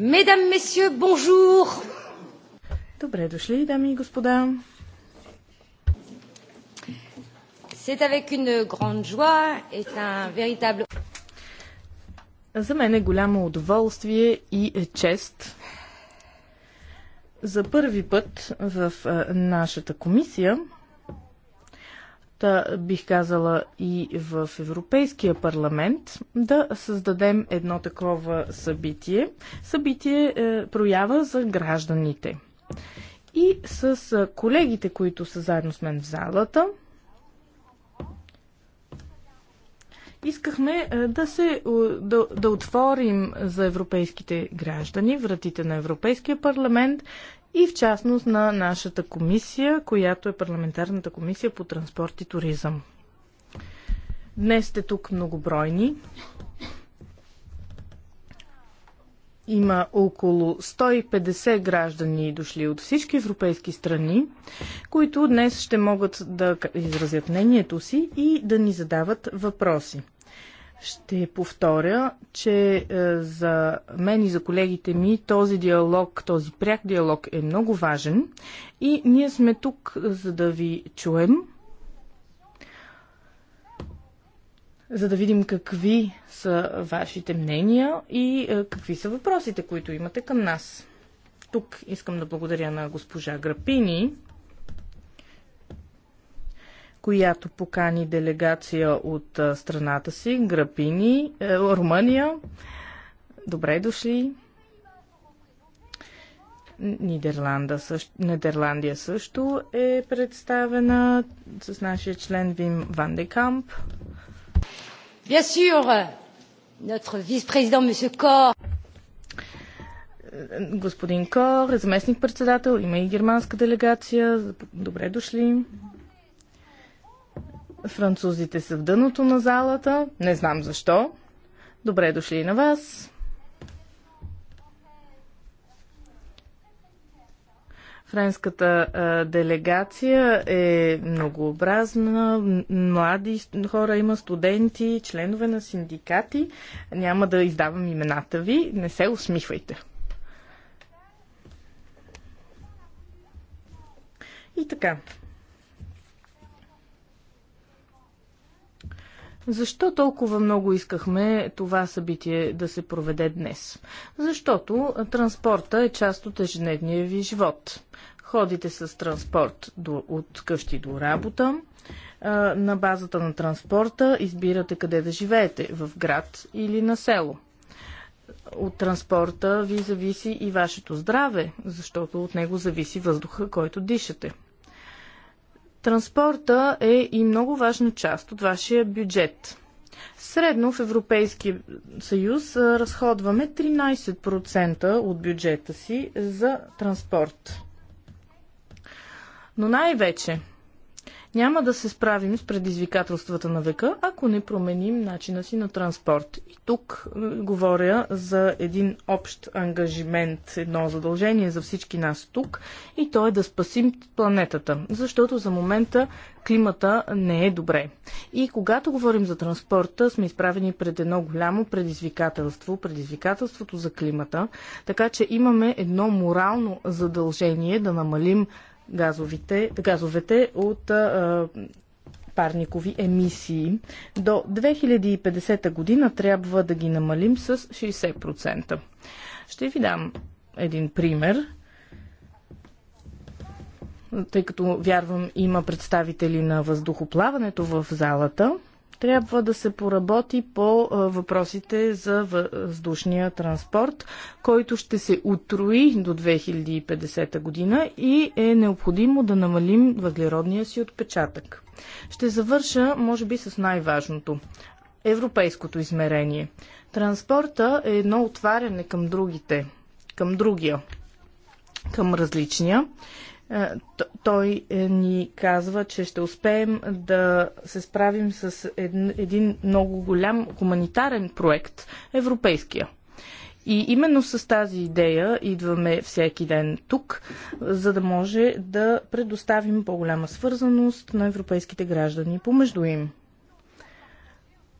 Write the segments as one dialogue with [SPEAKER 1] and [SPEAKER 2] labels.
[SPEAKER 1] Mesdames, messieurs, bonjour! Добре дошли, дами и господа!
[SPEAKER 2] C'est avec une grande joie et un véritable... За мен е
[SPEAKER 1] голямо удоволствие и е чест за първи път в нашата комисия Та бих казала и в Европейския парламент да създадем едно такова събитие. Събитие е, проява за гражданите. И с е, колегите, които са заедно с мен в залата, искахме е, да, се, е, да, да отворим за европейските граждани вратите на Европейския парламент и в частност на нашата комисия, която е парламентарната комисия по транспорт и туризъм. Днес сте тук многобройни. Има около 150 граждани дошли от всички европейски страни, които днес ще могат да изразят мнението си и да ни задават въпроси. Ще повторя, че е, за мен и за колегите ми този диалог, този пряк диалог е много важен и ние сме тук, за да ви чуем, за да видим какви са вашите мнения и е, какви са въпросите, които имате към нас. Тук искам да благодаря на госпожа Грапини която покани делегация от страната си, Грапини, е, Румъния. Добре дошли. Нидерланда също, Нидерландия също е представена с нашия член Вим Ван де Камп. Bien sûr, notre vice-président, Кор. Е, господин Кор, заместник-председател, има и германска делегация. Добре дошли. Французите са в дъното на залата. Не знам защо. Добре дошли на вас. Френската а, делегация е многообразна. Млади хора има студенти, членове на синдикати. Няма да издавам имената ви. Не се усмихвайте. И така. Защо толкова много искахме това събитие да се проведе днес? Защото транспорта е част от ежедневния ви живот. Ходите с транспорт до, от къщи до работа. На базата на транспорта избирате къде да живеете в град или на село от транспорта ви зависи и вашето здраве, защото от него зависи въздуха, който дишате. Транспорта е и много важна част от вашия бюджет. Средно в Европейския съюз разходваме 13% от бюджета си за транспорт. Но най-вече няма да се справим с предизвикателствата на века, ако не променим начина си на транспорт. И тук е, говоря за един общ ангажимент, едно задължение за всички нас тук, и то е да спасим планетата, защото за момента климата не е добре. И когато говорим за транспорта, сме изправени пред едно голямо предизвикателство, предизвикателството за климата, така че имаме едно морално задължение да намалим газовите, газовете от а, парникови емисии. До 2050 година трябва да ги намалим с 60%. Ще ви дам един пример тъй като вярвам има представители на въздухоплаването в залата. Трябва да се поработи по въпросите за въздушния транспорт, който ще се утрои до 2050 година и е необходимо да намалим въглеродния си отпечатък. Ще завърша, може би, с най-важното европейското измерение. Транспорта е едно отваряне към другите, към другия, към различния. Е, той е, ни казва, че ще успеем да се справим с един много голям хуманитарен проект, европейския. И именно с тази идея идваме всеки ден тук, за да може да предоставим по-голяма свързаност на европейските граждани помежду им.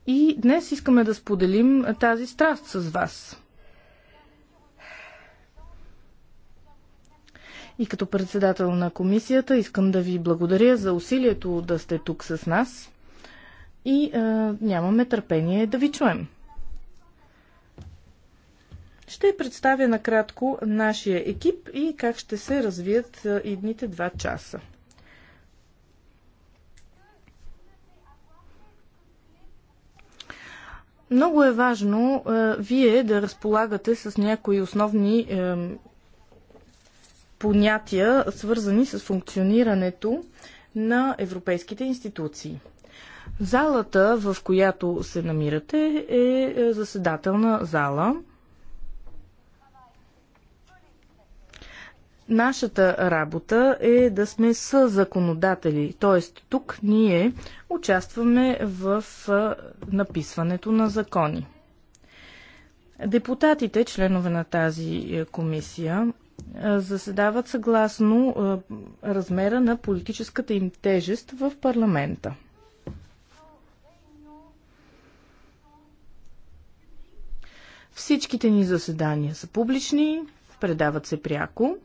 [SPEAKER 1] И днес искаме да споделим тази страст с вас. И като председател на комисията искам да ви благодаря за усилието да сте тук с нас и а, нямаме търпение да ви чуем. Ще представя накратко нашия екип и как ще се развият идните два часа. Много е важно е, вие да разполагате с някои основни е, понятия, свързани с функционирането на европейските институции. Залата, в която се намирате, е, е заседателна зала. Нашата работа е да сме съзаконодатели, т.е. тук ние участваме в написването на закони. Депутатите, членове на тази е, комисия, заседават съгласно размера на политическата им тежест в парламента. Всичките ни заседания са публични, предават се пряко,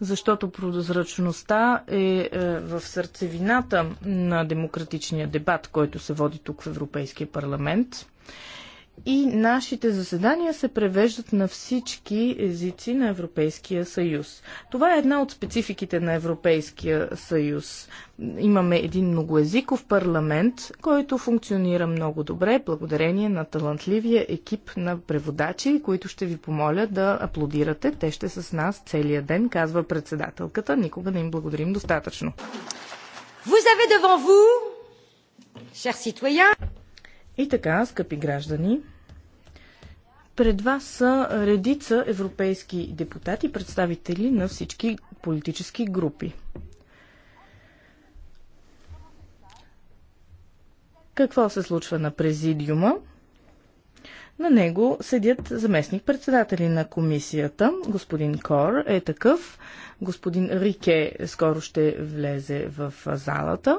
[SPEAKER 1] защото прозрачността е, е в сърцевината на демократичния дебат, който се води тук в Европейския парламент и нашите заседания се превеждат на всички езици на Европейския съюз. Това е една от спецификите на Европейския съюз. Имаме един многоезиков парламент, който функционира много добре, благодарение на талантливия екип на преводачи, които ще ви помоля да аплодирате. Те ще с нас целия ден, казва председателката. Никога не им благодарим достатъчно.
[SPEAKER 2] Vous avez devant vous,
[SPEAKER 1] chers citoyens, и така, скъпи граждани, пред вас са редица европейски депутати, представители на всички политически групи. Какво се случва на президиума? На него седят заместник-председатели на комисията. Господин Кор е такъв. Господин Рике скоро ще влезе в залата.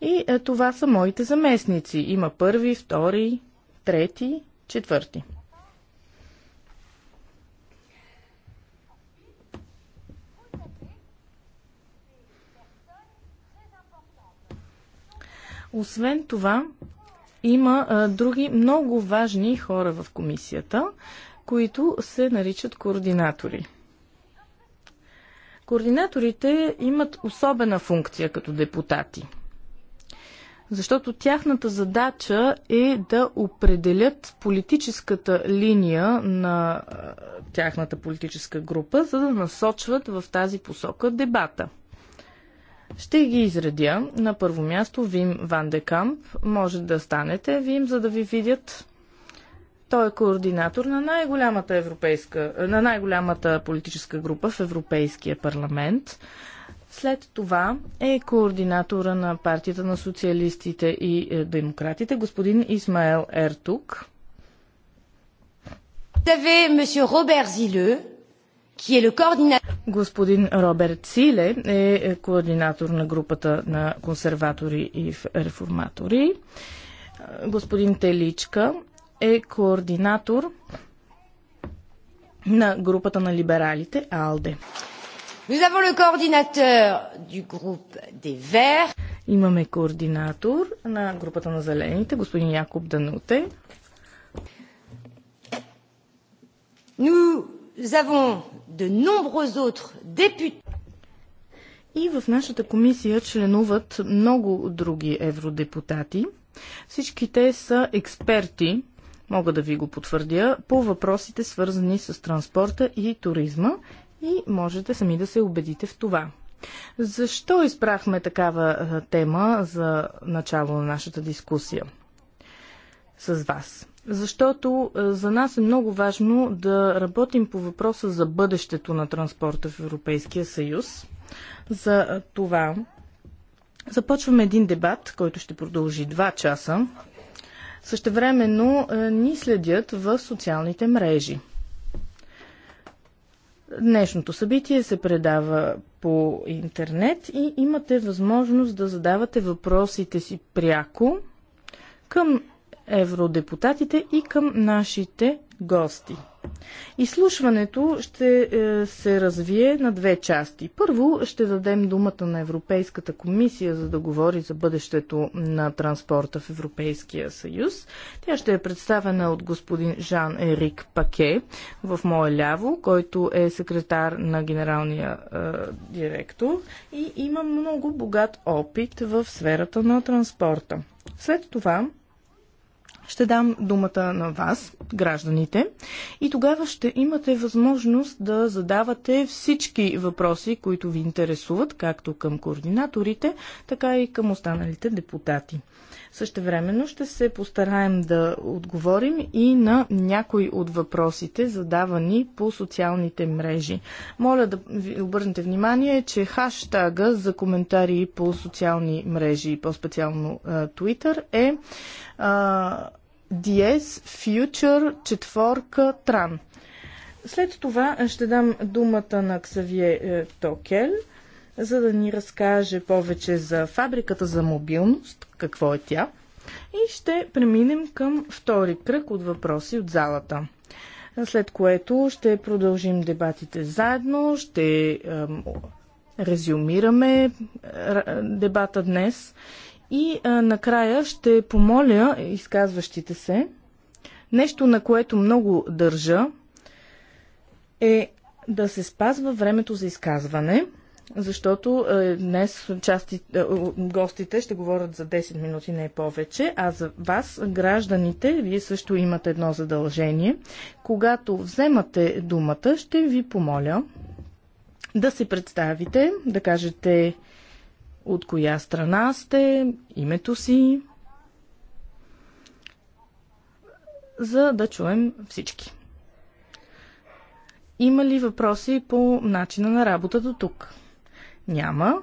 [SPEAKER 1] И е, това са моите заместници. Има първи, втори, трети, четвърти. Освен това, има а, е, други много важни хора в комисията, които се наричат координатори. Координаторите имат особена функция като депутати – защото тяхната задача е да определят политическата линия на тяхната политическа група, за да насочват в тази посока дебата. Ще ги изредя. На първо място Вим Ван де Камп. Може да станете Вим, за да ви видят. Той е координатор на най-голямата, европейска, на най-голямата политическа група в Европейския парламент. След това е координатора на партията на социалистите и е, демократите, господин Исмаел Ертук. Господин Роберт Силе е, е координатор на групата на консерватори и реформатори. Господин Теличка е координатор на групата на либералите АЛДЕ. Nous avons le coordinateur du groupe des Verts. Имаме координатор на групата на зелените, господин Якоб Дануте. Nous avons de nombreux autres députés. И в нашата комисия членуват много други евродепутати. Всички те са експерти, мога да ви го потвърдя, по въпросите свързани с транспорта и туризма и можете сами да се убедите в това. Защо избрахме такава тема за начало на нашата дискусия с вас? Защото за нас е много важно да работим по въпроса за бъдещето на транспорта в Европейския съюз. За това започваме един дебат, който ще продължи два часа. Същевременно ни следят в социалните мрежи. Днешното събитие се предава по интернет и имате възможност да задавате въпросите си пряко към евродепутатите и към нашите гости. Изслушването ще е, се развие на две части. Първо ще дадем думата на Европейската комисия, за да говори за бъдещето на транспорта в Европейския съюз. Тя ще е представена от господин Жан Ерик Паке в мое ляво, който е секретар на генералния е, директор и има много богат опит в сферата на транспорта. След това ще дам думата на вас, гражданите, и тогава ще имате възможност да задавате всички въпроси, които ви интересуват, както към координаторите, така и към останалите депутати. Същевременно ще се постараем да отговорим и на някои от въпросите, задавани по социалните мрежи. Моля да ви обърнете внимание, че хаштага за коментари по социални мрежи, по-специално Twitter, е а, Dies Future четворка Тран. След това ще дам думата на Ксавие е, Токел за да ни разкаже повече за фабриката за мобилност, какво е тя. И ще преминем към втори кръг от въпроси от залата. След което ще продължим дебатите заедно, ще резюмираме дебата днес и накрая ще помоля изказващите се. Нещо, на което много държа, е да се спазва времето за изказване, защото е, днес части, е, гостите ще говорят за 10 минути, не повече, а за вас, гражданите, вие също имате едно задължение. Когато вземате думата, ще ви помоля да се представите, да кажете от коя страна сте, името си, за да чуем всички. Има ли въпроси по начина на работа до тук? Няма.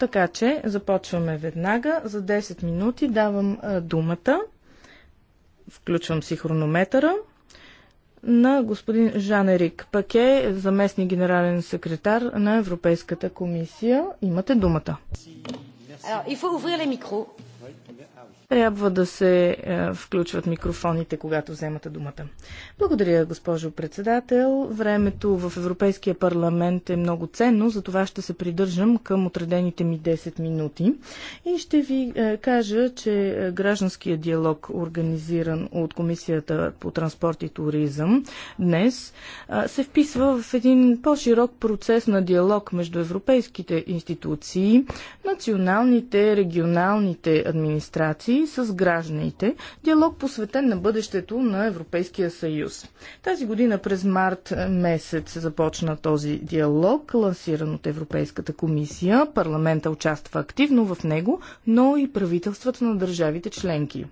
[SPEAKER 1] Така че започваме веднага. За 10 минути давам думата. Включвам си хронометъра на господин Жан-Ерик Паке, заместник генерален секретар на Европейската комисия. Имате думата.
[SPEAKER 2] Alors, il faut ouvrir les micros.
[SPEAKER 1] Трябва да се е, включват микрофоните, когато вземате думата. Благодаря, госпожо председател. Времето в Европейския парламент е много ценно, затова ще се придържам към отредените ми 10 минути. И ще ви е, кажа, че е, гражданският диалог, организиран от Комисията по транспорт и туризъм днес, се вписва в един по-широк процес на диалог между европейските институции, националните, регионалните администрации, с гражданите, диалог посветен на бъдещето на Европейския съюз. Тази година през март месец започна този диалог, лансиран от Европейската комисия. Парламента участва активно в него, но и правителствата на държавите членки.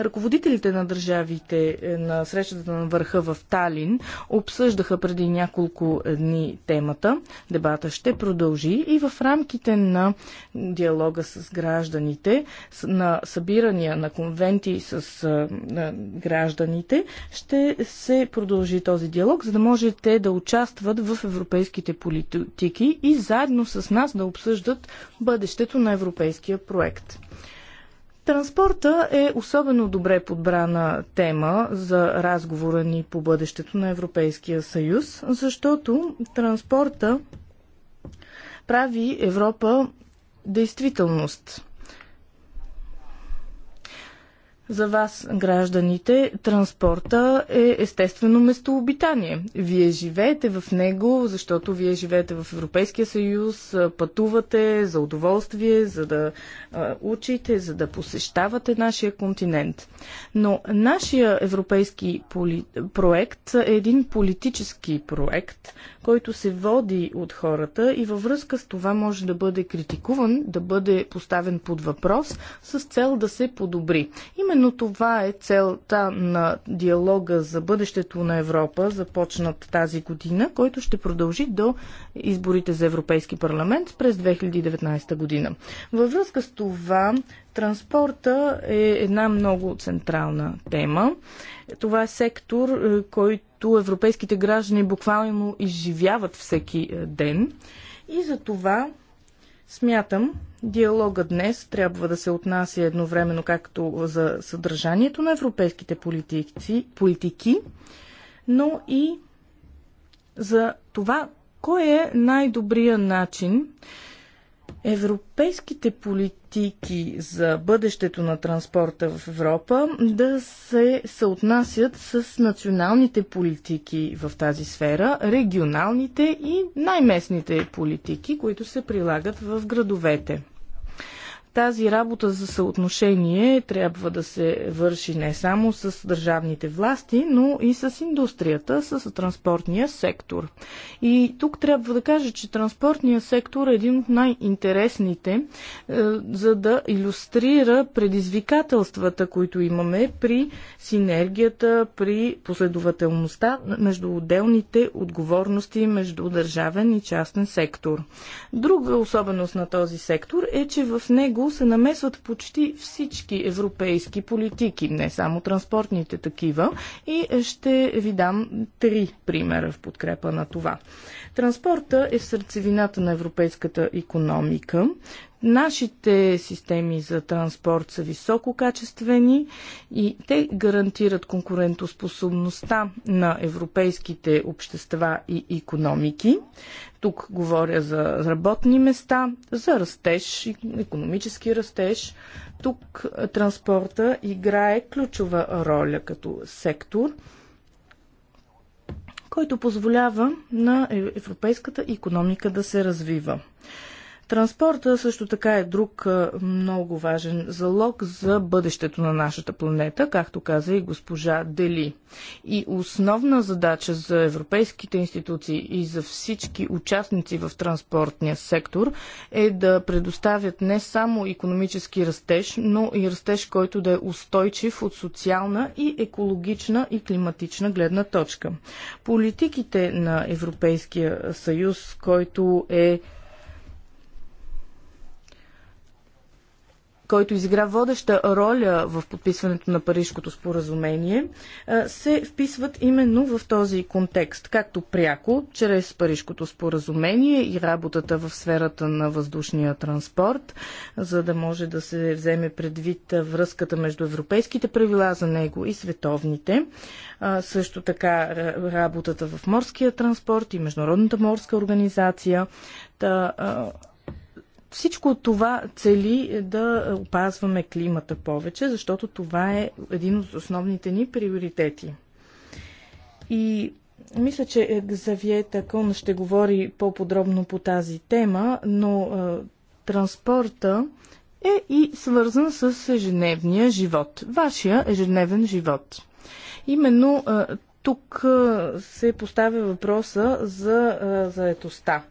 [SPEAKER 1] Ръководителите на държавите е, на срещата на върха в Талин обсъждаха преди няколко дни темата. Дебата ще продължи и в рамките на диалога с гражданите на събиране събирания на конвенти с а, гражданите, ще се продължи този диалог, за да може те да участват в европейските политики и заедно с нас да обсъждат бъдещето на европейския проект. Транспорта е особено добре подбрана тема за разговора ни по бъдещето на Европейския съюз, защото транспорта прави Европа действителност. За вас, гражданите, транспорта е естествено местообитание. Вие живеете в него, защото вие живеете в Европейския съюз, пътувате за удоволствие, за да учите, за да посещавате нашия континент. Но нашия европейски поли... проект е един политически проект, който се води от хората и във връзка с това може да бъде критикуван, да бъде поставен под въпрос с цел да се подобри. Има Именно това е целта на диалога за бъдещето на Европа, започнат тази година, който ще продължи до изборите за Европейски парламент през 2019 година. Във връзка с това, транспорта е една много централна тема. Това е сектор, е, който европейските граждани буквално изживяват всеки е, ден. И за това Смятам, диалога днес трябва да се отнася едновременно както за съдържанието на европейските политици, политики, но и за това кой е най-добрият начин европейските политики за бъдещето на транспорта в Европа да се съотнасят с националните политики в тази сфера, регионалните и най-местните политики, които се прилагат в градовете. Тази работа за съотношение трябва да се върши не само с държавните власти, но и с индустрията, с транспортния сектор. И тук трябва да кажа, че транспортния сектор е един от най-интересните, е, за да иллюстрира предизвикателствата, които имаме при синергията, при последователността между отделните отговорности между държавен и частен сектор. Друга особеност на този сектор е, че в него него се намесват почти всички европейски политики, не само транспортните такива. И ще ви дам три примера в подкрепа на това. Транспорта е в сърцевината на европейската економика. Нашите системи за транспорт са висококачествени и те гарантират конкурентоспособността на европейските общества и економики. Тук говоря за работни места, за растеж, економически растеж. Тук транспорта играе ключова роля като сектор който позволява на европейската економика да се развива. Транспорта също така е друг много важен залог за бъдещето на нашата планета, както каза и госпожа Дели. И основна задача за европейските институции и за всички участници в транспортния сектор е да предоставят не само економически растеж, но и растеж, който да е устойчив от социална и екологична и климатична гледна точка. Политиките на Европейския съюз, който е който изигра водеща роля в подписването на Парижското споразумение, се вписват именно в този контекст, както пряко, чрез Парижското споразумение и работата в сферата на въздушния транспорт, за да може да се вземе предвид връзката между европейските правила за него и световните. Също така работата в морския транспорт и Международната морска организация. Та, всичко това цели да опазваме климата повече, защото това е един от основните ни приоритети. И мисля, че Завиета Кълн ще говори по-подробно по тази тема, но е, транспорта е и свързан с ежедневния живот, вашия ежедневен живот. Именно тук се поставя въпроса за заетостта.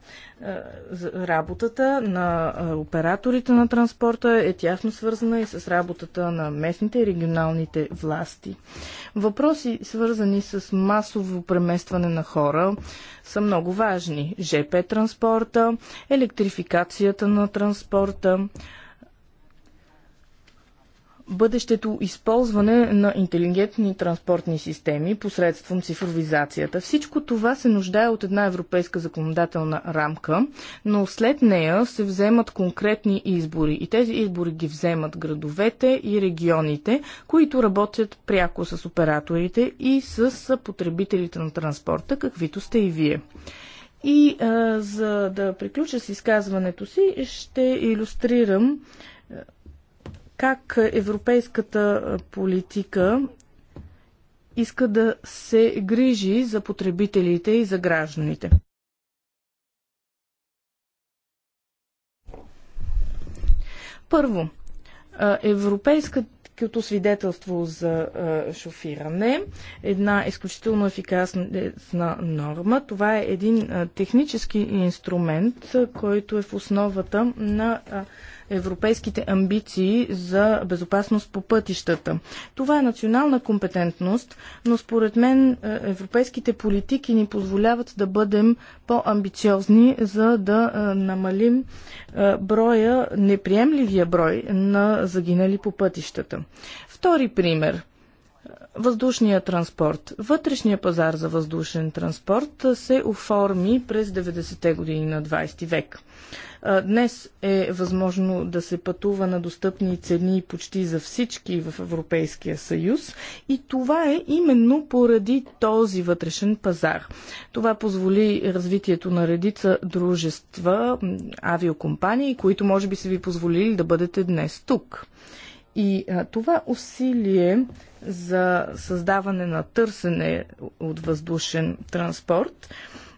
[SPEAKER 1] Работата на операторите на транспорта е тясно свързана и с работата на местните и регионалните власти. Въпроси, свързани с масово преместване на хора, са много важни. ЖП транспорта, електрификацията на транспорта, бъдещето използване на интелигентни транспортни системи посредством цифровизацията. Всичко това се нуждае от една европейска законодателна рамка, но след нея се вземат конкретни избори и тези избори ги вземат градовете и регионите, които работят пряко с операторите и с потребителите на транспорта, каквито сте и вие. И а, за да приключа с изказването си, ще иллюстрирам как европейската политика иска да се грижи за потребителите и за гражданите. Първо, европейското свидетелство за шофиране една изключително ефикасна норма. Това е един технически инструмент, който е в основата на европейските амбиции за безопасност по пътищата. Това е национална компетентност, но според мен е, европейските политики ни позволяват да бъдем по-амбициозни, за да е, намалим е, броя, неприемливия брой на загинали по пътищата. Втори пример. Въздушния транспорт. Вътрешния пазар за въздушен транспорт се оформи през 90-те години на 20 век. Днес е възможно да се пътува на достъпни цени почти за всички в Европейския съюз и това е именно поради този вътрешен пазар. Това позволи развитието на редица дружества, авиокомпании, които може би са ви позволили да бъдете днес тук. И а, това усилие за създаване на търсене от въздушен транспорт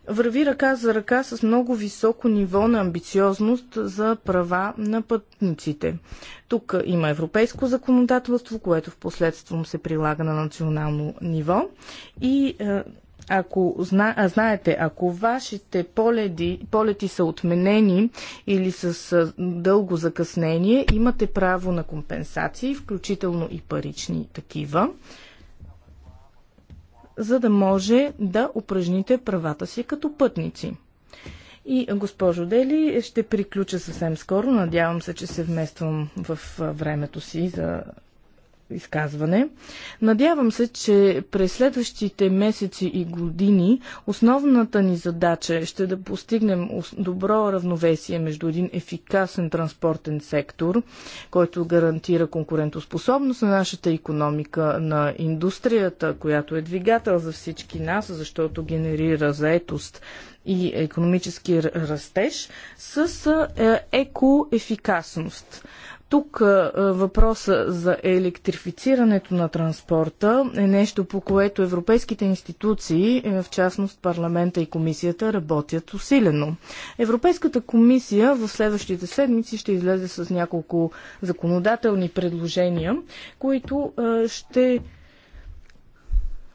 [SPEAKER 1] върви ръка за ръка с много високо ниво на амбициозност за права на пътниците. Тук има европейско законодателство, което в последствие се прилага на национално ниво и ако зна, а, знаете, ако вашите поледи, полети са отменени или с а, дълго закъснение, имате право на компенсации, включително и парични такива, за да може да упражните правата си като пътници. И, госпожо Дели, ще приключа съвсем скоро. Надявам се, че се вмествам в времето си за изказване. Надявам се, че през следващите месеци и години основната ни задача ще е да постигнем добро равновесие между един ефикасен транспортен сектор, който гарантира конкурентоспособност на нашата економика, на индустрията, която е двигател за всички нас, защото генерира заетост и економически растеж с е, екоефикасност. Тук въпроса за електрифицирането на транспорта е нещо, по което европейските институции, е, в частност парламента и комисията, работят усилено. Европейската комисия в следващите седмици ще излезе с няколко законодателни предложения, които ще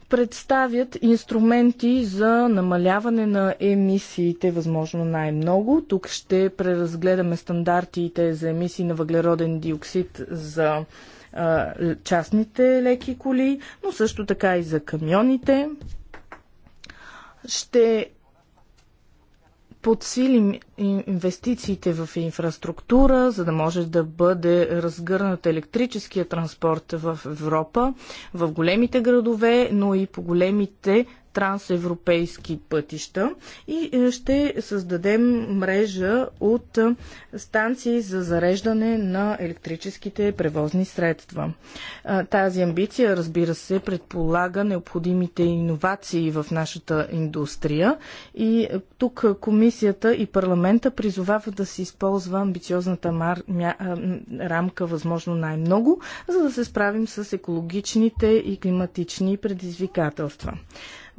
[SPEAKER 1] представят инструменти за намаляване на емисиите възможно най-много. Тук ще преразгледаме стандартите за емисии на въглероден диоксид за а, частните леки коли, но също така и за камионите. Ще подсилим инвестициите в инфраструктура, за да може да бъде разгърнат електрическия транспорт в Европа, в големите градове, но и по големите трансевропейски пътища и е, ще създадем мрежа от е, станции за зареждане на електрическите превозни средства. Е, тази амбиция, разбира се, предполага необходимите иновации в нашата индустрия и тук комисията и парламента призовават да се използва амбициозната мар... мя... рамка възможно най-много, за да се справим с екологичните и климатични предизвикателства.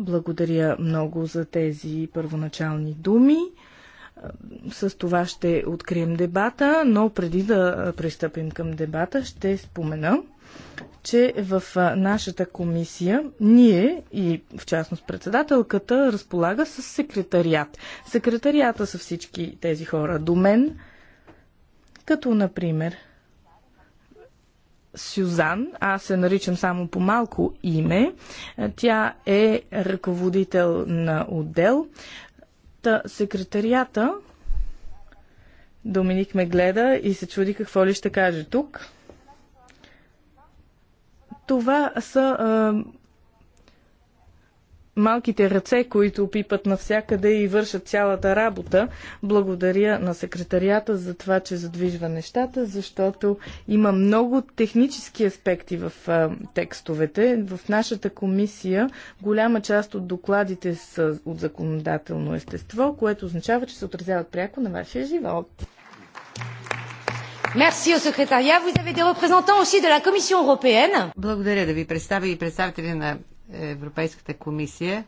[SPEAKER 1] Благодаря много за тези първоначални думи. С това ще открием дебата, но преди да пристъпим към дебата, ще спомена, че в нашата комисия ние и в частност председателката разполага с секретариат. Секретарията са всички тези хора до мен, като например Сюзан, аз се наричам само по малко име. Е, тя е ръководител на отдел. Та секретарията Доминик ме гледа и се чуди какво ли ще каже тук. Това са е, малките ръце, които опипат навсякъде и вършат цялата работа. Благодаря на секретарията за това, че задвижва нещата, защото има много технически аспекти в а, текстовете. В нашата комисия голяма част от докладите са от законодателно естество, което означава, че се отразяват
[SPEAKER 3] пряко на вашия живот.
[SPEAKER 2] Merci au secrétariat. Vous avez des
[SPEAKER 3] représentants aussi de la Commission européenne. Благодаря да ви представя и представители на Европейската комисия,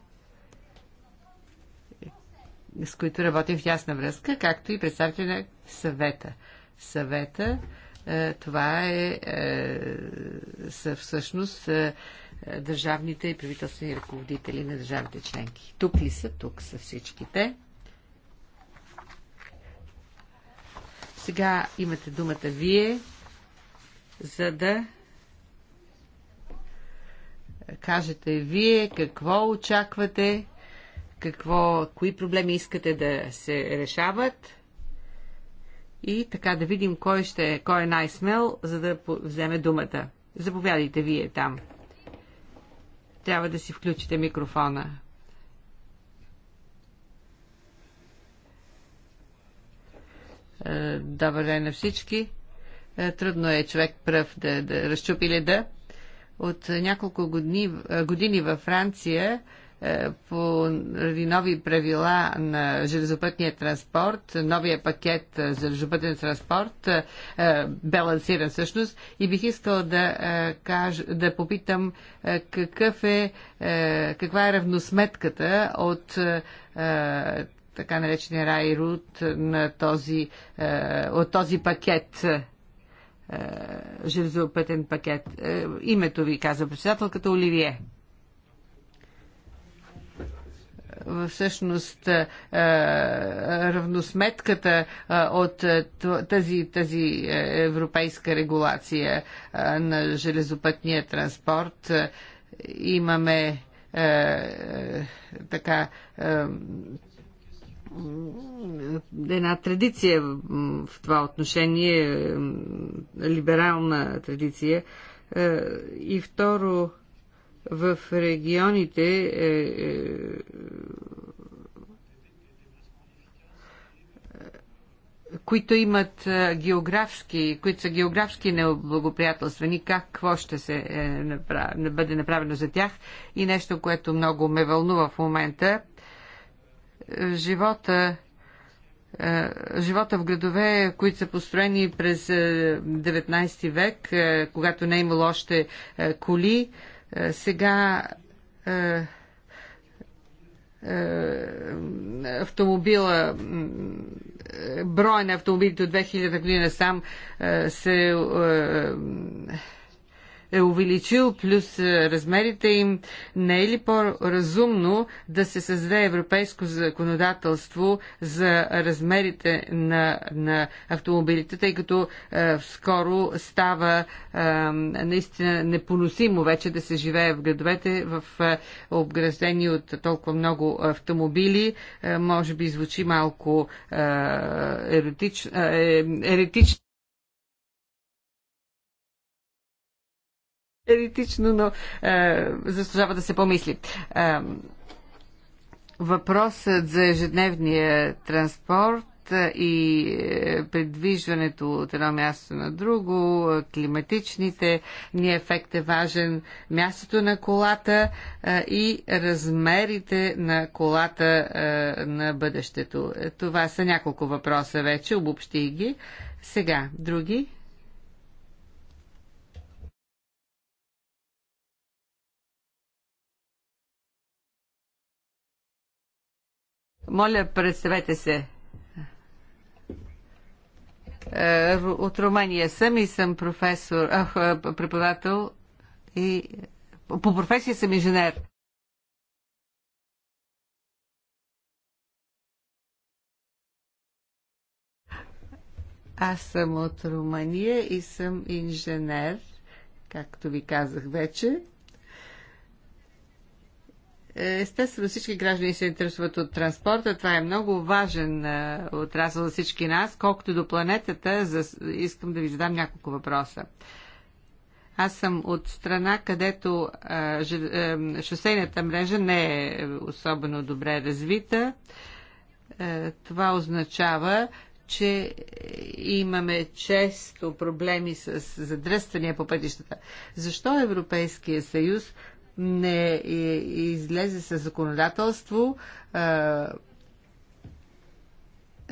[SPEAKER 3] с които работим в ясна връзка, както и представители на съвета. Съвета, е, това е, е, са всъщност е, държавните и правителствени ръководители на държавите членки. Тук ли са? Тук са всичките. Сега имате думата вие, за да кажете вие, какво очаквате, какво, кои проблеми искате да се решават и така да видим кой, ще, кой е най-смел, за да вземе думата. Заповядайте вие там. Трябва да си включите микрофона. Е, добър ден на всички. Е, трудно е човек пръв да, да разчупи леда. От няколко години, години във Франция по нови правила на железопътния транспорт, новия пакет за железопътен транспорт, балансиран всъщност, и бих искал да, каж, да попитам какъв е, каква е равносметката от така наречения рай рут на този, от този пакет е, железопътен пакет. Е, името ви каза председателката Оливие е, всъщност равносметката от тази, тази европейска регулация на железопътния транспорт имаме така една традиция в това отношение, либерална традиция. Е, и второ, в регионите е, е, които имат географски, които са географски неблагоприятелствени, как, какво ще се е, направ... бъде направено за тях и нещо, което много ме вълнува в момента живота е, живота в градове, които са построени през 19 е, век, е, когато не е имало още коли. Сега автомобила, броя на автомобилите от 2000 година сам се е увеличил плюс е, размерите им, не е ли по-разумно да се създаде европейско законодателство за размерите на, на автомобилите, тъй като е, скоро става е, наистина непоносимо вече да се живее в градовете, в е, обграждени от толкова много автомобили. Е, може би звучи малко е, еретично. Е, еретично критично, но е, заслужава да се помисли. Е, въпросът за ежедневния транспорт е, и е, предвижването от едно място на друго, е, климатичните ни ефект е важен, мястото на колата и размерите на колата на бъдещето. Това са няколко въпроса вече, обобщи ги. Сега, други? Моля, представете се. Е, от Румъния съм и съм професор, ах, преподател и по професия съм инженер. Аз съм от Румъния и съм инженер, както ви казах вече. Естествено, всички граждани се интересуват от транспорта. Това е много важен отрасъл за всички нас. Колкото до планетата, за... искам да ви задам няколко въпроса. Аз съм от страна, където шосейната мрежа не е особено добре развита. това означава, че имаме често проблеми с задръствания по пътищата. Защо Европейския съюз не е, излезе с законодателство,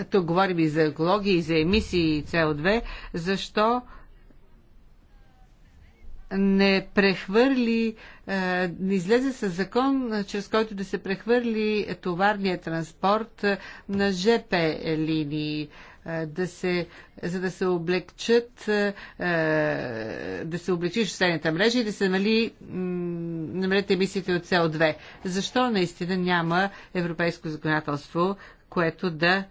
[SPEAKER 3] тук говорим и за екология, и за емисии и CO2, защо не прехвърли, не излезе с закон, чрез който да се прехвърли товарния транспорт на ЖП линии да се, за да се облегчат, да се облегчи шосейната мрежа и да се нали, намалят емисиите от СО2. Защо наистина няма европейско законодателство, което да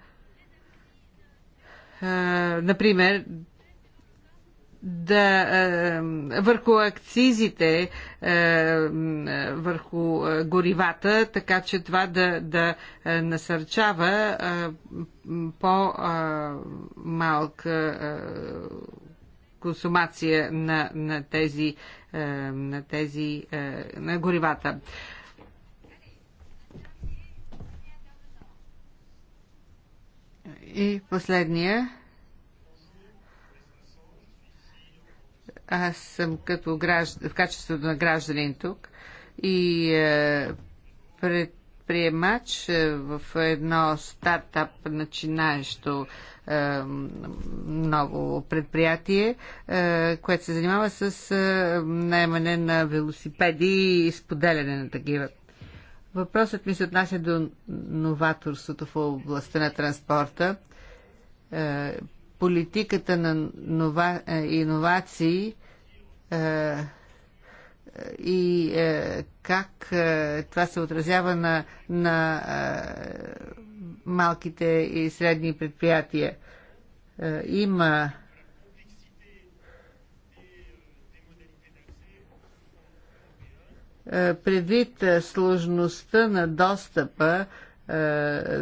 [SPEAKER 3] например, да е, върху акцизите, е, върху е, горивата, така че това да, да е, насърчава е, по-малка е, консумация на, на тези, на тези на горивата. И последния Аз съм като гражд... в качеството на гражданин тук и е, предприемач е, в едно стартап, начинаещо е, ново предприятие, е, което се занимава с е, наемане на велосипеди и споделяне на такива. Въпросът ми се отнася до новаторството в областта на транспорта е, политиката на нова, е, иновации е, и е, как това се отразява на, на малките и средни предприятия. Има предвид сложността на достъпа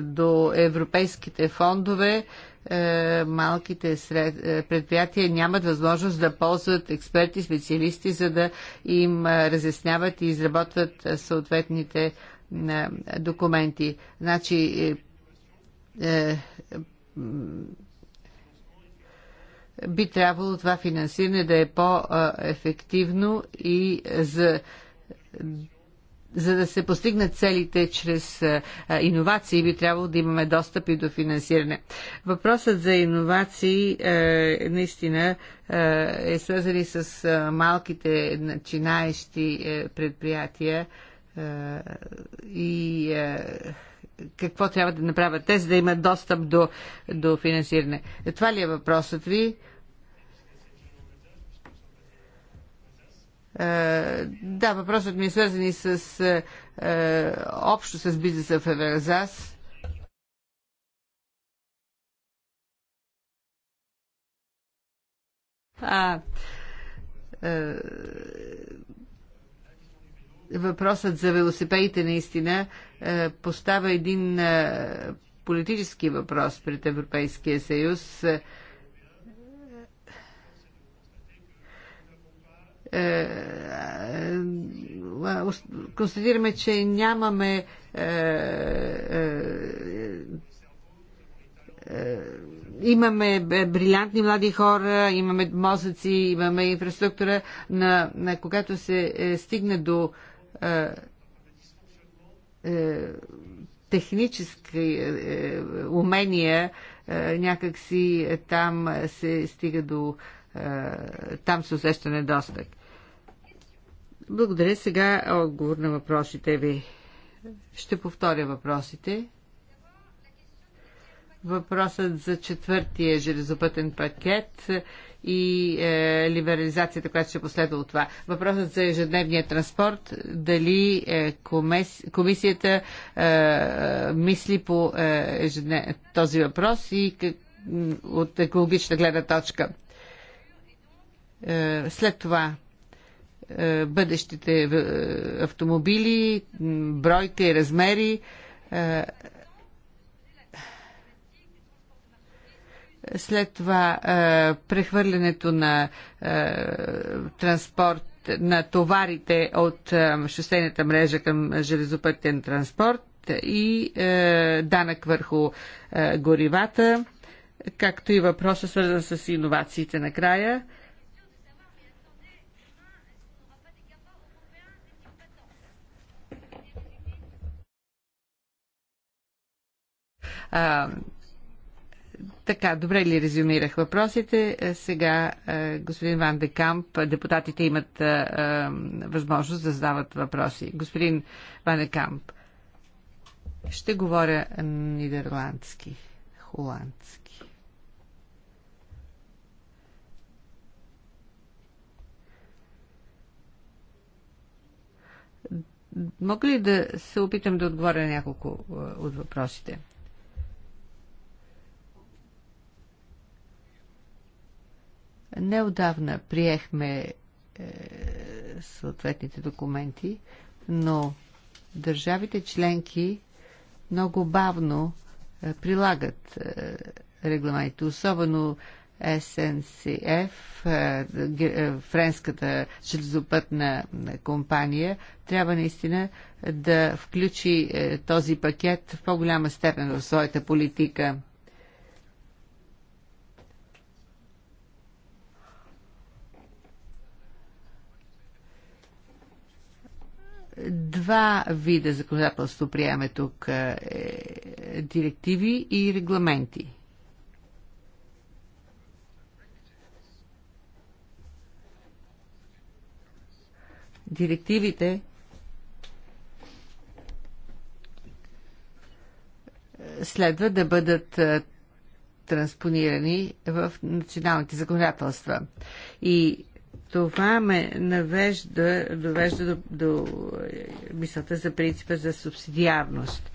[SPEAKER 3] до европейските фондове, е, малките е, предприятия нямат възможност да ползват експерти, специалисти, за да им е, разясняват и изработват съответните документи. Значи, би трябвало това финансиране да е по-ефективно и за за да се постигнат целите чрез иновации, би трябвало да имаме достъп и до финансиране. Въпросът за иновации е, наистина е, е свързан и с малките начинаещи е, предприятия е, и какво трябва да направят те, за да имат достъп до, до финансиране. Това ли е въпросът ви? Е, да, въпросът ми е свързан с е, е, общо с бизнеса в Еверзас. А, е, въпросът за велосипедите наистина е, поставя един е, политически въпрос пред Европейския съюз. Е, Е, е, е, констатираме, че нямаме имаме брилянтни млади хора, имаме мозъци, имаме инфраструктура, на, на когато се е, стигне до е, е, технически е, умения, е, някакси там се стига до. Е, там се усеща недостъг. Благодаря. Сега отговор на въпросите ви. Ще повторя въпросите. Въпросът за четвъртия железопътен пакет и е, либерализацията, която ще последва от това. Въпросът за ежедневния транспорт, дали е, комес, комисията е, е, мисли по е, ежеднев, този въпрос и как, от екологична гледна точка. Е, след това е, бъдещите е, автомобили, бройка и размери. Е, след това прехвърлянето на транспорт на товарите от шосейната мрежа към железопътен транспорт и данък върху горивата, както и въпроса свързан с иновациите накрая. края А, така, добре ли резюмирах въпросите? Сега господин Ван де Камп, депутатите имат възможност да задават въпроси. Господин Ван де Камп, ще говоря нидерландски, холандски. Мога ли да се опитам да отговоря на няколко от въпросите? Неодавна приехме е, съответните документи, но държавите членки много бавно е, прилагат е, регламентите, особено SNCF, е, е, френската железопътна компания, трябва наистина да включи е, този пакет в по-голяма степен в своята политика. Два вида законодателство приеме тук е, директиви и регламенти. Директивите е, следва да бъдат е, транспонирани в националните законодателства. И това ме навежда, довежда до, до е, мисълта за принципа за субсидиарност.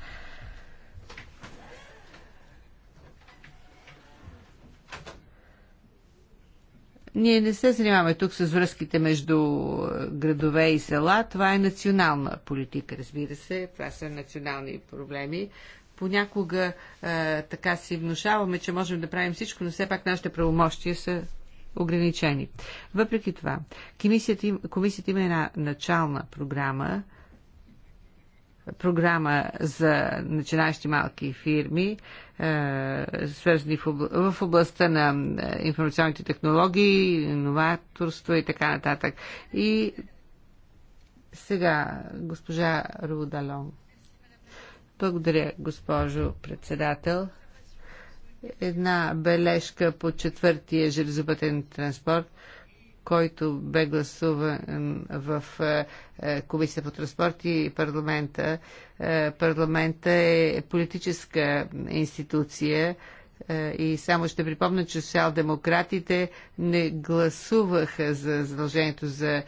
[SPEAKER 3] Ние не се занимаваме тук с връзките между е, градове и села. Това е национална политика, разбира се. Това са национални проблеми. Понякога а, е, така си внушаваме, че можем да правим всичко, но все пак нашите правомощия са ограничени. Въпреки това, комисията, им, комисията има една начална програма, програма за начинащи малки фирми, е, свързани в областта на е, информационните технологии, новаторство и така нататък. И сега госпожа Рудалон. Благодаря, госпожо председател. Една бележка по четвъртия железопътен транспорт, който бе гласуван в е, е, Комисията по транспорт и парламента. Е, парламента е политическа институция и само ще припомня, че социал-демократите не гласуваха за задължението за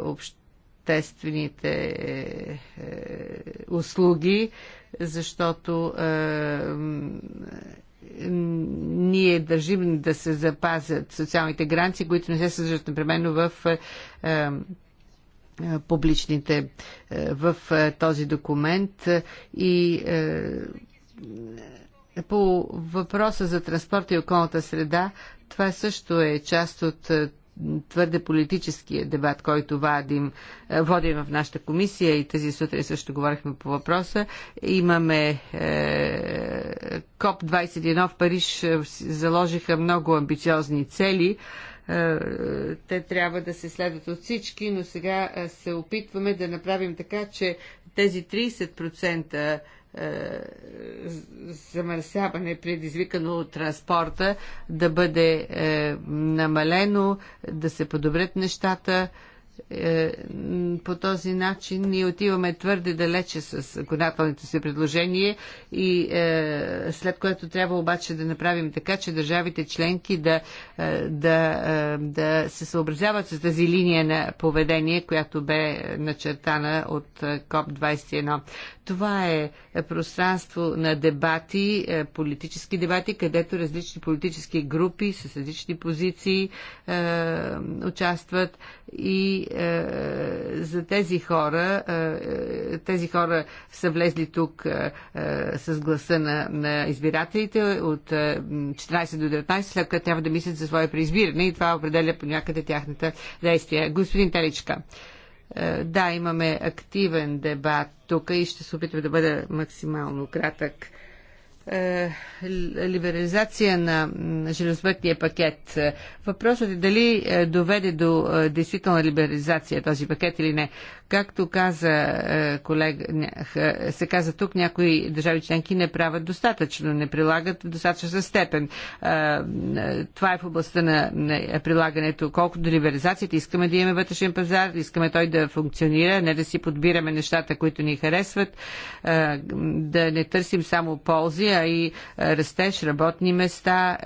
[SPEAKER 3] обществените услуги защото е, ние държим да се запазят социалните граници, които не се съдържат непременно в е, е публичните е, в е, този документ и е, по въпроса за транспорта и околната среда това също е част от твърде политическия дебат, който вадим, е, водим в нашата комисия и тази сутрин също говорихме по въпроса. Имаме е, КОП-21 в Париж е, заложиха много амбициозни цели те трябва да се следват от всички, но сега се опитваме да направим така, че тези 30% замърсяване, предизвикано от транспорта, да бъде е, намалено, да се подобрят нещата. Е, по този начин ние отиваме твърде далече с законодателното си предложение и е, след което трябва обаче да направим така, че държавите членки да, е, да, е, да се съобразяват с тази линия на поведение, която бе начертана от КОП-21. Това е пространство на дебати, политически дебати, където различни политически групи с различни позиции е, участват и и е, за тези хора, е, е, тези хора са влезли тук е, е, с гласа на, на избирателите от е, 14 до 19, след като трябва да мислят за своя преизбиране и това определя по някъде тяхната действия. Господин Теличка, е, да, имаме активен дебат тук и ще се опитам да бъда максимално кратък е, либерализация на железопътния пакет. Въпросът е дали е, доведе до е, действителна либерализация този пакет или не. Както каза е, колега, се каза тук, някои държави членки не правят достатъчно, не прилагат в достатъчна степен. Е, е, това е в областта на прилагането. Колкото до либерализацията, искаме да имаме вътрешен пазар, искаме той да функционира, не да си подбираме нещата, които ни харесват, да не търсим само ползи, а и растеж, работни места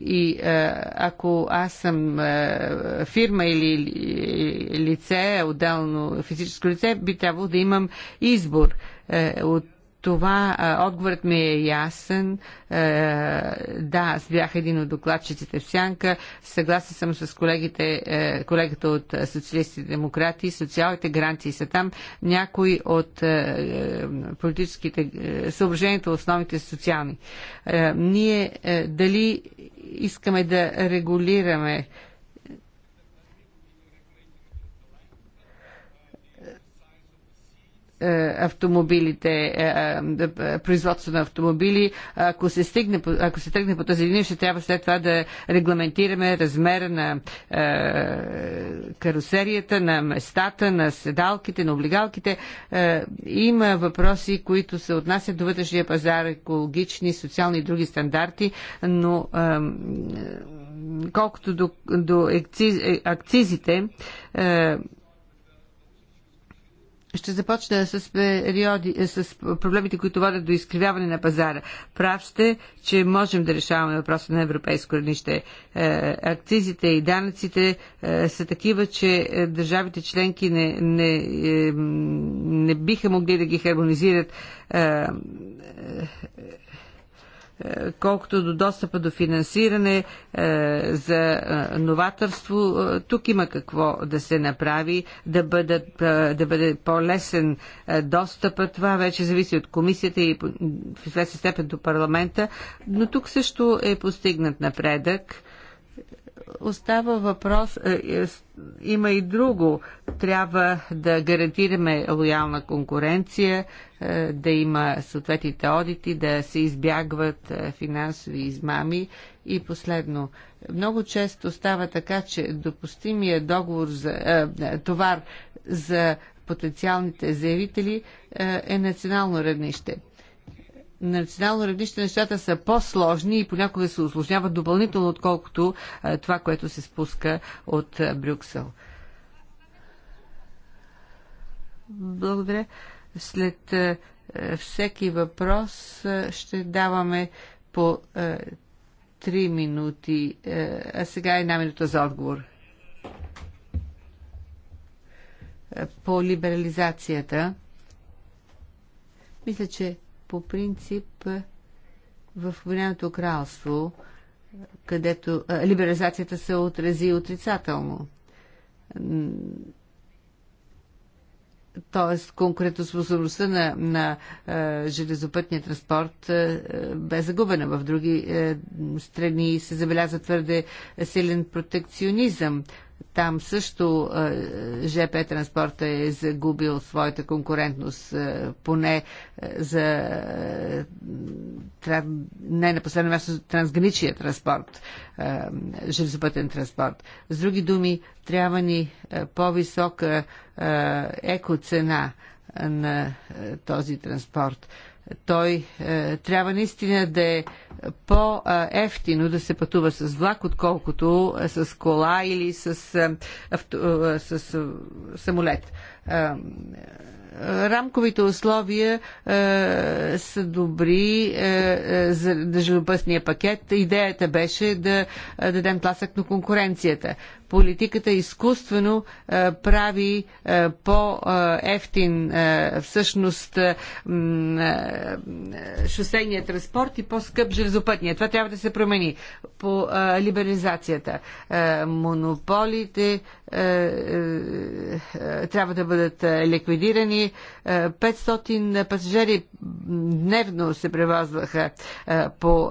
[SPEAKER 3] и е, ако аз съм е, фирма или е, лице, отделно физическо лице, би трябвало да имам избор от това отговорът ми е ясен. да, аз бях един от докладчиците в Сянка. Съгласен съм с колегите, колегата от социалисти и демократи. Социалните гарантии са там. Някои от политическите съображението, съображенията, основните социални. ние дали искаме да регулираме Е, автомобилите, е, е, производство на автомобили. Ако се, стигне, ако се тръгне по тази линия, ще трябва след това да регламентираме размера на карусерията, на местата, на седалките, на облигалките. Има въпроси, които се отнасят до вътрешния пазар, екологични, социални и други стандарти, но колкото до, до акциз, акцизите, ще започна с, периоди, е, с проблемите, които водят до изкривяване на пазара. Прав сте, че можем да решаваме въпроса на европейско равнище. Е, акцизите и данъците е, са такива, че държавите членки не, не, не биха могли да ги хармонизират е, колкото до достъпа до финансиране е, за е, новаторство, тук има какво да се направи, да, бъдат, да бъде по-лесен достъпа. Това вече зависи от комисията и в известна степен до парламента, но тук също е постигнат напредък остава въпрос, е, е, има и друго. Трябва да гарантираме лоялна конкуренция, е, да има съответните одити, да се избягват финансови измами. И последно, много често става така, че допустимия договор за товар за потенциалните заявители е национално равнище на национално равнище нещата са по-сложни и понякога се осложняват допълнително, отколкото това, което се спуска от Брюксел. Благодаря. След всеки въпрос ще даваме по 3 минути, а сега една минута за отговор. По либерализацията, мисля, че по принцип е, в Обединеното кралство, където а, е, либерализацията се отрази отрицателно. Тоест, способността на, на а, е, железопътния транспорт а, бе загубена. В други а, страни се забеляза твърде силен протекционизъм. Там също ЖП транспорта е загубил своята конкурентност, поне за не на последно място трансграничния транспорт, железопътен транспорт. С други думи, трябва ни по-висока екоцена на този транспорт той е, трябва наистина да е по-ефтино да се пътува с влак, отколкото е, с кола или с, е, авто, е, с самолет. Рамковите условия е, са добри е, за дължелопътния пакет. Идеята беше да дадем тласък на конкуренцията политиката изкуствено е, прави е, по-ефтин е, всъщност шосейния транспорт и по-скъп железопътния. Това трябва да се промени. По либерализацията. Монополите трябва да бъдат ликвидирани. 500 пасажери дневно се превазваха по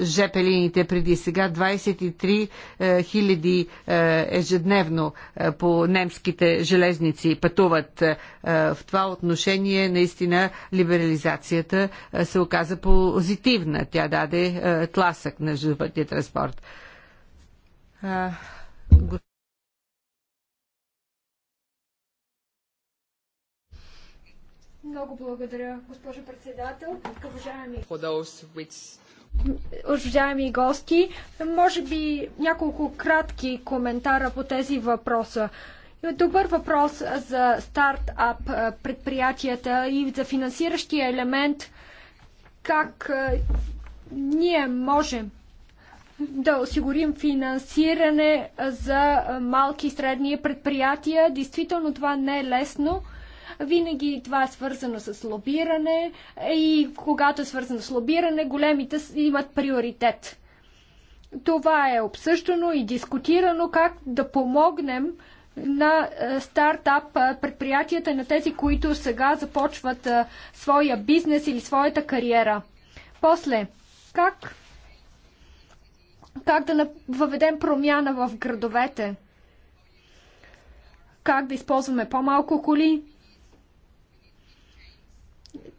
[SPEAKER 3] ЖП линиите преди сега 23 000 е, е, ежедневно е, по немските железници пътуват. В това отношение наистина либерализацията се оказа позитивна. Тя даде тласък на железопътния транспорт.
[SPEAKER 2] Много благодаря, госпожо председател. Уважаеми. Уважаеми гости, може би няколко кратки коментара по тези въпроса. Добър въпрос за стартап предприятията и за финансиращия елемент. Как ние можем да осигурим финансиране за малки и средни предприятия. Действително това не е лесно. Винаги това е свързано с лобиране и когато е свързано с лобиране, големите имат приоритет. Това е обсъждано и дискутирано как да помогнем на е, стартап е, предприятията на тези, които сега започват е, своя бизнес или своята кариера. После, как, как да въведем промяна в градовете? Как да използваме по-малко коли?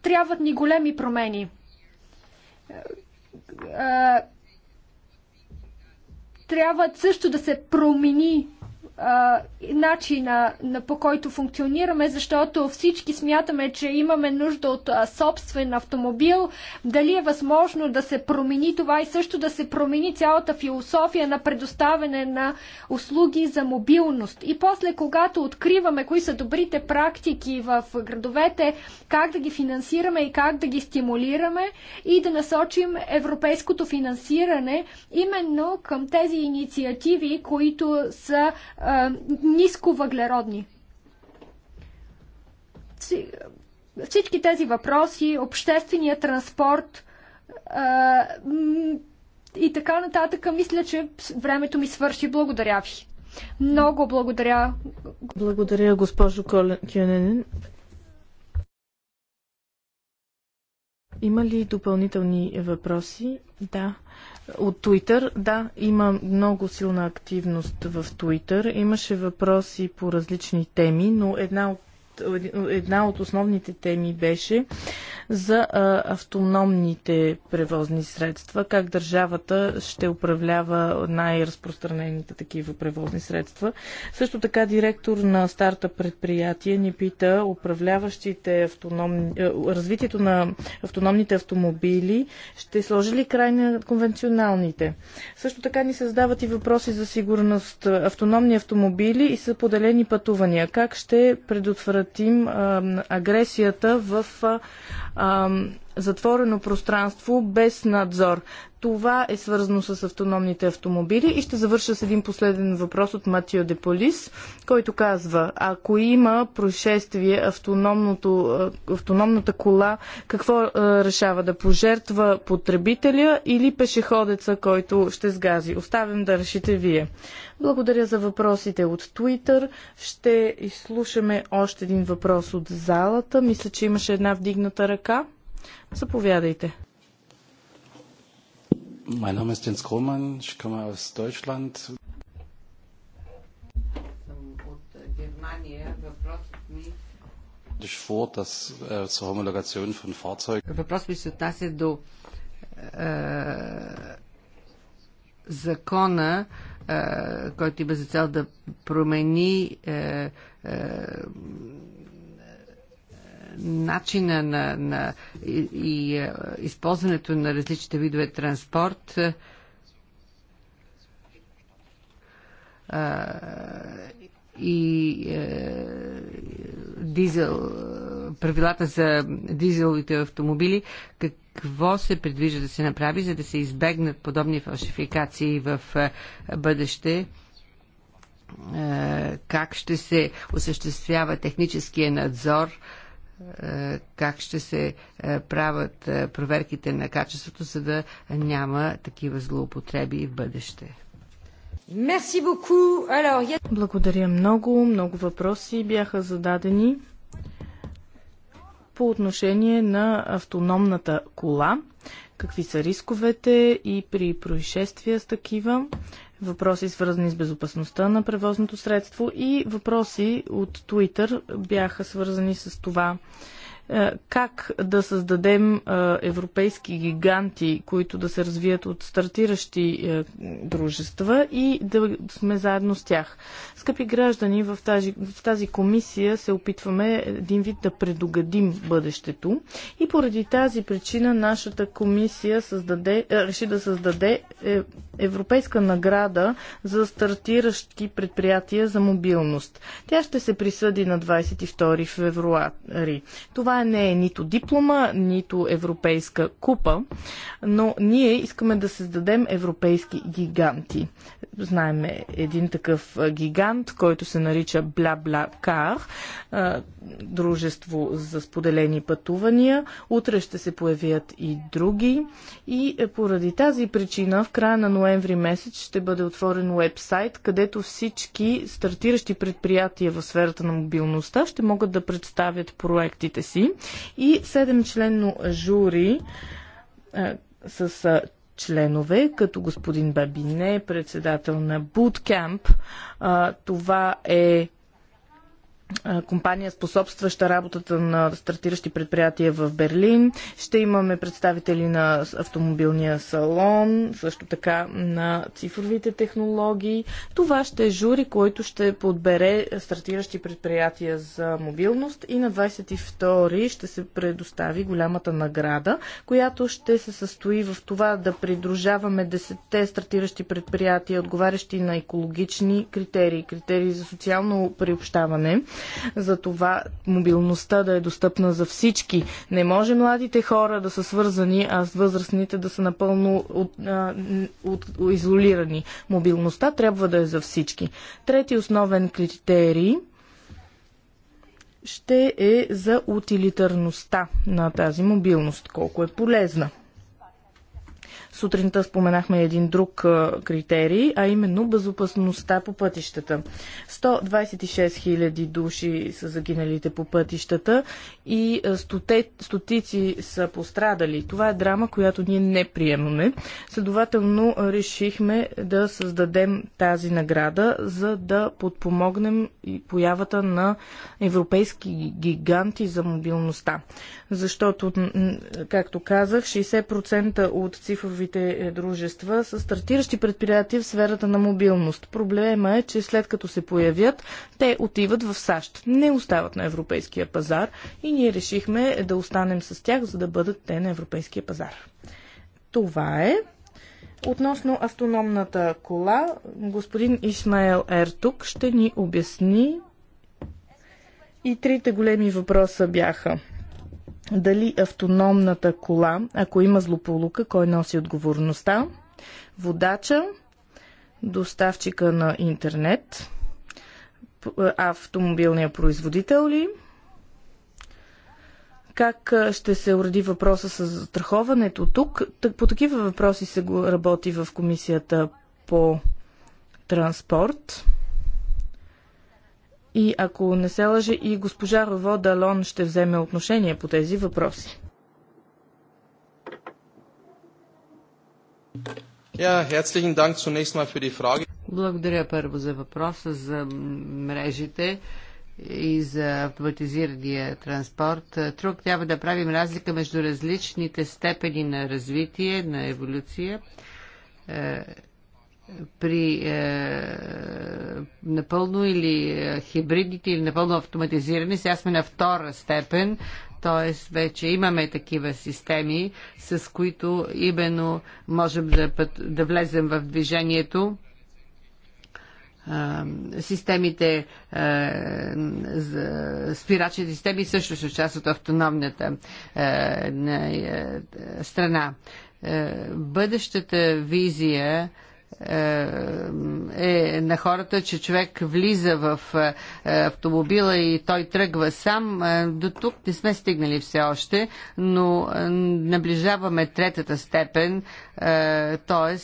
[SPEAKER 2] Трябват ни големи промени. Е, е, трябва също да се промени а, начина на, по който функционираме, защото всички смятаме, че имаме нужда от а, собствен автомобил. Дали е възможно да се промени това и също да се промени цялата философия на предоставяне на услуги за мобилност. И после, когато откриваме кои са добрите практики в градовете, как да ги финансираме и как да ги стимулираме и да насочим европейското финансиране именно към тези инициативи, които са нисковъглеродни. Всички тези въпроси, обществения транспорт и така нататък, мисля, че времето ми свърши. Благодаря ви. Много благодаря.
[SPEAKER 1] Благодаря, госпожо Кюненен. Има ли допълнителни въпроси? Да. От Туитър, да, има много силна активност в Туитър. Имаше въпроси по различни теми, но една от една от основните теми беше за автономните превозни средства, как държавата ще управлява най-разпространените такива превозни средства. Също така директор на старта предприятие ни пита управляващите автономни, развитието на автономните автомобили ще сложи ли край на конвенционалните. Също така ни създават и въпроси за сигурност автономни автомобили и са поделени пътувания. Как ще предотвратят предотвратим агресията в затворено пространство без надзор. Това е свързано с автономните автомобили и ще завърша с един последен въпрос от Матио Деполис, който казва, ако има происшествие, е, автономната кола, какво е, решава да пожертва потребителя или пешеходеца, който ще сгази? Оставям да решите вие. Благодаря за въпросите от Twitter. Ще изслушаме още един въпрос от залата. Мисля, че имаше една вдигната ръка. Заповядайте.
[SPEAKER 3] Mein Name ist Jens Krohmann, ich komme aus
[SPEAKER 2] Deutschland. Vor, dass, äh, zur Homologation von Fahrzeugen.
[SPEAKER 3] Въпрос ми се отнася до е, закона, е, който има за цел да промени е, е, начина на, на и, и е, използването на различните видове транспорт а, е, и е, дизел, правилата за дизеловите автомобили, какво се предвижда да се направи, за да се избегнат подобни фалшификации в е, бъдеще? Как ще се осъществява техническия надзор? Е, как ще се е, правят е, проверките на качеството, за да няма такива злоупотреби в бъдеще.
[SPEAKER 1] Благодаря много. Много въпроси бяха зададени по отношение на автономната кола. Какви са рисковете и при происшествия с такива? въпроси свързани с безопасността на превозното средство и въпроси от Twitter бяха свързани с това е, как да създадем е, европейски гиганти, които да се развият от стартиращи е, дружества и да сме заедно с тях. Скъпи граждани, в тази, в тази комисия се опитваме един вид да предугадим бъдещето и поради тази причина нашата комисия създаде, реши да създаде европейска награда за стартиращи предприятия за мобилност. Тя ще се присъди на 22 февруари. Това това не е нито диплома, нито европейска купа, но ние искаме да създадем европейски гиганти. Знаем един такъв гигант, който се нарича BlaBlaCar, дружество за споделени пътувания. Утре ще се появят и други. И е, поради тази причина в края на ноември месец ще бъде отворен вебсайт, където всички стартиращи предприятия в сферата на мобилността ще могат да представят проектите си и 7-членно жури с членове, като господин Бабине, председател на Bootcamp. Това е компания, способстваща работата на стартиращи предприятия в Берлин. Ще имаме представители на автомобилния салон, също така на цифровите технологии. Това ще е жури, който ще подбере стартиращи предприятия за мобилност и на 22 ще се предостави голямата награда, която ще се състои в това да придружаваме 10 стартиращи предприятия, отговарящи на екологични критерии, критерии за социално приобщаване за това мобилността да е достъпна за всички. Не може младите хора да са свързани, а с възрастните да са напълно от, а, от, изолирани. Мобилността трябва да е за всички. Трети основен критерий ще е за утилитарността на тази мобилност, колко е полезна. Сутринта споменахме един друг критерий, а именно безопасността по пътищата. 126 000 души са загиналите по пътищата и стоте, стотици са пострадали. Това е драма, която ние не приемаме. Следователно решихме да създадем тази награда, за да подпомогнем появата на европейски гиганти за мобилността. Защото, както казах, 60% от цифрови новите е, дружества са стартиращи предприятия в сферата на мобилност. Проблема е, че след като се появят, те отиват в САЩ. Не остават на европейския пазар и ние решихме да останем с тях, за да бъдат те на европейския пазар. Това е. Относно автономната кола, господин Исмаел Ертук ще ни обясни. И трите големи въпроса бяха дали автономната кола, ако има злополука, кой носи отговорността? Водача, доставчика на интернет, автомобилния производител ли? Как ще се уреди въпроса с застраховането тук? По такива въпроси се работи в комисията по транспорт. И ако не се лъже, и госпожа Рово Далон ще вземе отношение по тези въпроси.
[SPEAKER 3] Благодаря първо за въпроса за мрежите и за автоматизирания транспорт. Трук трябва да правим разлика между различните степени на развитие, на еволюция е, при е, напълно или е, хибридните или напълно автоматизирани. Сега сме на втора степен, т.е. вече имаме такива системи, с които именно можем да, да влезем в движението системите е, за спирачните системи също са част от автономната е, страна. Бъдещата визия е, е на хората, че човек влиза в е, автомобила и той тръгва сам. Е, до тук не сме стигнали все още, но наближаваме третата степен, т.е.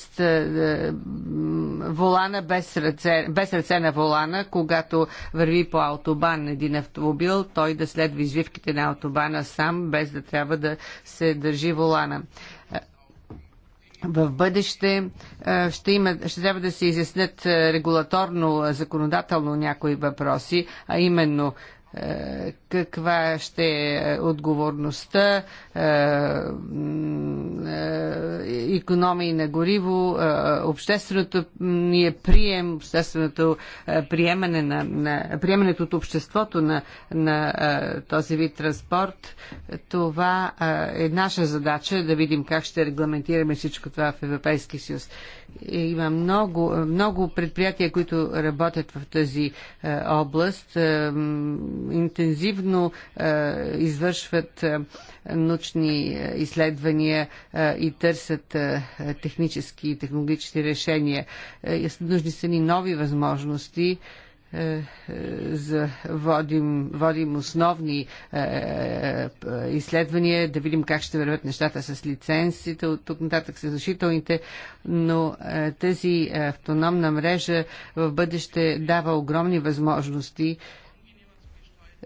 [SPEAKER 3] волана без ръце, без ръце на волана, когато върви по автобан един автомобил, той да следва извивките на автобана сам, без да трябва да се държи волана в бъдеще ще, има, ще трябва да се изяснят регулаторно, законодателно някои въпроси, а именно каква ще е отговорността, економии е, на гориво, е, общественото ние прием, общественото е, приемане на, на приемането от обществото на, на този вид транспорт. Това е наша задача да видим как ще регламентираме всичко това в Европейския съюз. Е, има много, е, много предприятия, които работят в тази е, област. Е, интензивно е, извършват е, научни е, изследвания е, и търсят е, технически и технологични решения. Е, нужни са ни нови възможности. Е, е, е, за водим, водим основни е, е, е, изследвания, да видим как ще върват нещата с лицензите, от тук нататък с защитълните, но е, тази автономна мрежа в бъдеще дава огромни възможности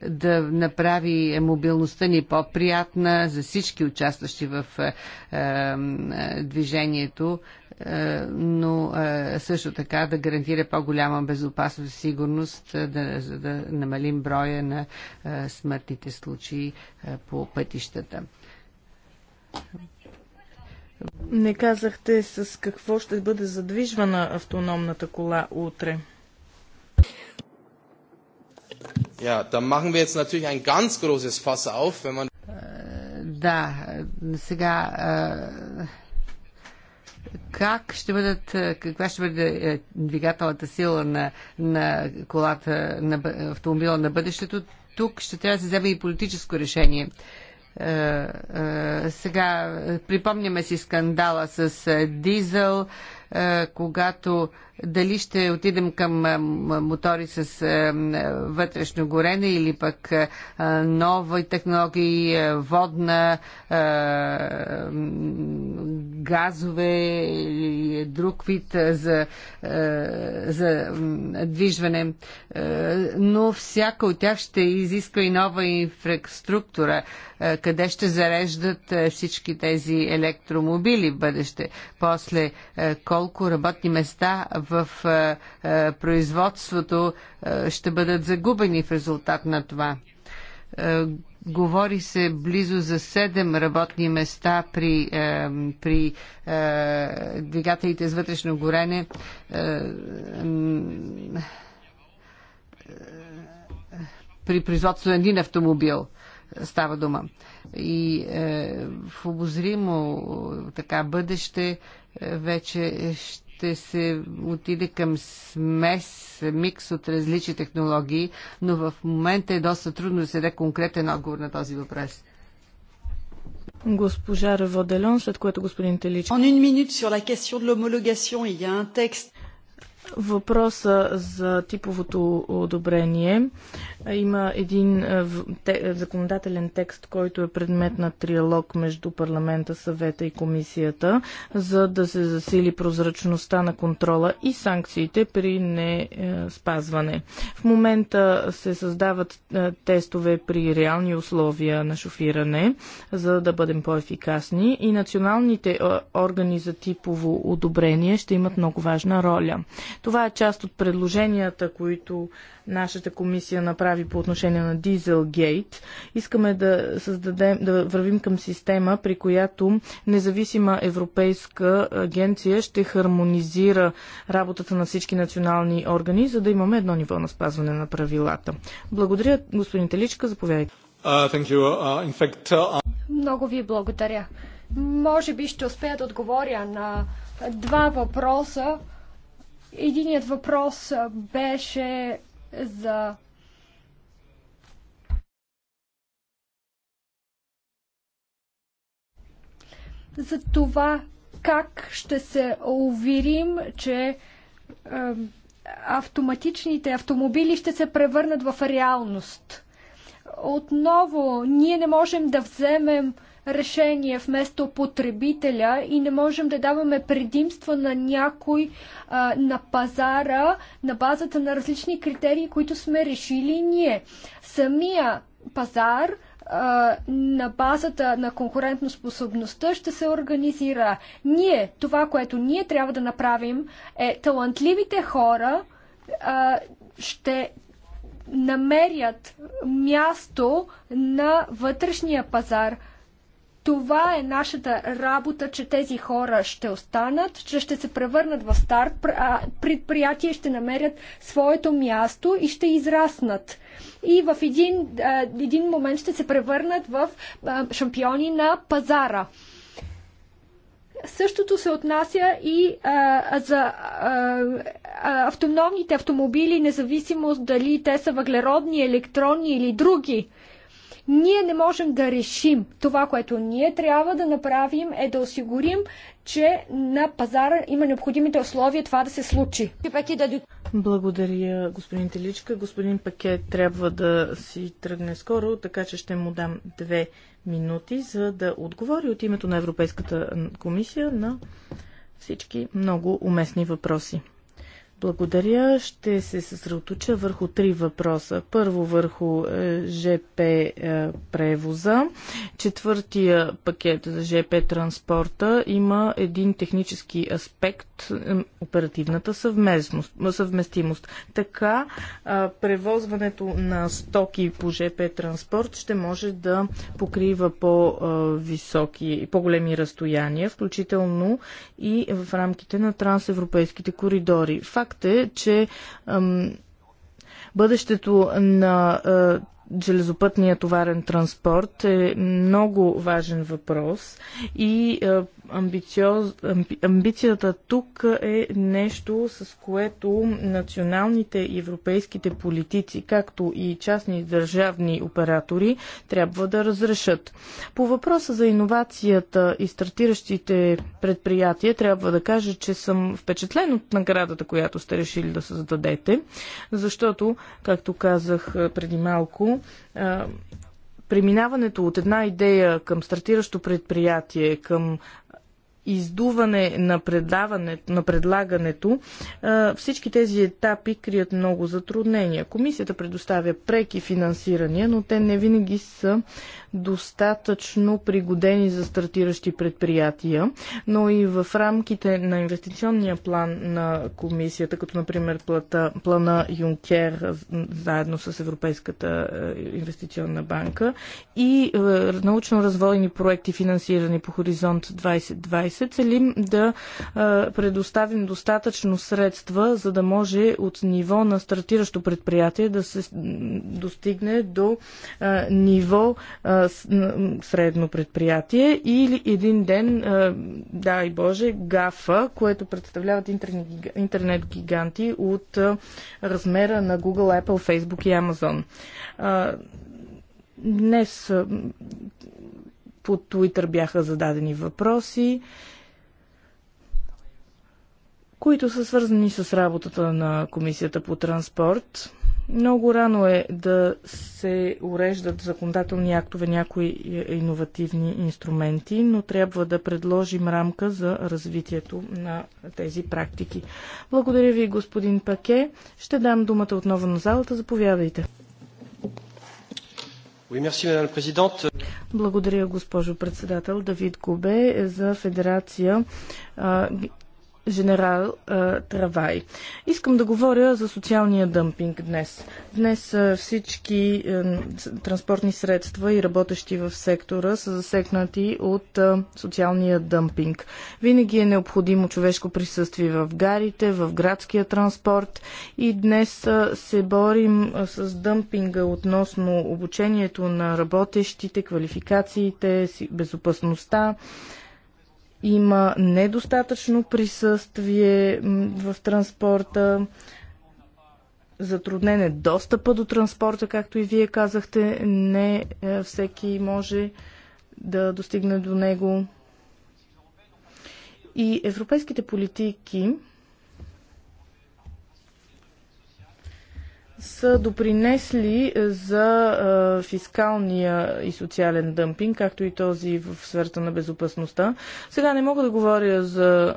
[SPEAKER 3] да направи мобилността ни по-приятна за всички участващи в е, е, движението, е, но е, също така да гарантира по-голяма безопасност и сигурност, е, да, за да намалим броя на смъртните случаи по пътищата.
[SPEAKER 1] Не казахте с какво ще бъде задвижвана автономната
[SPEAKER 3] кола утре. Ja, da
[SPEAKER 1] machen wir jetzt natürlich ein ganz großes Fass auf, wenn man...
[SPEAKER 3] Da, sogar, äh как ще бъдат, е, каква ще бъде е, двигателната сила на, на колата, на автомобила на бъдещето, тук ще трябва да се вземе и политическо решение. Е, сега припомняме си скандала с дизел, когато дали ще отидем към мотори с е, вътрешно горене или пък е, нови технологии, е, водна, газове или друг вид за, за движване. Но всяка от тях ще изисква и нова инфраструктура, къде ще зареждат всички тези електромобили в бъдеще. После колко работни места в е, е, производството е, ще бъдат загубени в резултат на това. Говори се близо за 7 работни места при, а, при а, двигателите с вътрешно горене. А, при производство на един автомобил става дума. И е, в обозримо така бъдеще вече ще ще се отиде към смес, микс от различни технологии, но в момента е доста трудно да се даде конкретен отговор на този въпрос. Госпожа
[SPEAKER 1] Реводелон, след което господин Телич. En une minute sur la question de l'homologation, il y a un texte въпроса за типовото одобрение. Има един е, е, законодателен текст, който е предмет на триалог между парламента, съвета и комисията, за да се засили прозрачността на контрола и санкциите при не е, спазване. В момента се създават тестове при реални условия на шофиране, за да бъдем по-ефикасни и националните органи за типово одобрение ще имат много важна роля. Това е част от предложенията, които нашата комисия направи по отношение на Дизелгейт. Искаме да създадем, да вървим към система, при която независима европейска агенция ще хармонизира работата на всички национални органи, за да имаме едно ниво на спазване на правилата. Благодаря, господин Теличка, заповядайте.
[SPEAKER 2] Uh, uh, fact, uh... Много ви благодаря. Може би ще успея да отговоря на два въпроса, Единият въпрос беше за за това как ще се уверим, че автоматичните автомобили ще се превърнат в реалност. Отново, ние не можем да вземем решение вместо потребителя и не можем да даваме предимство на някой а, на пазара на базата на различни критерии, които сме решили ние. Самия пазар на базата на конкурентоспособността ще се организира. Ние, това, което ние трябва да направим е талантливите хора а, ще намерят място на вътрешния пазар. Това е нашата работа, че тези хора ще останат, че ще се превърнат в старт предприятие, ще намерят своето място и ще израснат. И в един, един момент ще се превърнат в шампиони на пазара. Същото се отнася и а, за а, автономните автомобили, независимо дали те са въглеродни, електронни или други. Ние не можем да решим. Това, което ние трябва да направим е да осигурим, че на пазара има необходимите условия това да се случи.
[SPEAKER 1] Благодаря, господин Теличка. Господин Пакет трябва да си тръгне скоро, така че ще му дам две минути, за да отговори от името на Европейската комисия на всички много уместни въпроси. Благодаря. Ще се съсредоточа върху три въпроса. Първо върху е, ЖП е, превоза. Четвъртия пакет за ЖП транспорта има един технически аспект е, оперативната съвместимост. Така превозването на стоки по ЖП транспорт ще може да покрива по-високи и по-големи разстояния, включително и в рамките на трансевропейските коридори. Факт факт е, че бъдещето на железопътния товарен транспорт е много важен въпрос и амбициоз... амбицията тук е нещо, с което националните и европейските политици, както и частни държавни оператори, трябва да разрешат. По въпроса за иновацията и стартиращите предприятия, трябва да кажа, че съм впечатлен от наградата, която сте решили да създадете, защото, както казах преди малко, преминаването от една идея към стартиращо предприятие, към издуване на, на предлагането, всички тези етапи крият много затруднения. Комисията предоставя преки финансирания, но те не винаги са достатъчно пригодени за стартиращи предприятия, но и в рамките на инвестиционния план на комисията, като например плата, плана Юнкер заедно с Европейската е, инвестиционна банка и е, научно-развойни проекти, финансирани по Хоризонт 2020, се целим да предоставим достатъчно средства, за да може от ниво на стартиращо предприятие да се достигне до ниво средно предприятие или един ден, дай Боже, гафа, което представляват интернет гиганти от размера на Google, Apple, Facebook и Amazon. Днес по Twitter бяха зададени въпроси, които са свързани с работата на Комисията по транспорт. Много рано е да се уреждат законодателни актове някои иновативни инструменти, но трябва да предложим рамка за развитието на тези практики. Благодаря ви, господин Паке. Ще дам думата отново на залата. Заповядайте. Благодаря, госпожо председател. Давид Кубе е за Федерация Женерал е, Травай. Искам да говоря за социалния дъмпинг днес. Днес е, всички е, транспортни средства и работещи в сектора са засекнати от социалния дъмпинг. Винаги е необходимо човешко присъствие в гарите, в градския транспорт и днес се борим с дъмпинга относно обучението на работещите, квалификациите, безопасността има недостатъчно присъствие в транспорта. Затруднен е достъпа до транспорта, както и вие казахте. Не е, всеки може да достигне до него. И европейските политики са допринесли е, за е, фискалния и социален дъмпинг, както и този в сферата на безопасността. Сега не мога да говоря за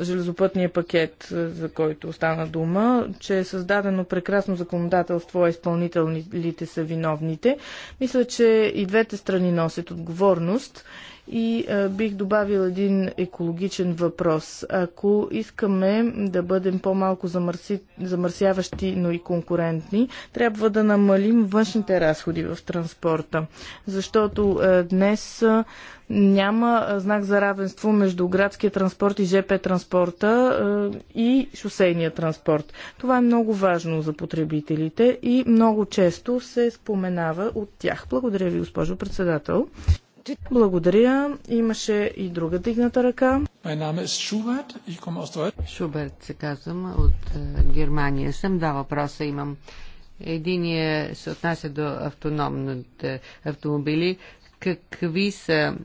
[SPEAKER 1] е, железопътния пакет, за който остана дума, че е създадено прекрасно законодателство, а изпълнителните са виновните. Мисля, че и двете страни носят отговорност. И а, е, бих добавил един екологичен въпрос. Ако искаме да бъдем по-малко замърси, замърсяващи, но и конкурентни, трябва да намалим външните разходи в транспорта. Защото а, е, днес а, е, няма знак за равенство между градския транспорт и ЖП транспорта и шосейния транспорт. Това е много важно за потребителите и много често се споменава от тях. Благодаря ви, госпожо председател. Благодаря. Имаше и друга
[SPEAKER 3] дигната ръка. Шуберт се казвам от е, Германия. Съм два въпроса имам. Единия се отнася до автономните автомобили. Какви са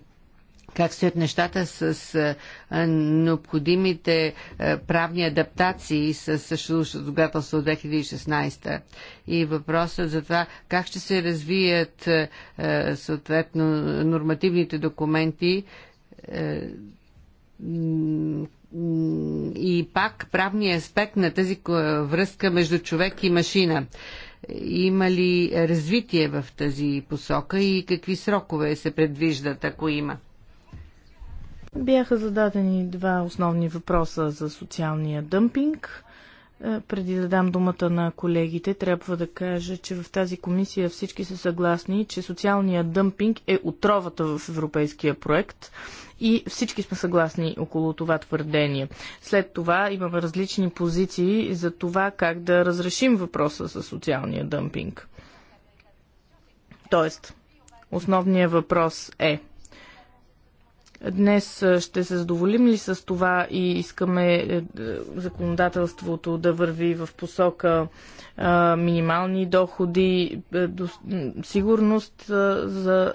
[SPEAKER 3] как стоят нещата с необходимите правни адаптации с същото законодателство от 2016 и въпросът за това как ще се развият съответно нормативните документи и пак правния аспект на тази връзка между човек и машина. Има ли развитие в тази посока и какви срокове се предвиждат, ако има?
[SPEAKER 1] Бяха зададени два основни въпроса за социалния дъмпинг. Е, преди да дам думата на колегите, трябва да кажа, че в тази комисия всички са съгласни, че социалният дъмпинг е отровата в европейския проект и всички сме съгласни около това твърдение. След това имаме различни позиции за това как да разрешим въпроса с социалния дъмпинг. Тоест, основният въпрос е Днес ще се задоволим ли с това и искаме е, е, законодателството да върви в посока минимални доходи, е, сигурност за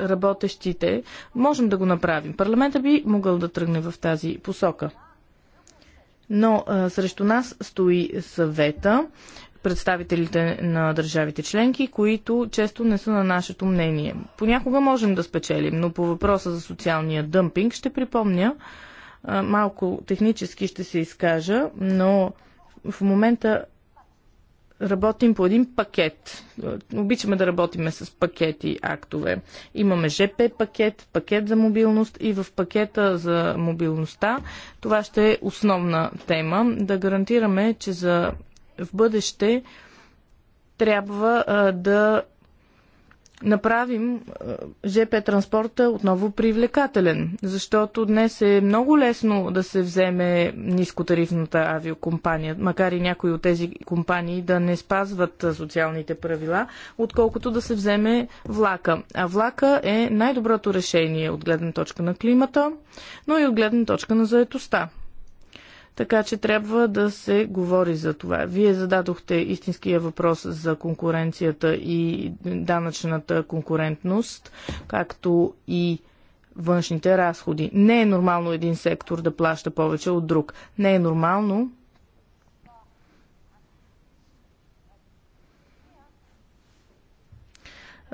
[SPEAKER 1] работещите? Можем да го направим. Парламента би могъл да тръгне в тази посока. Но а, срещу нас стои съвета представителите на държавите членки, които често не са на нашето мнение. Понякога можем да спечелим, но по въпроса за социалния дъмпинг ще припомня, малко технически ще се изкажа, но в момента работим по един пакет. Обичаме да работиме с пакети актове. Имаме ЖП пакет, пакет за мобилност и в пакета за мобилността това ще е основна тема. Да гарантираме, че за в бъдеще трябва а, да направим ЖП транспорта отново привлекателен, защото днес е много лесно да се вземе нискотарифната авиокомпания, макар и някои от тези компании да не спазват социалните правила, отколкото да се вземе влака. А влака е най-доброто решение от гледна точка на климата, но и от гледна точка на заетостта. Така че трябва да се говори за това. Вие зададохте истинския въпрос за конкуренцията и данъчната конкурентност, както и външните разходи. Не е нормално един сектор да плаща повече от друг. Не е нормално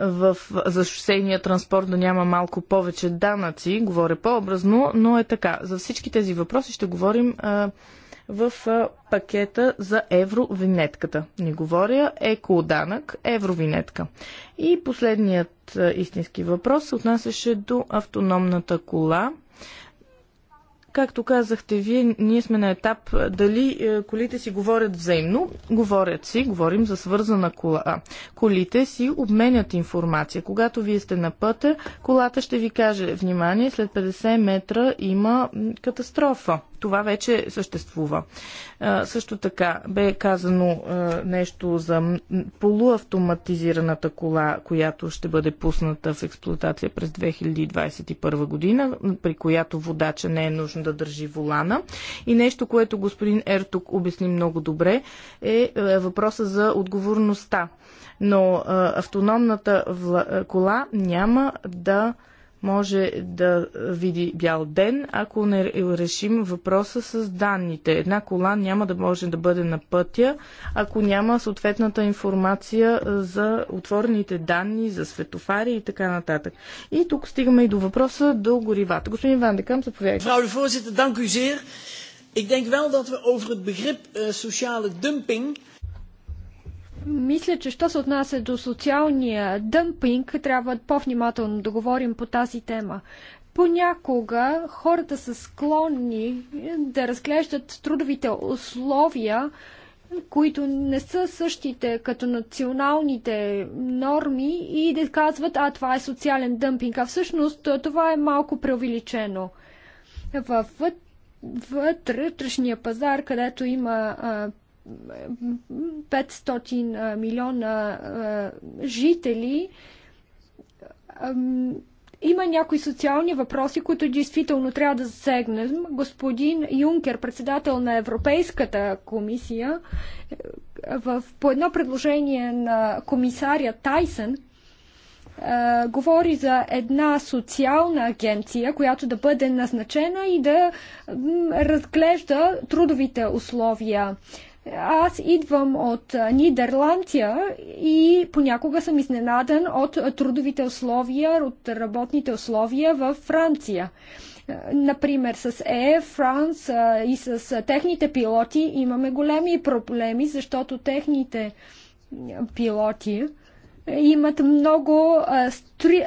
[SPEAKER 1] в, за шосейния транспорт да няма малко повече данъци, говоря по-образно, но е така. За всички тези въпроси ще говорим а, в а, пакета за евровинетката. Не говоря еко-данък, евровинетка. И последният а, истински въпрос се отнасяше до автономната кола – Както казахте вие, ние сме на етап е, дали е, колите си говорят взаимно. Говорят си, говорим за свързана кола. Колите си обменят информация. Когато вие сте на пътя, колата ще ви каже, внимание, след 50 метра има катастрофа това вече съществува. Също така бе казано нещо за полуавтоматизираната кола, която ще бъде пусната в експлуатация през 2021 година, при която водача не е нужно да държи волана. И нещо, което господин Ертук обясни много добре, е, е въпроса за отговорността. Но автономната кола няма да може да види бял ден, ако не решим въпроса с данните. Една кола няма да може да бъде на пътя, ако няма съответната информация за отворените данни, за светофари и така нататък. И тук стигаме и до въпроса до горивата. Господин
[SPEAKER 2] Ван Декам, заповядайте.
[SPEAKER 1] Мevrouw de
[SPEAKER 3] voorzitter, dank u zeer. Ik denk wel dat we over het begrip uh, sociale dumping
[SPEAKER 2] мисля, че що се отнася до социалния дъмпинг, трябва по-внимателно да говорим по тази тема. Понякога хората са склонни да разглеждат трудовите условия, които не са същите като националните норми и да казват, а това е социален дъмпинг, а всъщност това е малко преувеличено. Във вътрешния пазар, където има а, 500 милиона жители, има някои социални въпроси, които действително трябва да засегнем. Господин Юнкер, председател на Европейската комисия, в, по едно предложение на комисаря Тайсън, говори за една социална агенция, която да бъде назначена и да разглежда трудовите условия аз идвам от Нидерландия и понякога съм изненадан от трудовите условия, от работните условия във Франция. Например, с Air France и с техните пилоти имаме големи проблеми, защото техните пилоти имат много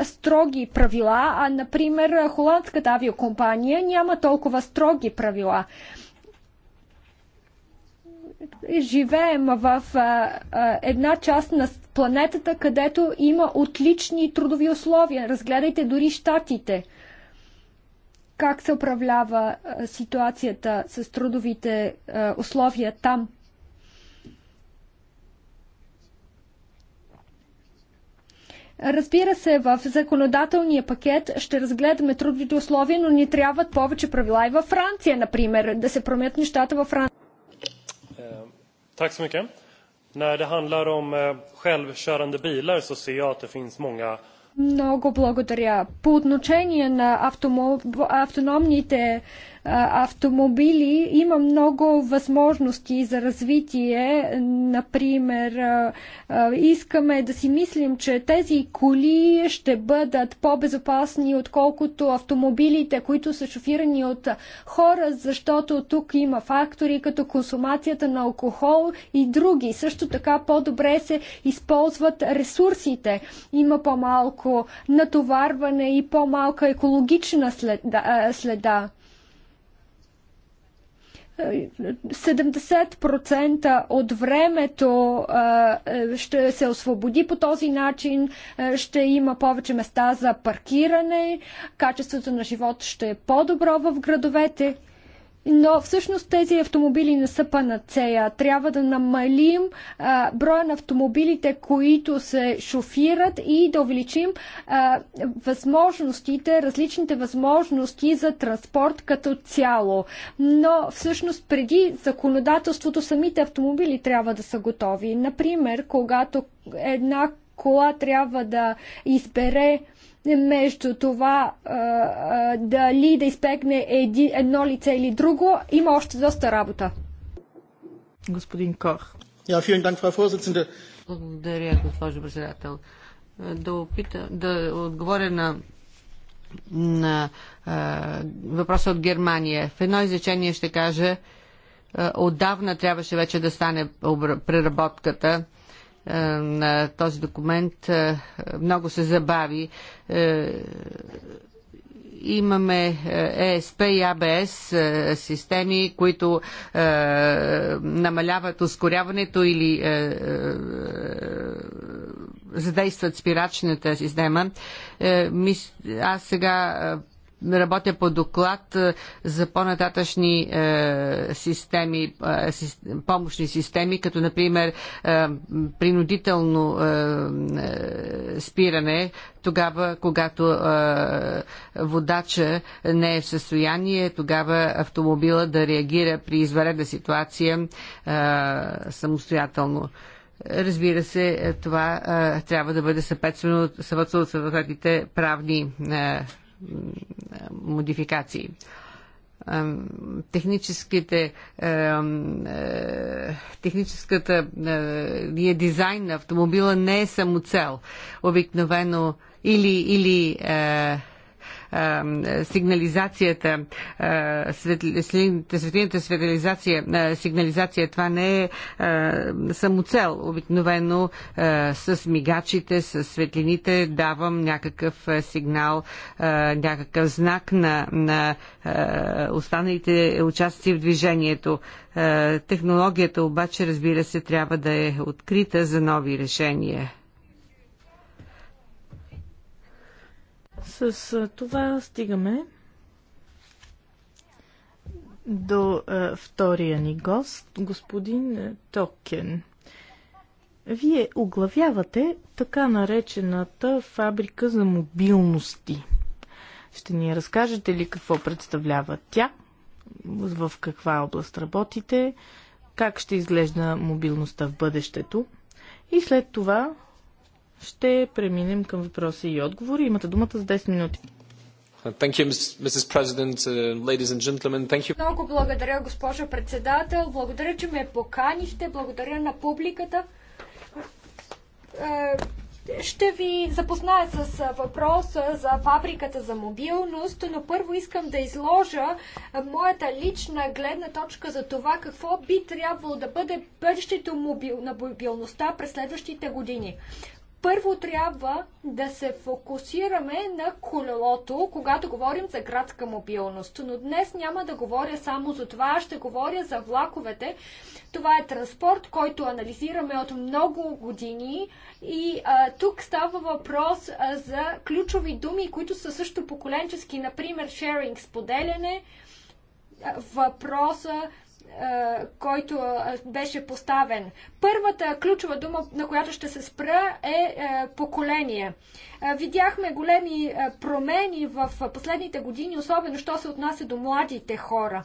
[SPEAKER 2] строги правила, а например холандската авиокомпания няма толкова строги правила живеем в а, а, една част на планетата, където има отлични трудови условия. Разгледайте дори щатите. Как се управлява а, ситуацията с трудовите а, условия там? Разбира се, в законодателния пакет ще разгледаме трудовите условия, но ни трябват повече правила и във Франция, например, да се променят нещата във Франция.
[SPEAKER 1] Tack så mycket. När det handlar om självkörande bilar så ser jag
[SPEAKER 2] att det finns många Много благодаря. По отношение на автомобил, автономните автомобили има много възможности за развитие. Например, искаме да си мислим, че тези коли ще бъдат по-безопасни, отколкото автомобилите, които са шофирани от хора, защото тук има фактори като консумацията на алкохол и други. Също така по-добре се използват ресурсите. Има по-малко натоварване и по-малка екологична следа. следа. 70% от времето е, ще се освободи по този начин, ще има повече места за паркиране, качеството на живот ще е по-добро в градовете. Но всъщност тези автомобили не са панацея. Трябва да намалим а, броя на автомобилите, които се шофират и да увеличим а, възможностите, различните възможности за транспорт като цяло. Но всъщност преди законодателството самите автомобили трябва да са готови. Например, когато една кола трябва да избере между това дали да изпекне еди, едно лице или друго, има още доста работа.
[SPEAKER 3] Господин Кох. Dank, Благодаря, госпожо председател. Да, опитам да отговоря на на въпроса от Германия. В едно изречение ще кажа, отдавна трябваше вече да стане преработката е, на този документ е, много се забави. Е, имаме ЕСП и АБС системи, които намаляват ускоряването или задействат спирачната система. Аз сега работя по доклад е, за по-нататъчни е, системи, е, помощни системи, като например принудително спиране, тогава, когато водача не е в състояние, тогава автомобила да реагира при изваредна ситуация самостоятелно. Разбира се, това трябва да бъде съпътствано от съответните правни модификации. Техническите, е, техническата е, дизайн на автомобила не е самоцел. Обикновено или, или е, е, сигнализацията, е, светлините, светлините светлизация, е, сигнализация, това не е самоцел. Обикновено с мигачите, с светлините давам някакъв сигнал, някакъв знак на, на останалите участници в движението. Технологията обаче, разбира се, трябва да е открита за нови решения. С това стигаме
[SPEAKER 1] до е, втория ни гост, господин Токен. Вие оглавявате така наречената фабрика за мобилности. Ще ни разкажете ли какво представлява тя, в каква област работите, как ще изглежда мобилността в бъдещето и след това ще преминем към въпроси и отговори. Имате думата за 10 минути.
[SPEAKER 2] You, Много благодаря, госпожо председател. Благодаря, че ме поканихте. Благодаря на публиката. Е, ще ви запозная с въпроса за фабриката за мобилност, но първо искам да изложа моята лична гледна точка за това какво би трябвало да бъде бъдещето мобил, на мобилността през следващите години първо трябва да се фокусираме на колелото, когато говорим за градска мобилност. Но днес няма да говоря само за това, ще говоря за влаковете. Това е транспорт, който анализираме от много години и а, тук става въпрос а, за ключови думи, които са също поколенчески, например sharing, споделяне, въпроса който беше поставен. Първата ключова дума, на която ще се спра, е, е поколение. Видяхме големи промени в последните години, особено що се отнася до младите хора.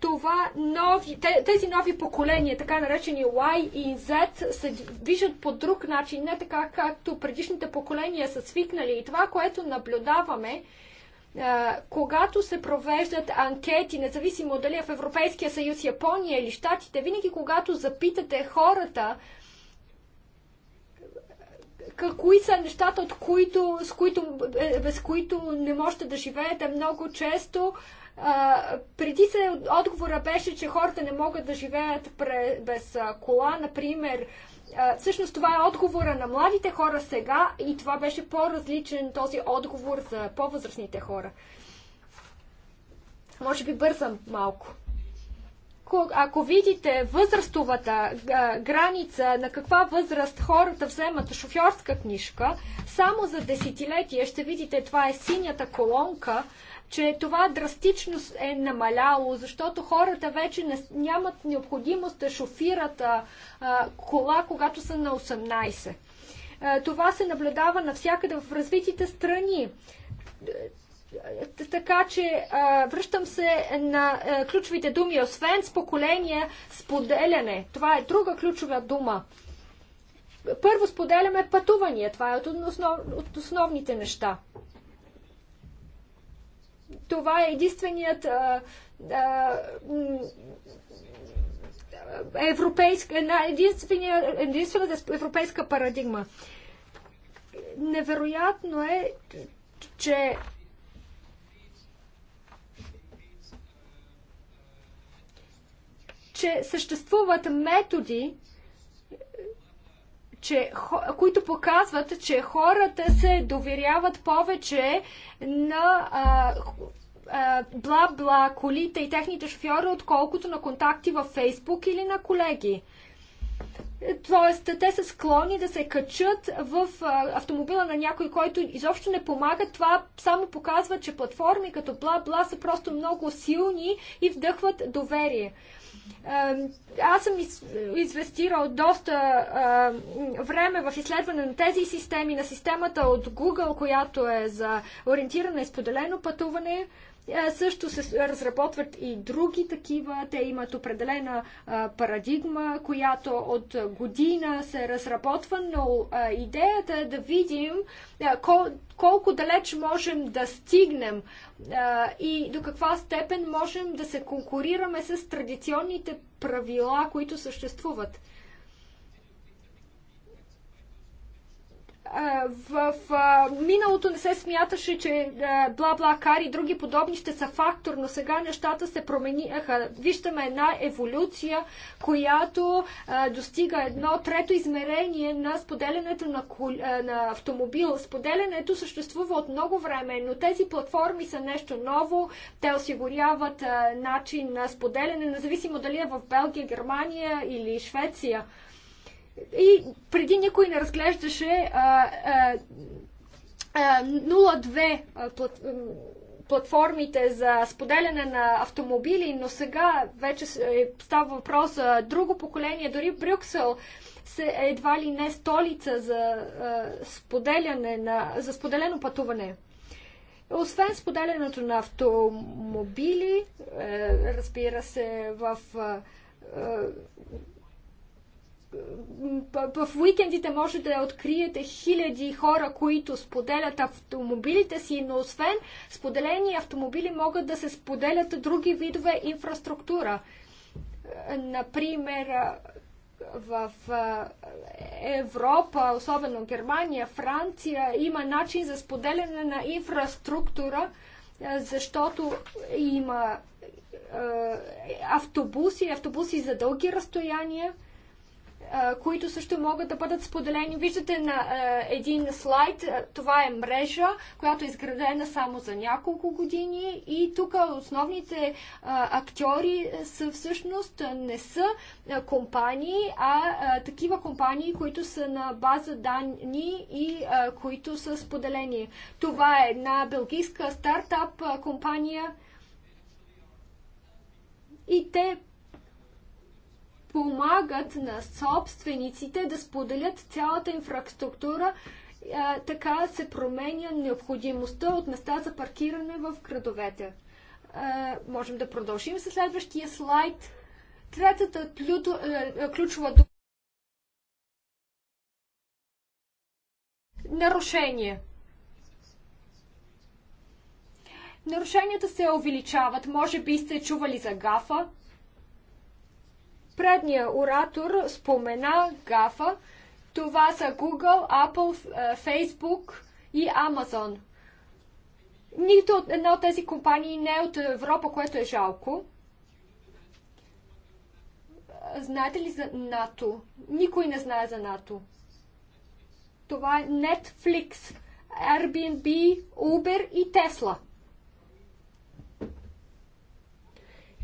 [SPEAKER 2] Това нови, тези нови поколения, така наречени Y и Z, се виждат по друг начин, не така както предишните поколения са свикнали. И това, което наблюдаваме, когато се провеждат анкети, независимо дали е в Европейския съюз, Япония или Штатите, винаги когато запитате хората кои са нещата, от които, с които, е, без които не можете да живеете, много често а, преди се отговора беше, че хората не могат да живеят без кола, например, всъщност това е отговора на младите хора сега и това беше по-различен този отговор за по-възрастните хора. Може би бързам малко. Ако видите възрастовата граница, на каква възраст хората вземат шофьорска книжка, само за десетилетие ще видите, това е синята колонка, че това драстично е намаляло, защото хората вече не, нямат необходимост да шофират а, а, кола, когато са на 18. А, това се наблюдава навсякъде в развитите страни. Така че а, връщам се на а, ключовите думи. Освен с поколение, споделяне. Това е друга ключова дума. Първо споделяме пътувания. Това е от, основ, от основните неща това е единственият а, а, европейска, единствената европейска парадигма. Невероятно е, че че съществуват методи, че, които показват, че хората се доверяват повече на бла-бла колите и техните шофьори, отколкото на контакти във Фейсбук или на колеги. Тоест, те са склонни да се качат в автомобила на някой, който изобщо не помага. Това само показва, че платформи като бла-бла са просто много силни и вдъхват доверие. Аз съм инвестирал доста време в изследване на тези системи, на системата от Google, която е за ориентиране и споделено пътуване. Е, също се разработват и други такива. Те имат определена парадигма, която от година се разработва, но идеята е да видим колко далеч можем да стигнем и до каква степен можем да се конкурираме с традиционните правила, които съществуват. В миналото не се смяташе, че бла-бла-кар и други подобни ще са фактор, но сега нещата се промениха. Виждаме една еволюция, която достига едно трето измерение на споделянето на, на автомобил. Споделянето съществува от много време, но тези платформи са нещо ново. Те осигуряват начин на споделяне, независимо дали е в Белгия, Германия или Швеция. И преди никой не разглеждаше а, а, а, 02 плат, платформите за споделяне на автомобили, но сега вече е, става въпрос за друго поколение. Дори Брюксел се е едва ли не столица за, споделяне на, за споделено пътуване. Освен споделянето на автомобили, е, разбира се, в в уикендите може да откриете хиляди хора, които споделят автомобилите си, но освен споделени автомобили могат да се споделят други видове инфраструктура. Е, например, в Европа, особено Германия, Франция, има начин за споделяне на инфраструктура, е, защото има е, автобуси, автобуси за дълги разстояния, които също могат да бъдат споделени. Виждате на един слайд, това е мрежа, която е изградена само за няколко години и тук основните актьори е, са всъщност не са компании, а такива компании, които са на база данни и които са споделени. Това е една белгийска стартап компания и те помагат на собствениците да споделят цялата инфраструктура. така се променя необходимостта от места за паркиране в градовете. можем да продължим със следващия слайд. Третата ключова дума. Нарушение. Нарушенията се увеличават. Може би сте чували за гафа, Предния оратор спомена ГАФА. Това са Google, Apple, е, Facebook и Amazon. Нито от една от тези компании не е от Европа, което е жалко. Знаете ли за НАТО? Никой не знае за НАТО. Това е Netflix, Airbnb, Uber и Tesla.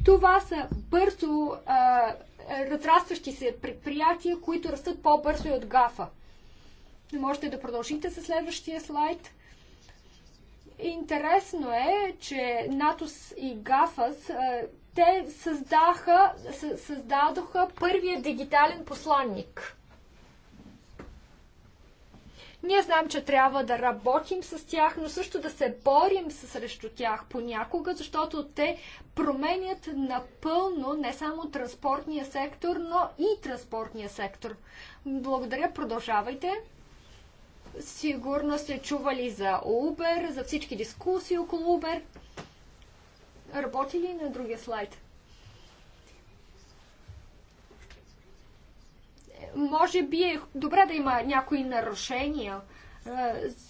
[SPEAKER 2] Това са бързо а, е, разрастващи се предприятия, които растат по-бързо и от ГАФа. Можете да продължите със следващия слайд. Интересно е, че НАТОС и ГАФАС те създаха, създадоха първия дигитален посланник. Ние знаем, че трябва да работим с тях, но също да се борим срещу тях понякога, защото те променят напълно не само транспортния сектор, но и транспортния сектор. Благодаря, продължавайте. Сигурно сте чували за Uber, за всички дискусии около Uber. Работи ли на другия слайд? може би е добре да има някои нарушения,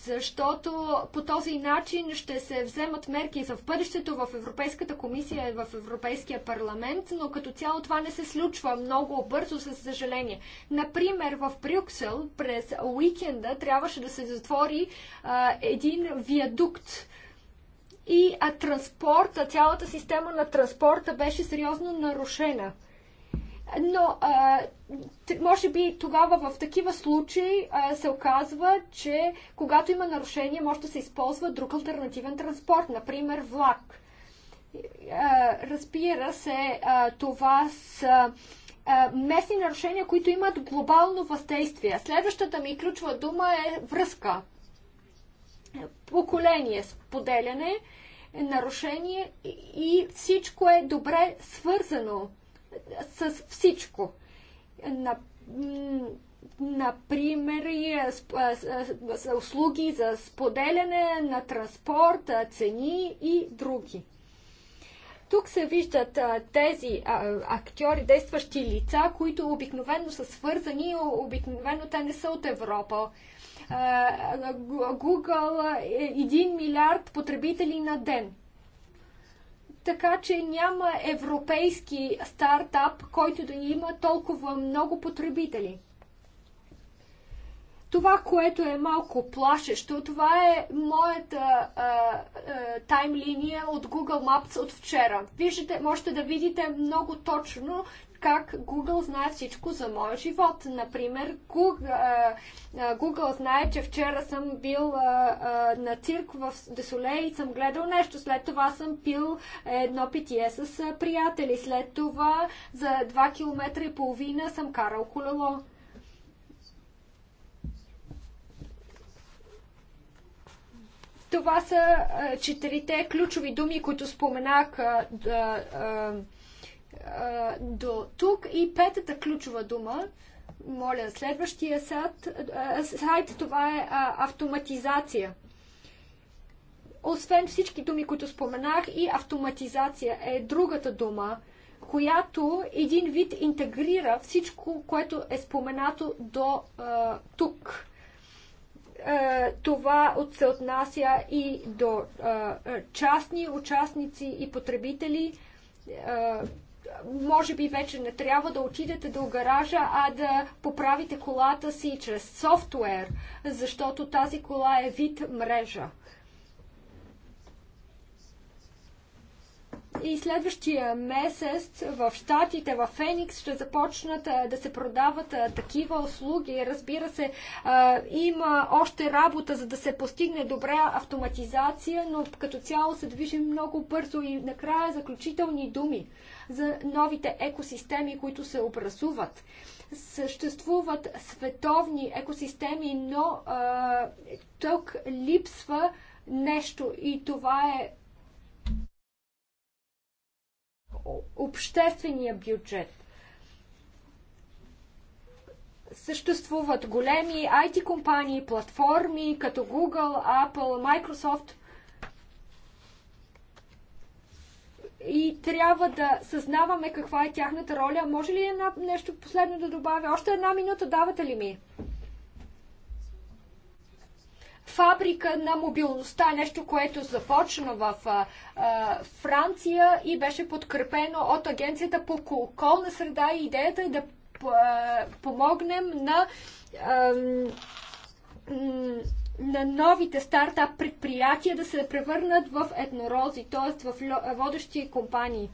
[SPEAKER 2] защото по този начин ще се вземат мерки за в бъдещето в Европейската комисия и в Европейския парламент, но като цяло това не се случва много бързо, със съжаление. Например, в Брюксел през уикенда трябваше да се затвори а, един виадукт и а, транспорта, цялата система на транспорта беше сериозно нарушена – но а, може би тогава в такива случаи а, се оказва, че когато има нарушение, може да се използва друг альтернативен транспорт, например влак. А, разбира се, а, това са а, местни нарушения, които имат глобално въздействие. Следващата ми ключова дума е връзка. Поколение, споделяне, нарушение и всичко е добре свързано с всичко. На, например, услуги за споделяне на транспорт, цени и други. Тук се виждат а, тези а, актьори, действащи лица, които обикновено са свързани, обикновено те не са от Европа. А, Google 1 е милиард потребители на ден така, че няма европейски стартап, който да има толкова много потребители. Това, което е малко плашещо, това е моята а, а, тайм линия от Google Maps от вчера. Виждате, можете да видите много точно как Google знае всичко за моя живот. Например, Google, Google знае, че вчера съм бил на цирк в Десоле и съм гледал нещо. След това съм пил едно питие с приятели. След това за 2 км и половина съм карал колело. Това са четирите ключови думи, които споменах до тук и петата ключова дума. Моля, следващия сайт, сайт това е автоматизация. Освен всички думи, които споменах, и автоматизация е другата дума, която един вид интегрира всичко, което е споменато до а, тук. А, това се отнася и до а, частни участници и потребители. А, може би вече не трябва да отидете до гаража, а да поправите колата си чрез софтуер, защото тази кола е вид мрежа. И следващия месец в Штатите, в Феникс ще започнат да се продават такива услуги. Разбира се, има още работа, за да се постигне добра автоматизация, но като цяло се движим много бързо и накрая заключителни думи за новите екосистеми, които се образуват съществуват световни екосистеми, но тук липсва нещо и това е обществения бюджет. Съществуват големи IT компании, платформи като Google, Apple, Microsoft. И трябва да съзнаваме каква е тяхната роля. Може ли една, нещо последно да добавя? Още една минута давате ли ми? фабрика на мобилността, нещо, което започна в а, Франция и беше подкрепено от Агенцията по околна среда и идеята е да а, помогнем на а, на новите стартап предприятия да се превърнат в еднорози, т.е. в водещи компании.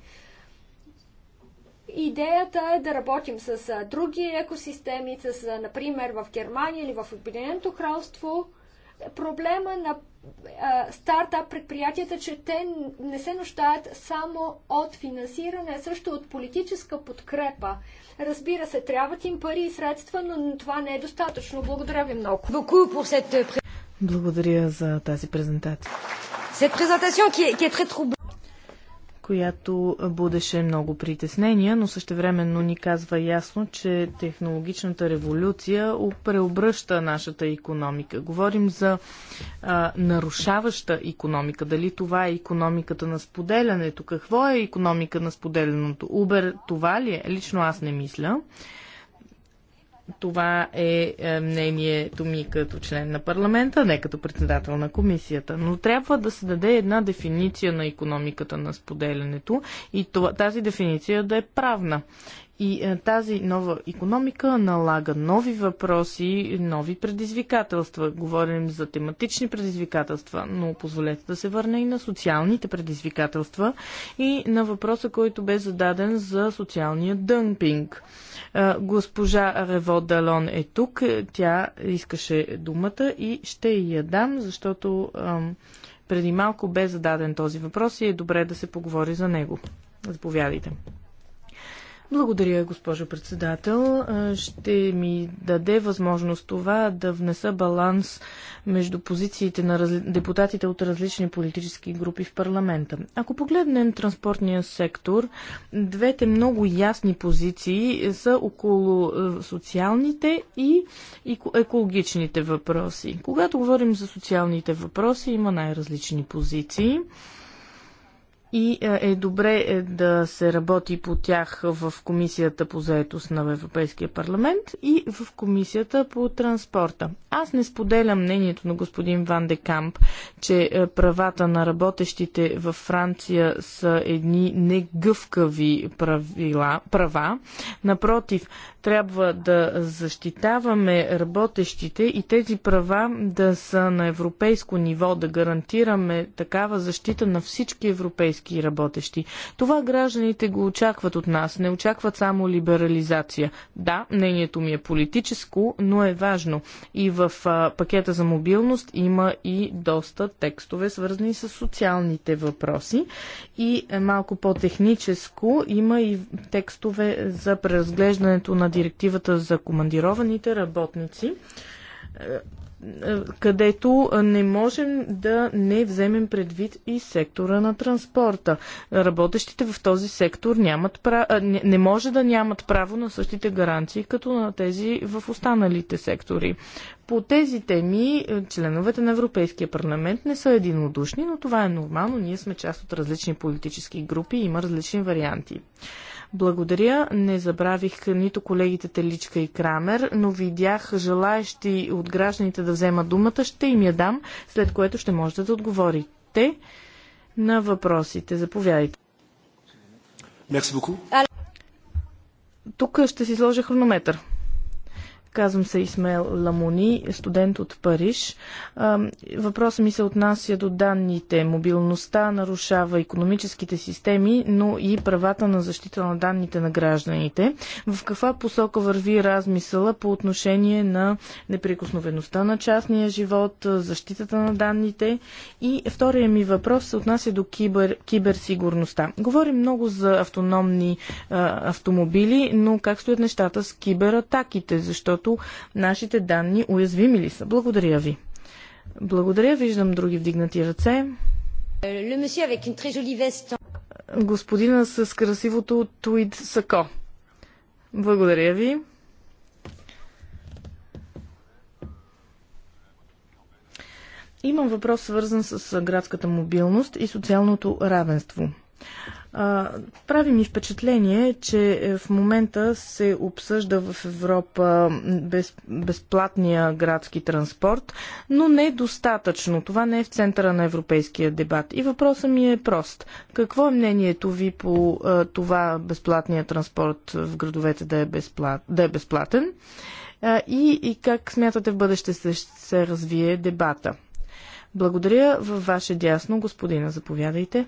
[SPEAKER 2] Идеята е да работим с други екосистеми, с, например, в Германия или в Обединеното кралство – проблема на стартап предприятията, че те не се нуждаят само от финансиране, а също от политическа подкрепа. Разбира се, трябват им пари и средства, но това не е достатъчно. Благодаря ви много.
[SPEAKER 1] Благодаря за тази презентация.
[SPEAKER 2] Cette présentation qui est, qui est très
[SPEAKER 1] която будеше много притеснения, но същевременно ни казва ясно, че технологичната революция преобръща нашата економика. Говорим за а, нарушаваща економика. Дали това е економиката на споделянето? Какво е економика на споделяното? Убер това ли е? Лично аз не мисля. Това е, е мнението ми като член на парламента, не като председател на комисията. Но трябва да се даде една дефиниция на економиката на споделянето и това, тази дефиниция да е правна. И е, тази нова економика налага нови въпроси, нови предизвикателства. Говорим за тематични предизвикателства, но позволете да се върна и на социалните предизвикателства и на въпроса, който бе зададен за социалния дъмпинг. Е, госпожа Рево Далон е тук. Тя искаше думата и ще я дам, защото преди малко бе зададен този въпрос и е добре да се поговори за него. Заповядайте. Благодаря, госпожо председател. Ще ми даде възможност това да внеса баланс между позициите на раз... депутатите от различни политически групи в парламента. Ако погледнем транспортния сектор, двете много ясни позиции са около социалните и екологичните въпроси. Когато говорим за социалните въпроси, има най-различни позиции и е, е добре е, да се работи по тях в Комисията по заетост на Европейския парламент и в Комисията по транспорта. Аз не споделям мнението на господин Ван де Камп, че е, правата на работещите във Франция са едни негъвкави правила, права. Напротив, трябва да защитаваме работещите и тези права да са на европейско ниво, да гарантираме такава защита на всички европейски европейски работещи. Това гражданите го очакват от нас, не очакват само либерализация. Да, мнението ми е политическо, но е важно. И в пакета за мобилност има и доста текстове, свързани с социалните въпроси. И е, малко по-техническо има и текстове за преразглеждането на директивата за командированите работници е, е, където е, не можем да не вземем предвид и сектора на транспорта. Работещите в този сектор нямат право, е, не може да нямат право на същите гаранции, като на тези в останалите сектори. По тези теми членовете на Европейския парламент не са единодушни, но това е нормално. Ние сме част от различни политически групи и има различни варианти. Благодаря. Не забравих нито колегите Теличка и Крамер, но видях желаящи от гражданите да вземат думата. Ще им я дам, след което ще можете да отговорите на въпросите. Заповядайте. Тук ще си сложа хронометър. Казвам се Исмел Ламони, студент от Париж. Въпросът ми се отнася до данните. Мобилността нарушава економическите системи, но и правата на защита на данните на гражданите. В каква посока върви размисъла по отношение на неприкосновеността на частния живот, защитата на данните? И втория ми въпрос се отнася до кибер, киберсигурността. Говорим много за автономни а, автомобили, но как стоят нещата с кибератаките? Защото защото нашите данни уязвими ли са? Благодаря ви. Благодаря, виждам други вдигнати ръце.
[SPEAKER 2] Euh,
[SPEAKER 1] Господина с красивото туид сако. Благодаря ви. Имам въпрос свързан с градската мобилност и социалното равенство. Прави ми впечатление, че е, в момента се обсъжда в Европа без, безплатния градски транспорт, но не е достатъчно. Това не е в центъра на европейския дебат. И въпросът ми е прост. Какво е мнението ви по това безплатния транспорт в градовете да е, безплат, да е безплатен? И, и как смятате в бъдеще се, се развие дебата? Благодаря. Във ваше дясно, господина, заповядайте.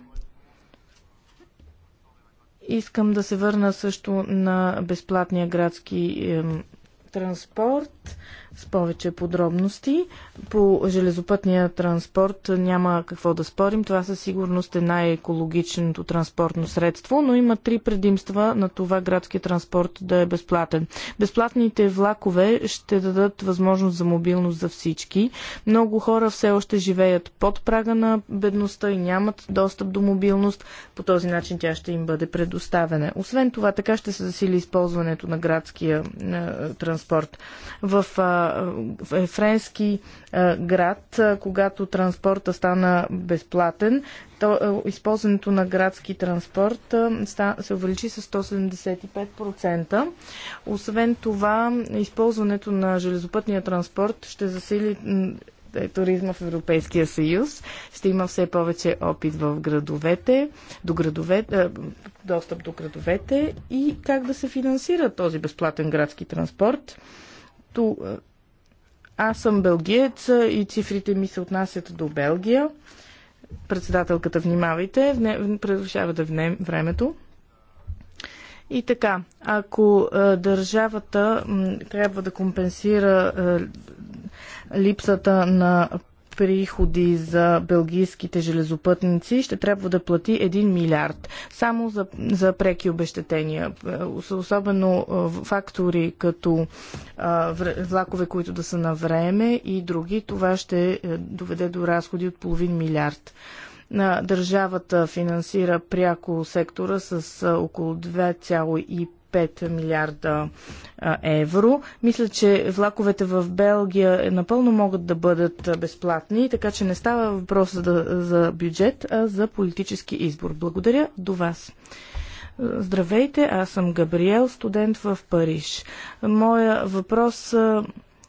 [SPEAKER 1] Искам да се върна също на безплатния градски транспорт с повече подробности. По железопътния транспорт няма какво да спорим. Това със сигурност е най-екологичното транспортно средство, но има три предимства на това градски транспорт да е безплатен. Безплатните влакове ще дадат възможност за мобилност за всички. Много хора все още живеят под прага на бедността и нямат достъп до мобилност. По този начин тя ще им бъде предоставена. Освен това, така ще се засили използването на градския е, транспорт. В в френски град, когато транспорта стана безплатен, то използването на градски транспорт се увеличи с 175%. Освен това, използването на железопътния транспорт ще засили е, туризма в Европейския съюз. Ще има все повече опит в градовете, до градовете, достъп до градовете и как да се финансира този безплатен градски транспорт защото аз съм белгиец и цифрите ми се отнасят до Белгия. Председателката, внимавайте, предрешава да внем времето. И така, ако а, държавата м, трябва да компенсира а, липсата на приходи за белгийските железопътници, ще трябва да плати 1 милиард. Само за, за преки обещетения. Е, особено е, фактори като е, влакове, които да са на време и други, това ще доведе до разходи от половин милиард държавата финансира пряко сектора с около 2,5 5 милиарда евро. Мисля, че влаковете в Белгия напълно могат да бъдат безплатни, така че не става въпрос за, за бюджет, а за политически избор. Благодаря до вас. Здравейте, аз съм Габриел, студент в Париж. Моя въпрос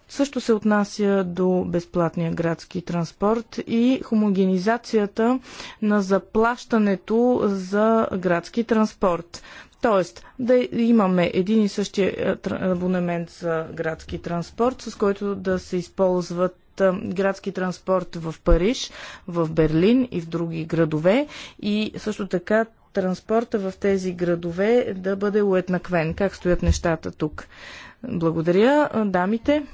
[SPEAKER 1] също се отнася до безплатния градски транспорт и хомогенизацията на заплащането за градски транспорт. Тоест, да имаме един и същия е, абонемент за градски транспорт, с който да се използват е, градски транспорт в Париж, в Берлин и в други градове и също така транспорта в тези градове да бъде уеднаквен. Как стоят нещата тук? Благодаря, е, дамите.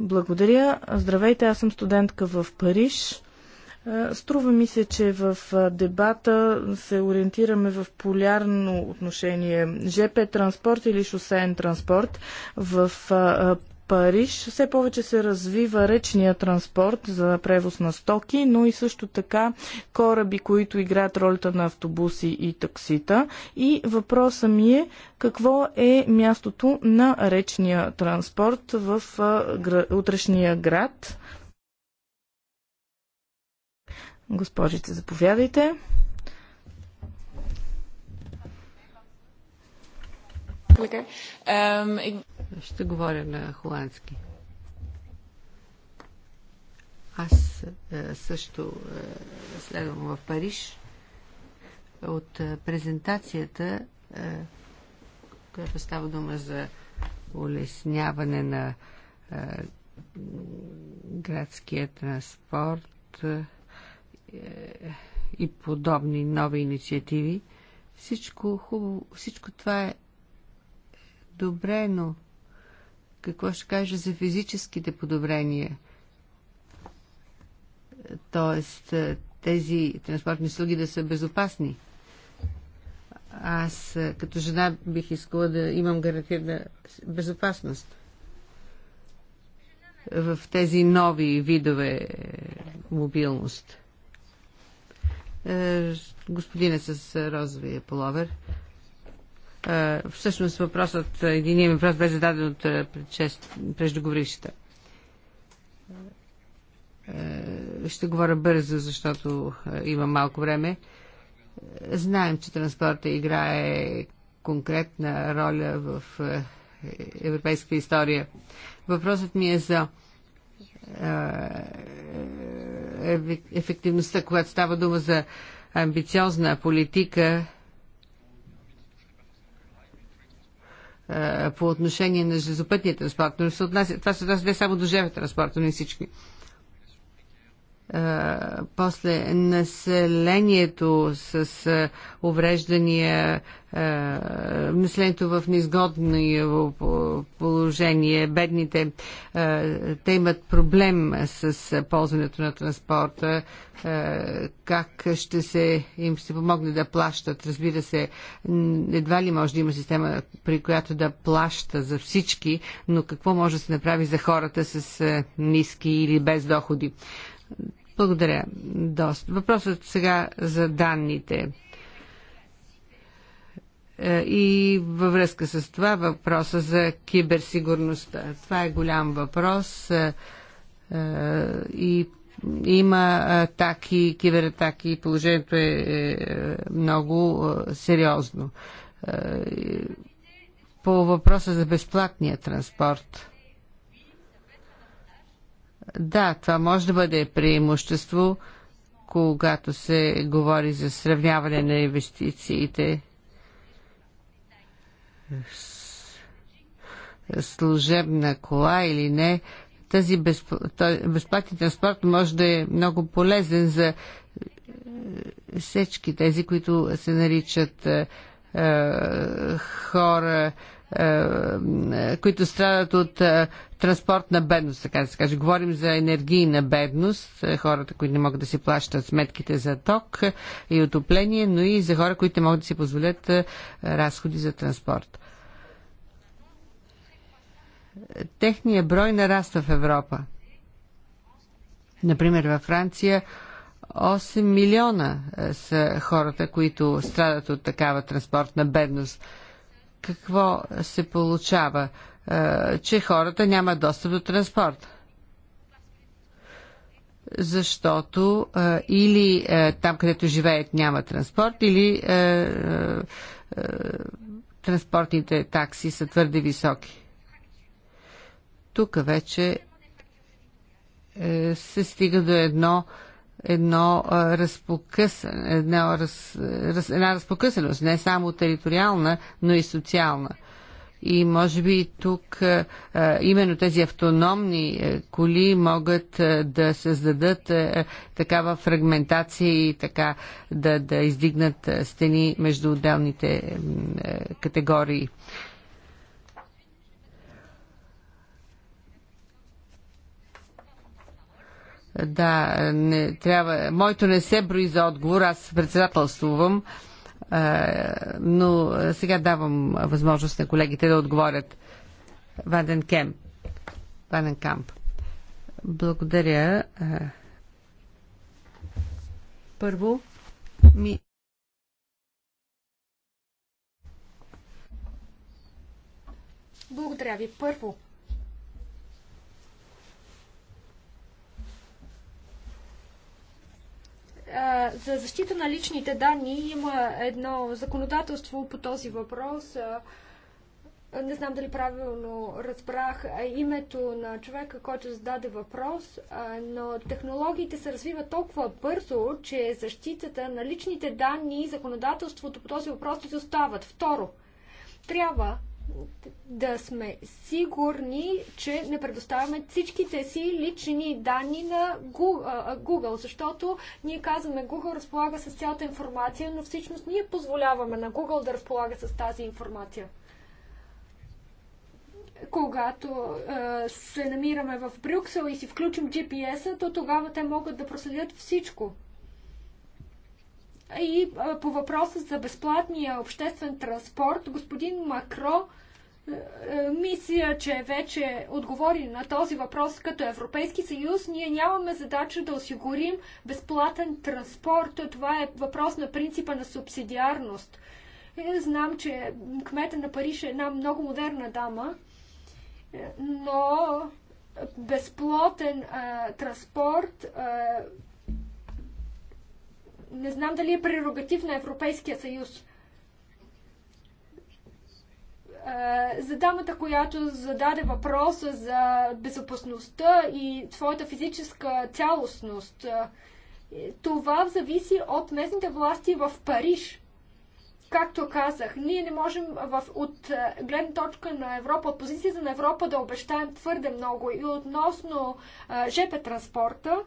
[SPEAKER 1] Благодаря. Здравейте, аз съм студентка в Париж е, струва ми се, че в е, дебата се ориентираме в полярно отношение ЖП транспорт или шосеен транспорт. В е, Париж все повече се развива речния транспорт за превоз на стоки, но и също така кораби, които играят ролята на автобуси и таксита. И въпросът ми е какво е мястото на речния транспорт в утрешния град Госпожице, заповядайте.
[SPEAKER 3] Ще говоря на холандски. Аз е, също е, следвам в Париж. От е, презентацията, която става дума за улесняване на градския транспорт, и подобни нови инициативи. Всичко хубаво, всичко това е добре, но какво ще кажа за физическите подобрения? Тоест, е, тези транспортни слуги да са безопасни. Аз е, като жена бих искала да имам гарантирана безопасност в тези нови видове е, мобилност. Е, Господина с е, розовия половер. Е, всъщност въпросът, ми въпрос бе зададен от преждоговорившата. Ще говоря бързо, защото има малко време. Знаем, че транспорта играе конкретна роля в европейска история. Въпросът ми е за ефективността, когато става дума за амбициозна политика по отношение на железопътния транспорт, но се отнася, това се отнася не само до жертвата транспорт, но и всички после населението с увреждания, населението в неизгодно положение, бедните, те имат проблем с ползването на транспорта, как ще се, им ще помогне да плащат. Разбира се, едва ли може да има система, при която да плаща за всички, но какво може да се направи за хората с ниски или без доходи? Благодаря. Доста. Въпросът сега за данните. Е, и във връзка с това въпроса за киберсигурността. Това е голям въпрос е, е, и има атаки, кибератаки и положението е много сериозно. По въпроса за безплатния транспорт. Да, това може да бъде преимущество, когато се говори за сравняване на инвестициите. Служебна кола или не, тази безплатен транспорт може да е много полезен за е, всички тези, които се наричат е, е хора, е, е, които страдат от е, транспортна бедност, така да се каже. Говорим за енергийна бедност, хората, които не могат да си плащат сметките за ток и отопление, но и за хора, които не могат да си позволят разходи за транспорт. Техният брой нараства в Европа. Например, във Франция 8 милиона са хората, които страдат от такава транспортна бедност – какво се получава? Е, че хората нямат достъп до транспорт. Защото е, или е, там, където живеят, няма транспорт, или транспортните такси са твърде високи. Тук вече се стига до едно едно разпокъсане, едно раз, раз, една разпокъсаност, не само териториална, но и социална. И може би тук именно тези автономни коли могат да създадат такава фрагментация и така да, да издигнат стени между отделните категории. Да, не трябва. Моето не се брои за отговор, аз председателствувам, е, но сега давам възможност на колегите да отговорят. Ваден Кемп. Ваден Камп. Благодаря. Е, първо, ми.
[SPEAKER 2] Благодаря ви. Първо, За защита на личните данни има едно законодателство по този въпрос. Не знам дали правилно разбрах името на човека, който зададе въпрос, но технологиите се развиват толкова бързо, че защитата на личните данни и законодателството по този въпрос изостават. Второ, трябва да сме сигурни, че не предоставяме всичките си лични данни на Google, защото ние казваме Google разполага с цялата информация, но всъщност ние позволяваме на Google да разполага с тази информация. Когато е, се намираме в Брюксел и си включим GPS-а, то тогава те могат да проследят всичко. И по въпроса за безплатния обществен транспорт, господин Макро е, е, мисля, че вече отговори на този въпрос като Европейски съюз. Ние нямаме задача да осигурим безплатен транспорт. Това е въпрос на принципа на субсидиарност. Е, знам, че кмета на Париж е една много модерна дама, но безплатен а, транспорт а, не знам дали е прерогатив на Европейския съюз. За дамата, която зададе въпроса за безопасността и твоята физическа цялостност, това зависи от местните власти в Париж. Както казах, ние не можем в, от гледна точка на Европа, от позицията на Европа да обещаем твърде много. И относно а, ЖП транспорта,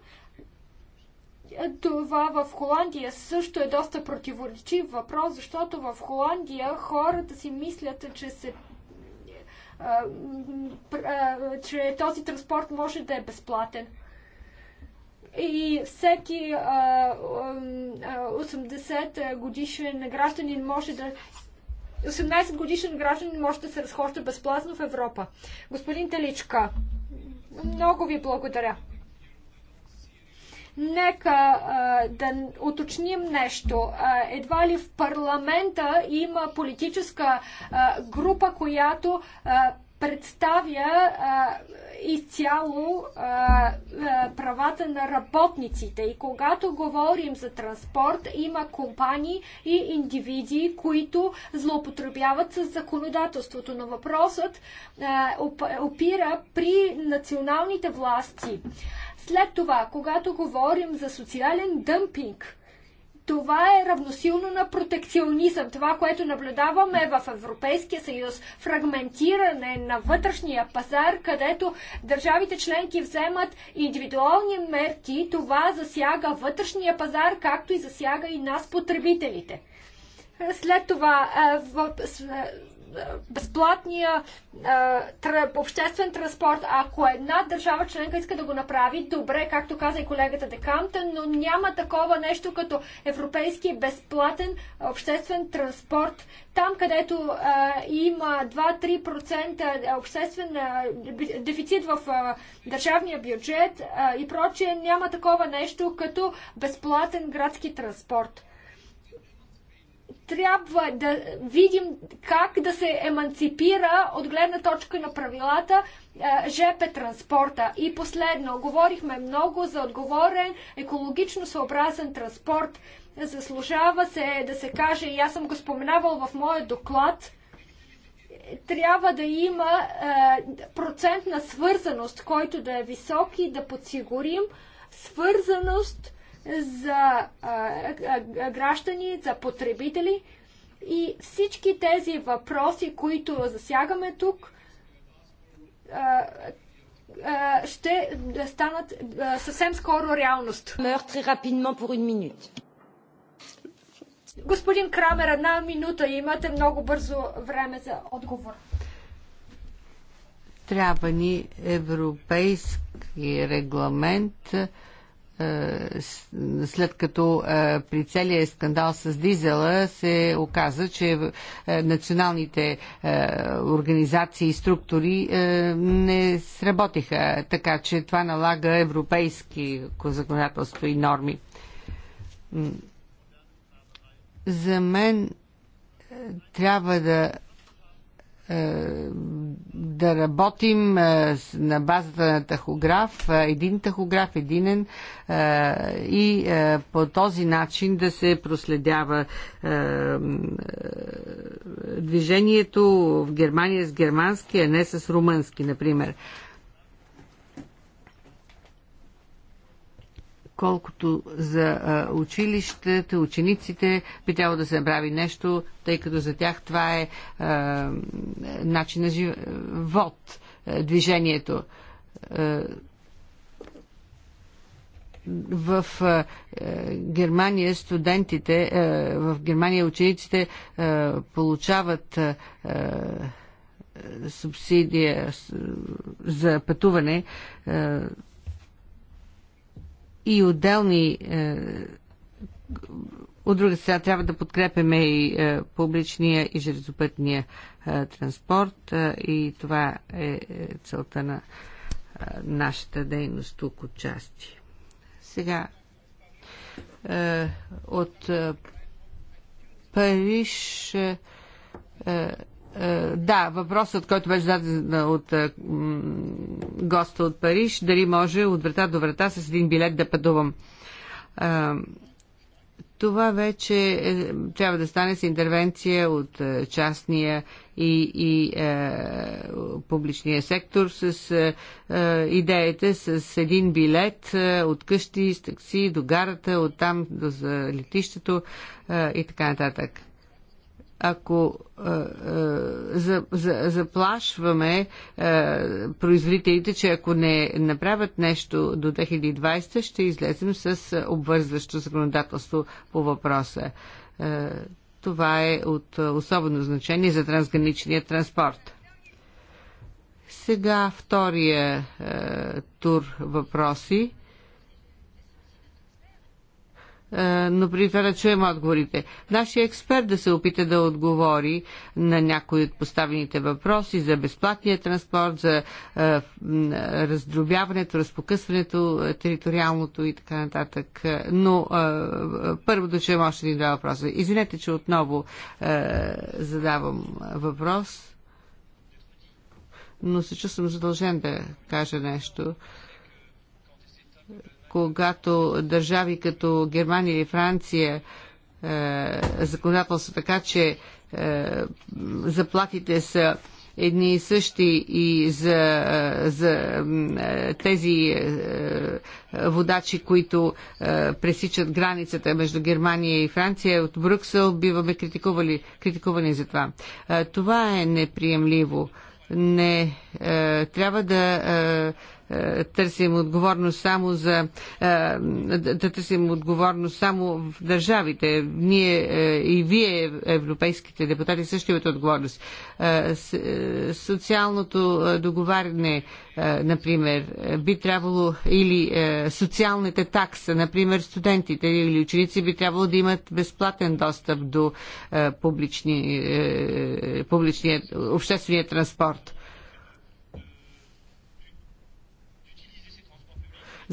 [SPEAKER 2] това в Холандия също е доста противоречив въпрос, защото в Холандия хората си мислят, че се че този транспорт може да е безплатен. И всеки 80 годишен гражданин може да 18 годишен гражданин може да се разхожда безплатно в Европа. Господин Теличка, много ви благодаря. Нека а, да уточним нещо. А, едва ли в парламента има политическа а, група, която а, представя а, изцяло а, а, правата на работниците. И когато говорим за транспорт, има компании и индивиди, които злоупотребяват с законодателството. Но въпросът а, опира при националните власти. След това, когато говорим за социален дъмпинг, това е равносилно на протекционизъм. Това, което наблюдаваме в Европейския съюз, фрагментиране на вътрешния пазар, където държавите членки вземат индивидуални мерки, това засяга вътрешния пазар, както и засяга и нас, потребителите. След това, безплатния обществен транспорт, ако една държава членка иска да го направи, добре, както каза и колегата Деканта, но няма такова нещо като европейски безплатен обществен транспорт. Там, където а, има 2-3% обществен а, дефицит в а, държавния бюджет а, и прочее, няма такова нещо като безплатен градски транспорт трябва да видим как да се еманципира от гледна точка на правилата е, ЖП транспорта. И последно, говорихме много за отговорен, екологично съобразен транспорт. Заслужава се да се каже, и аз съм го споменавал в моя доклад, трябва да има е, процент на свързаност, който да е висок и да подсигурим свързаност за граждани, за потребители. И всички тези въпроси, които засягаме тук, ще станат съвсем скоро реалност. Господин Крамер, една минута и имате много бързо време за отговор.
[SPEAKER 3] Трябва ни европейски регламент след като при целия скандал с дизела се оказа, че националните организации и структури не сработиха, така че това налага европейски законодателство и норми. За мен трябва да е, да работим е, на базата на тахограф, е, един тахограф, единен и по този начин да се проследява движението в Германия с германски, а не с румънски, например. Колкото за училищата, учениците, би трябвало да се направи нещо, тъй като за тях това е начин на живот, е, движението в Германия студентите, в Германия учениците получават субсидия за пътуване и отделни е, от друга страна трябва да подкрепяме и е, публичния и железопътния е, транспорт и това е, целта на нашата дейност тук от части. Сега от Париж е, да, въпросът, който беше даден от е, госта от Париж, дали може от врата до врата с един билет да пътувам. Е, това вече трябва да стане с интервенция от частния и, и е, публичния сектор с е, идеите с един билет е, от къщи, с такси до гарата, от там до за летището е, и така нататък ако е, е, а, а, заплашваме а, е, производителите, че ако не направят нещо до 2020, ще излезем с обвързващо законодателство по въпроса. това е от особено значение за трансграничния транспорт. Сега втория тур въпроси е, но преди това да чуем отговорите. Нашия експерт да се опита да отговори на някои от поставените въпроси за безплатния транспорт, за е, раздробяването, разпокъсването, е, териториалното и така нататък. Но първо да чуем още един-два въпроса. Извинете, че отново задавам въпрос, но се чувствам задължен да кажа нещо когато държави като Германия и Франция е, законодателство така, че е, заплатите са едни и същи и за, е, за е, тези е, водачи, които пресичат границата между Германия и Франция от Брюксел, биваме критикували, критикувани за това. Това е неприемливо. Не е, трябва да е, е, търсим отговорност само за да търсим отговорност само в държавите. Ние и вие, европейските депутати, също имате отговорност. Социалното договаряне, например, би трябвало или социалните такса, например, студентите или ученици би трябвало да имат безплатен достъп до публични, публичния, обществения транспорт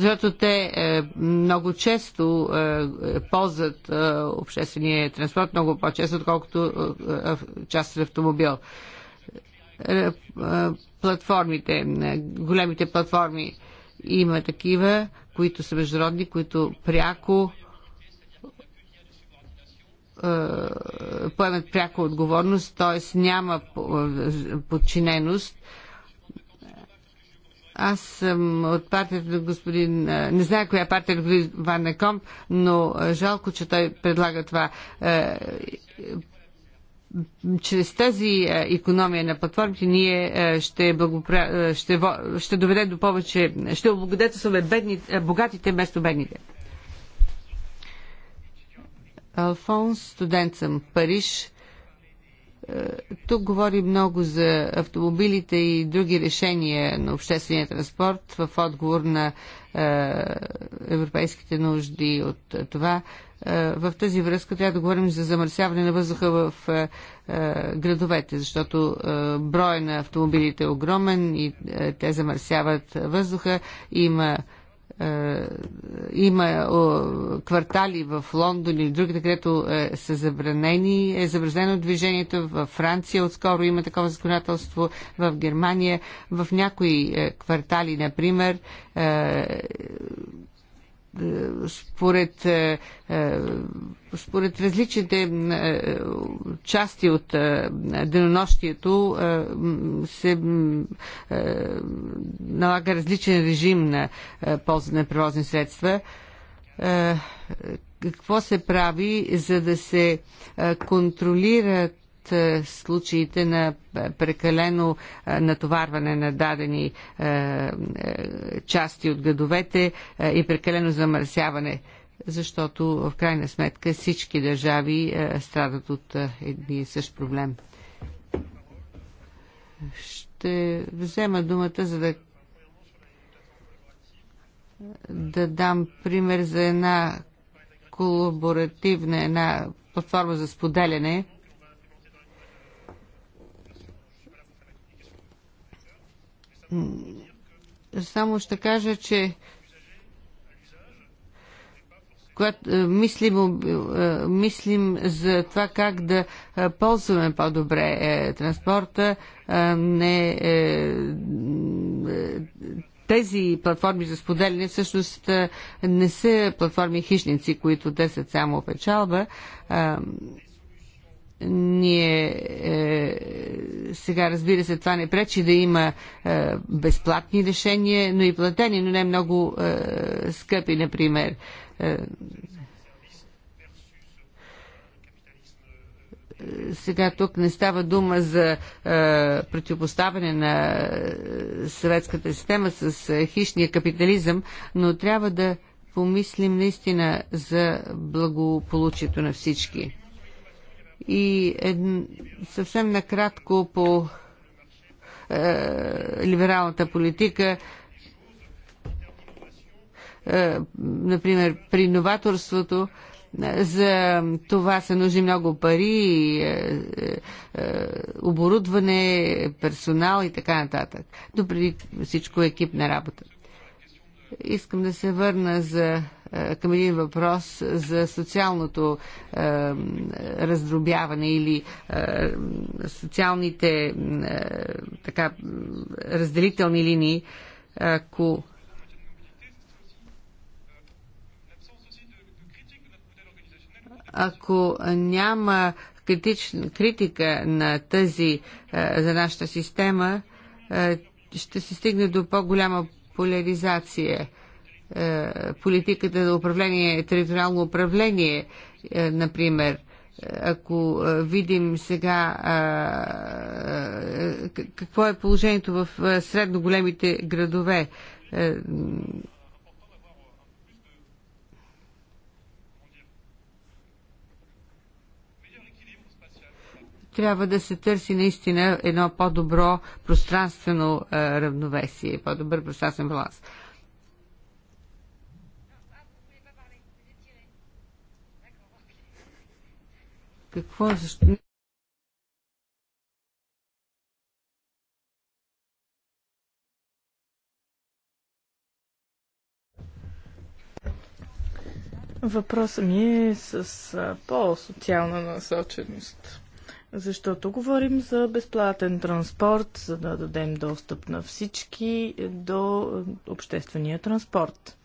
[SPEAKER 3] защото те е, много често е, ползват е, обществения транспорт много по-често, отколкото частен автомобил. Платформите, големите платформи има такива, които са международни, които пряко поемат пряко отговорност, т.е. няма подчиненост аз съм от партията на господин... Не знае коя партия на господин Ван Некомп, но жалко, че той предлага това чрез тази економия на платформите ние ще, благопра... ще, ще доведе до повече, ще облагодетелстваме бедните, богатите вместо бедните. Алфонс, студент съм в Париж тук говори много за автомобилите и други решения на обществения транспорт в отговор на е, европейските нужди от това. Е, в тази връзка трябва да говорим за замърсяване на въздуха в е, градовете, защото броя на автомобилите е огромен и те замърсяват въздуха. Има е, има квартали в Лондон или другите, където е, са забранени, е забранено движението в Франция, отскоро има такова законодателство в Германия, в някои е, квартали, например, според, е, е, според различните е, части от денонощието се налага различен режим на ползване на превозни средства какво се прави, за да се контролира е, случаите на е, прекалено е, натоварване на дадени части от градовете и прекалено замърсяване, защото в крайна сметка всички държави страдат от един и същ проблем. Ще взема думата, за да да дам пример за една колаборативна, една платформа за споделяне – Само ще кажа, че когато е, мислим, е, мислим за това как да е, ползваме по-добре транспорта, не тези платформи за споделяне всъщност не са платформи хищници, които търсят само печалба. Ние сега, разбира се, това не пречи да има е, безплатни решения, но и платени, но не много е, скъпи, например. Е, сега тук не става дума за е, противопоставяне на е, съветската система с е, хищния капитализъм, но трябва да помислим наистина за благополучието на всички. И ед... съвсем накратко по е, либералната политика е, например, при новаторството, е, за това се нужи много пари, е, оборудване, персонал и така нататък. Допреди всичко екипна работа. Искам да се върна за е, към един въпрос за социалното е, раздробяване или е, социалните е, така, разделителни линии, ако ако няма критична критика на тази е, за нашата система, е, ще се стигне до по-голяма поляризация е, политиката за управление, териториално управление, е, например – ако е, видим сега какво е положението в средно големите градове. Трябва да се търси наистина едно по-добро пространствено равновесие, по-добър пространствен баланс. Какво?
[SPEAKER 2] е Защо?
[SPEAKER 1] Въпросът ми е с по-социална насоченост. Защото говорим за безплатен транспорт, за да дадем достъп на всички до обществения транспорт.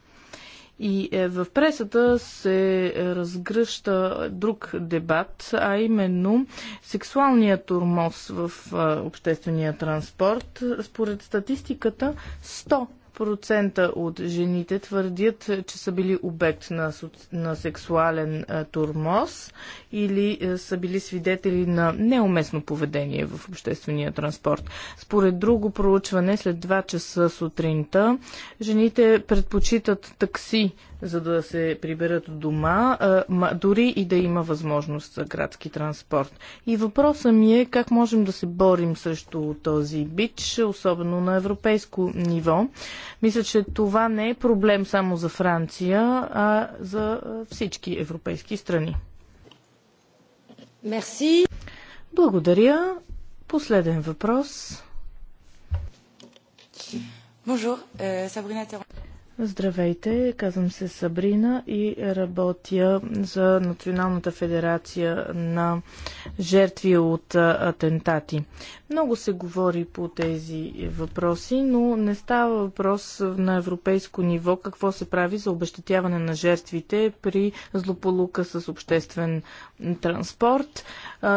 [SPEAKER 1] И е, в пресата се е, разгръща друг дебат, а именно сексуалният турмоз в е, обществения транспорт. Според статистиката 100 процента от жените твърдят, че са били обект на, на сексуален е, турмоз или е, са били свидетели на неуместно поведение в обществения транспорт. Според друго проучване, след 2 часа сутринта, жените предпочитат такси за да се приберат от дома, дори и да има възможност за градски транспорт. И въпросът ми е как можем да се борим срещу този бич, особено на европейско ниво. Мисля, че това не е проблем само за Франция, а за всички европейски страни. Мерси. Благодаря. Последен въпрос. Bonjour, euh, Sabrina Terrand. Здравейте, казвам се Сабрина и работя за Националната федерация на жертви от атентати. Много се говори по тези въпроси, но не става въпрос на европейско ниво какво се прави за обещетяване на жертвите при злополука с обществен транспорт.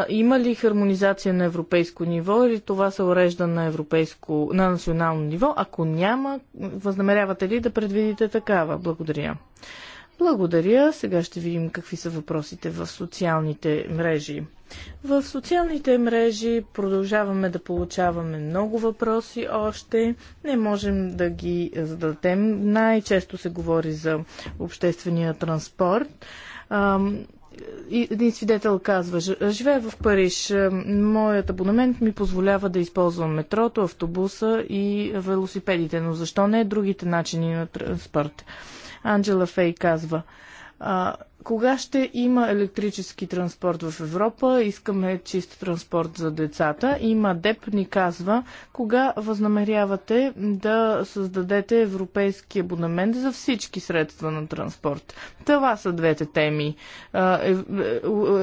[SPEAKER 1] Има ли хармонизация на европейско ниво или това се урежда на, европейско, на национално ниво? Ако няма, възнамерявате ли да пред предвидите такава? Благодаря. Благодаря. Сега ще видим какви са въпросите в социалните мрежи. В социалните мрежи продължаваме да получаваме много въпроси още. Не можем да ги зададем. Най-често се говори за обществения транспорт един свидетел казва, живея в Париж, е, моят абонамент ми позволява да използвам метрото, автобуса и велосипедите, но защо не другите начини на транспорт? Анджела Фей казва, а, кога ще има електрически транспорт в Европа? Искаме чист транспорт за децата. Има ДЕП ни казва, кога възнамерявате да създадете европейски абонамент за всички средства на транспорт? Това са двете теми. А, е, е, е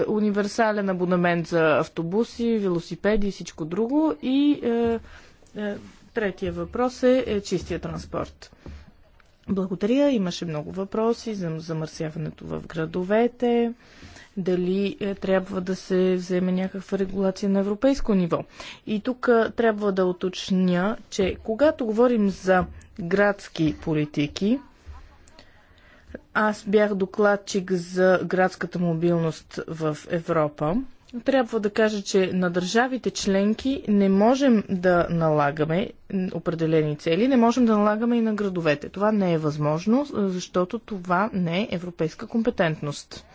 [SPEAKER 1] универсален абонамент за автобуси, велосипеди и всичко друго. И е, е третия въпрос е, е чистия транспорт. Благодаря. Имаше много въпроси за замърсяването в градовете, дали е, трябва да се вземе някаква регулация на европейско ниво. И тук е, трябва да уточня, че когато говорим за градски политики, аз бях докладчик за градската мобилност в Европа трябва да кажа, че на държавите членки не можем да налагаме определени цели, не можем да налагаме и на градовете. Това не е възможно, защото това не е европейска компетентност.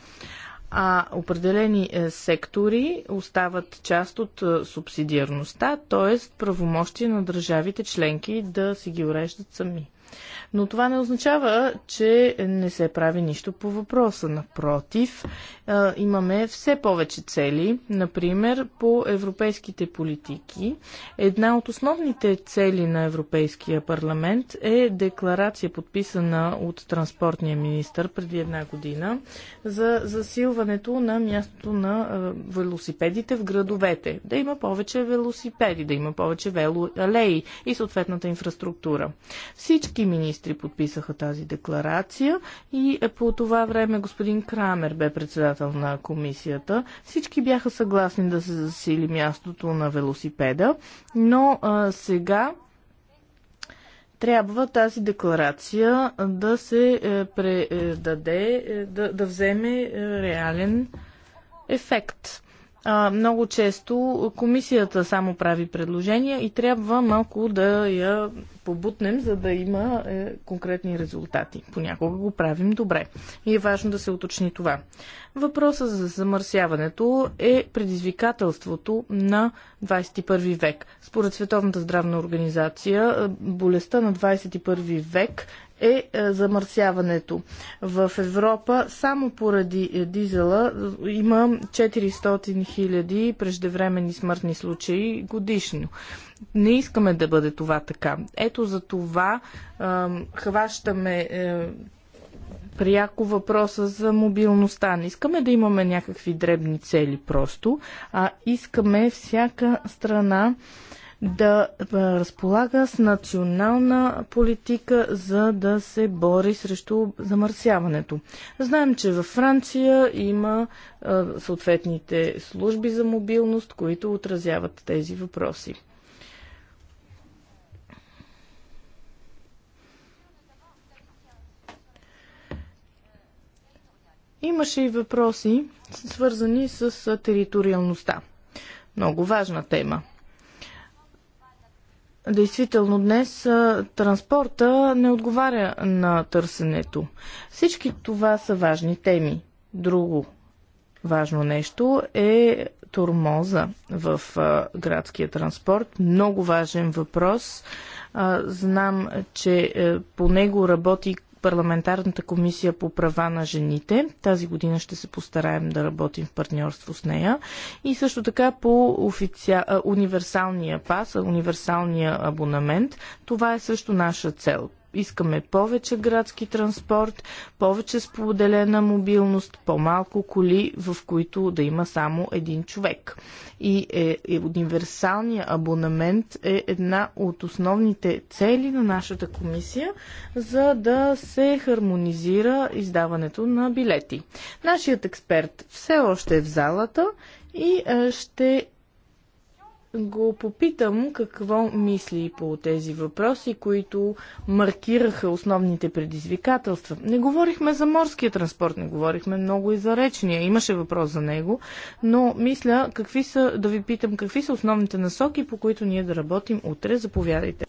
[SPEAKER 1] А определени е, сектори остават част от е, субсидиарността, т.е. правомощие на държавите членки да си ги уреждат сами. Но това не означава, че не се прави нищо по въпроса. Напротив, имаме все повече цели, например по европейските политики. Една от основните цели на Европейския парламент е декларация, подписана от транспортния министр преди една година, за засилването на мястото на велосипедите в градовете. Да има повече велосипеди, да има повече велоалеи и съответната инфраструктура. Всички всички министри подписаха тази декларация и е, по това време господин Крамер бе председател на комисията. Всички бяха съгласни да се засили мястото на велосипеда, но а, сега трябва тази декларация да се е, предаде, е, да, да вземе реален ефект а, много често комисията само прави предложения и трябва малко да я побутнем, за да има е, конкретни резултати. Понякога го правим добре и е важно да се уточни това. Въпросът за замърсяването е предизвикателството на 21 век. Според Световната здравна организация, е, болестта на 21 век е, е замърсяването. В Европа само поради е, дизела е, има 400 000 преждевремени смъртни случаи годишно. Не искаме да бъде това така. Ето за това е, хващаме е, пряко въпроса за мобилността. Не искаме да имаме някакви дребни цели просто, а искаме всяка страна да разполага с национална политика, за да се бори срещу замърсяването. Знаем, че във Франция има съответните служби за мобилност, които отразяват тези въпроси. Имаше и въпроси, свързани с териториалността. Много важна тема. Действително днес транспорта не отговаря на търсенето. Всички това са важни теми. Друго важно нещо е тормоза в градския транспорт. Много важен въпрос. Знам, че е, по него работи парламентарната комисия по права на жените. Тази година ще се постараем да работим в партньорство с нея. И също така по офици... универсалния пас, универсалния абонамент. Това е също наша цел искаме повече градски транспорт, повече споделена мобилност, по-малко коли, в които да има само един човек. И е, е, универсалният абонамент е една от основните цели на нашата комисия, за да се хармонизира издаването на билети. Нашият експерт все още е в залата и е, ще го попитам какво мисли по тези въпроси, които маркираха основните предизвикателства. Не говорихме за морския транспорт, не говорихме много и за речния. Имаше въпрос за него, но мисля какви са, да ви питам какви са основните насоки, по които ние да работим утре. Заповядайте.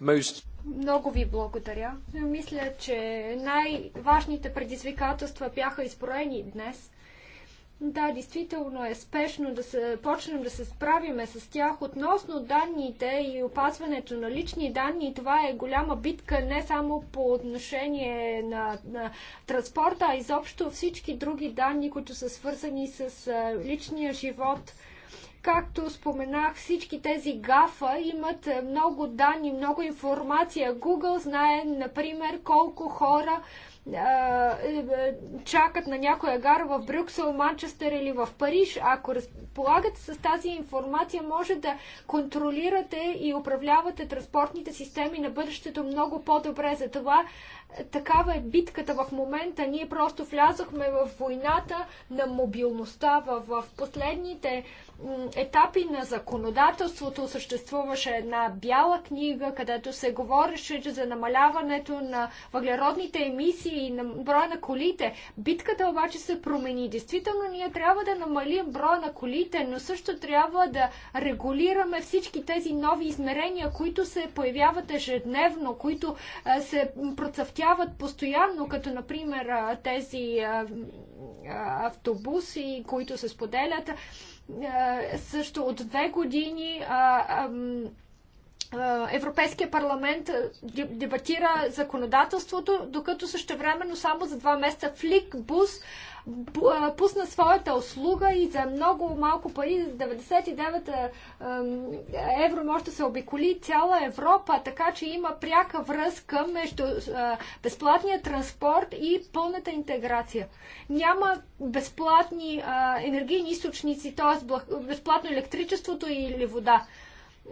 [SPEAKER 3] Most...
[SPEAKER 2] Много ви благодаря. Мисля, че най-важните предизвикателства бяха изброени днес. Да, действително е спешно да се, почнем да се справиме с тях относно данните и опазването на лични данни. Това е голяма битка не само по отношение на, на транспорта, а изобщо всички други данни, които са свързани с личния живот. Както споменах, всички тези гафа имат много данни, много информация. Google знае, например, колко хора е, е, чакат на някоя гара в Брюксел, Манчестър или в Париж. Ако разполагате с тази информация, може да контролирате и управлявате транспортните системи на бъдещето много по-добре. за това такава е битката в момента. Ние просто влязохме в войната на мобилността. В, в последните етапи на законодателството съществуваше една бяла книга, където се говореше за намаляването на въглеродните емисии и на броя на колите. Битката обаче се промени. Действително ние трябва да намалим броя на колите, но също трябва да регулираме всички тези нови измерения, които се появяват ежедневно, които се процъфтяват получават постоянно, като например тези автобуси, които се споделят. Също от две години Европейския парламент дебатира законодателството, докато същевременно само за два месеца Фликбус пусна своята услуга и за много малко пари, за 99 евро може да се обиколи цяла Европа, така че има пряка връзка между безплатния транспорт и пълната интеграция. Няма безплатни енергийни източници, т.е. безплатно електричеството или вода.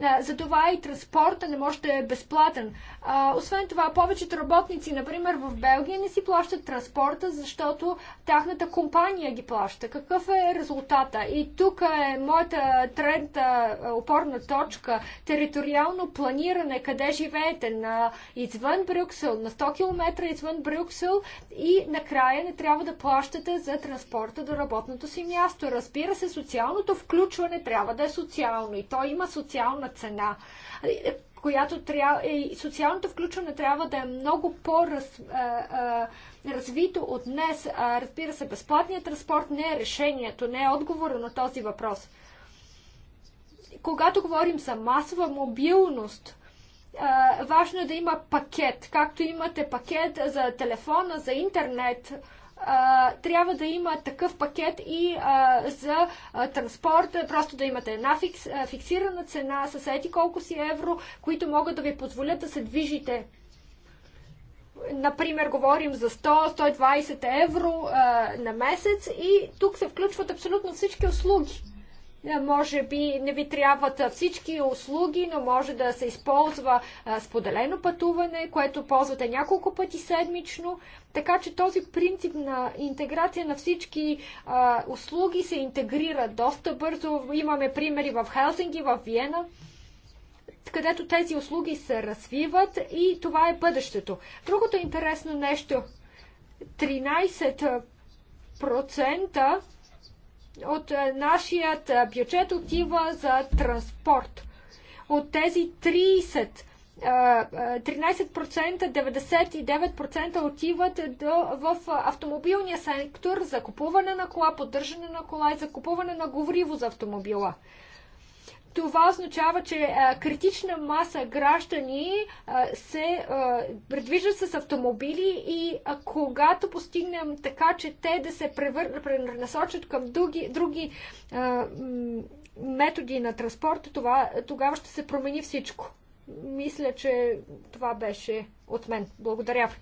[SPEAKER 2] Е, затова и транспорта не може да е безплатен. А, освен това, повечето работници, например в Белгия, не си плащат транспорта, защото тяхната компания ги плаща. Какъв е резултата? И тук е моята трета е, опорна точка. Териториално планиране, къде живеете, на извън Брюксел, на 100 км извън Брюксел и накрая не трябва да плащате за транспорта до работното си място. Разбира се, социалното включване трябва да е социално и то има социално социална цена, е, която трябва, е, и социалното включване трябва да е много по-развито е, от днес. Разбира се, безплатният транспорт не е решението, не е отговора на този въпрос. Когато говорим за масова мобилност, важно е да има пакет, както имате пакет за телефона, за интернет, трябва да има такъв пакет и а, за а, транспорт, просто да имате една фикс, а, фиксирана цена с ети колко си евро, които могат да ви позволят да се движите. Например, говорим за 100-120 евро а, на месец и тук се включват абсолютно всички услуги. Е, може би не ви трябват всички услуги, но може да се използва споделено пътуване, което ползвате няколко пъти седмично. Така че този принцип на интеграция на всички а, услуги се интегрира доста бързо. Имаме примери в Хелсинги, в Виена където тези услуги се развиват и това е бъдещето. Другото интересно нещо 13% от е, нашият е, бюджет отива за транспорт. От тези 30 13%, 99% отиват до, в автомобилния сектор за купуване на кола, поддържане на кола и за купуване на гориво за автомобила. Това означава, че а, критична маса граждани а, се а, предвиждат с автомобили и а, когато постигнем така, че те да се превър... пренасочат към други, други а, методи на транспорта, това, тогава ще се промени всичко. Мисля, че това беше от мен. Благодаря ви.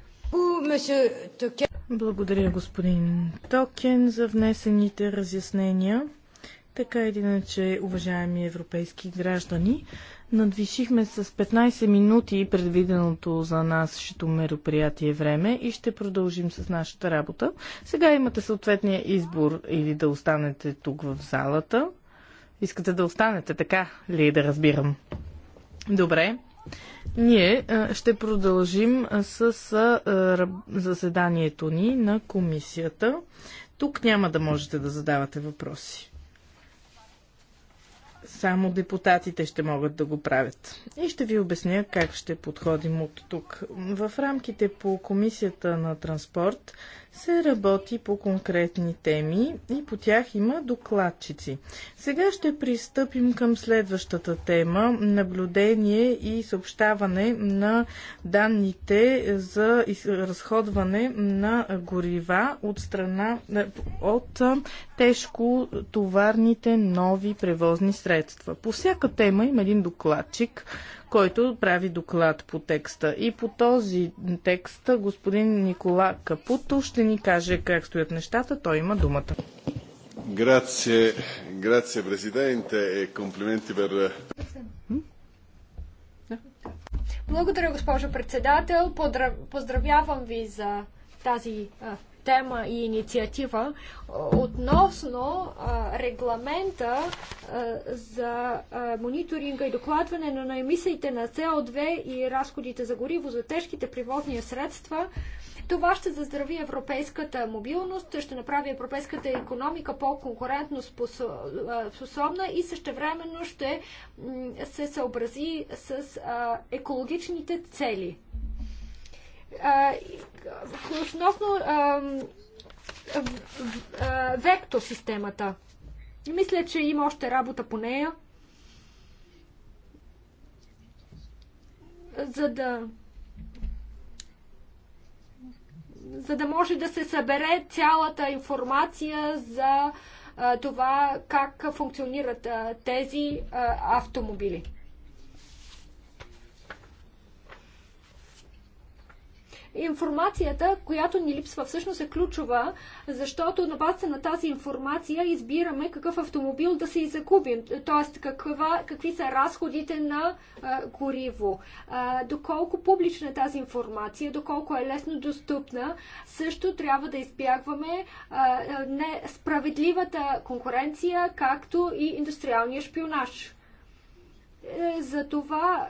[SPEAKER 1] Благодаря, господин Токен, за внесените разяснения. Така или иначе, уважаеми европейски граждани, надвишихме с 15 минути предвиденото за нашето мероприятие време и ще продължим с нашата работа. Сега имате съответния избор или да останете тук в залата. Искате да останете така ли е да разбирам? Добре. Ние ще продължим с заседанието ни на комисията. Тук няма да можете да задавате въпроси. Само депутатите ще могат да го правят. И ще ви обясня как ще подходим от тук. В рамките по Комисията на транспорт се работи по конкретни теми и по тях има докладчици. Сега ще пристъпим към следващата тема наблюдение и съобщаване на данните за разходване на горива от страна е, от е, тежко товарните нови превозни средства. По всяка тема има един докладчик, който прави доклад по текста. И по този текст господин Никола Капуто ще ни каже как стоят нещата. Той има думата.
[SPEAKER 3] Grazie, grazie Presidente e complimenti per...
[SPEAKER 2] Благодаря, госпожо председател. Поздравявам ви за тази тема и инициатива относно а, регламента а, за а, мониторинга и докладване на емисиите на СО2 и разходите за гориво за тежките привозни средства. Това ще заздрави европейската мобилност, ще направи европейската економика по-конкурентно способна и същевременно ще се съобрази с екологичните цели относно а, вектор системата. Мисля, че има още работа по нея. За да за да може да се събере цялата информация за а, това как функционират а, тези а, автомобили. информацията, която ни липсва, всъщност е ключова, защото на базата на тази информация избираме какъв автомобил да се изгубим, т.е. какви са разходите на а, гориво, а, доколко публична е тази информация, доколко е лесно достъпна, също трябва да избягваме а, несправедливата конкуренция, както и индустриалния шпионаж. Е, Затова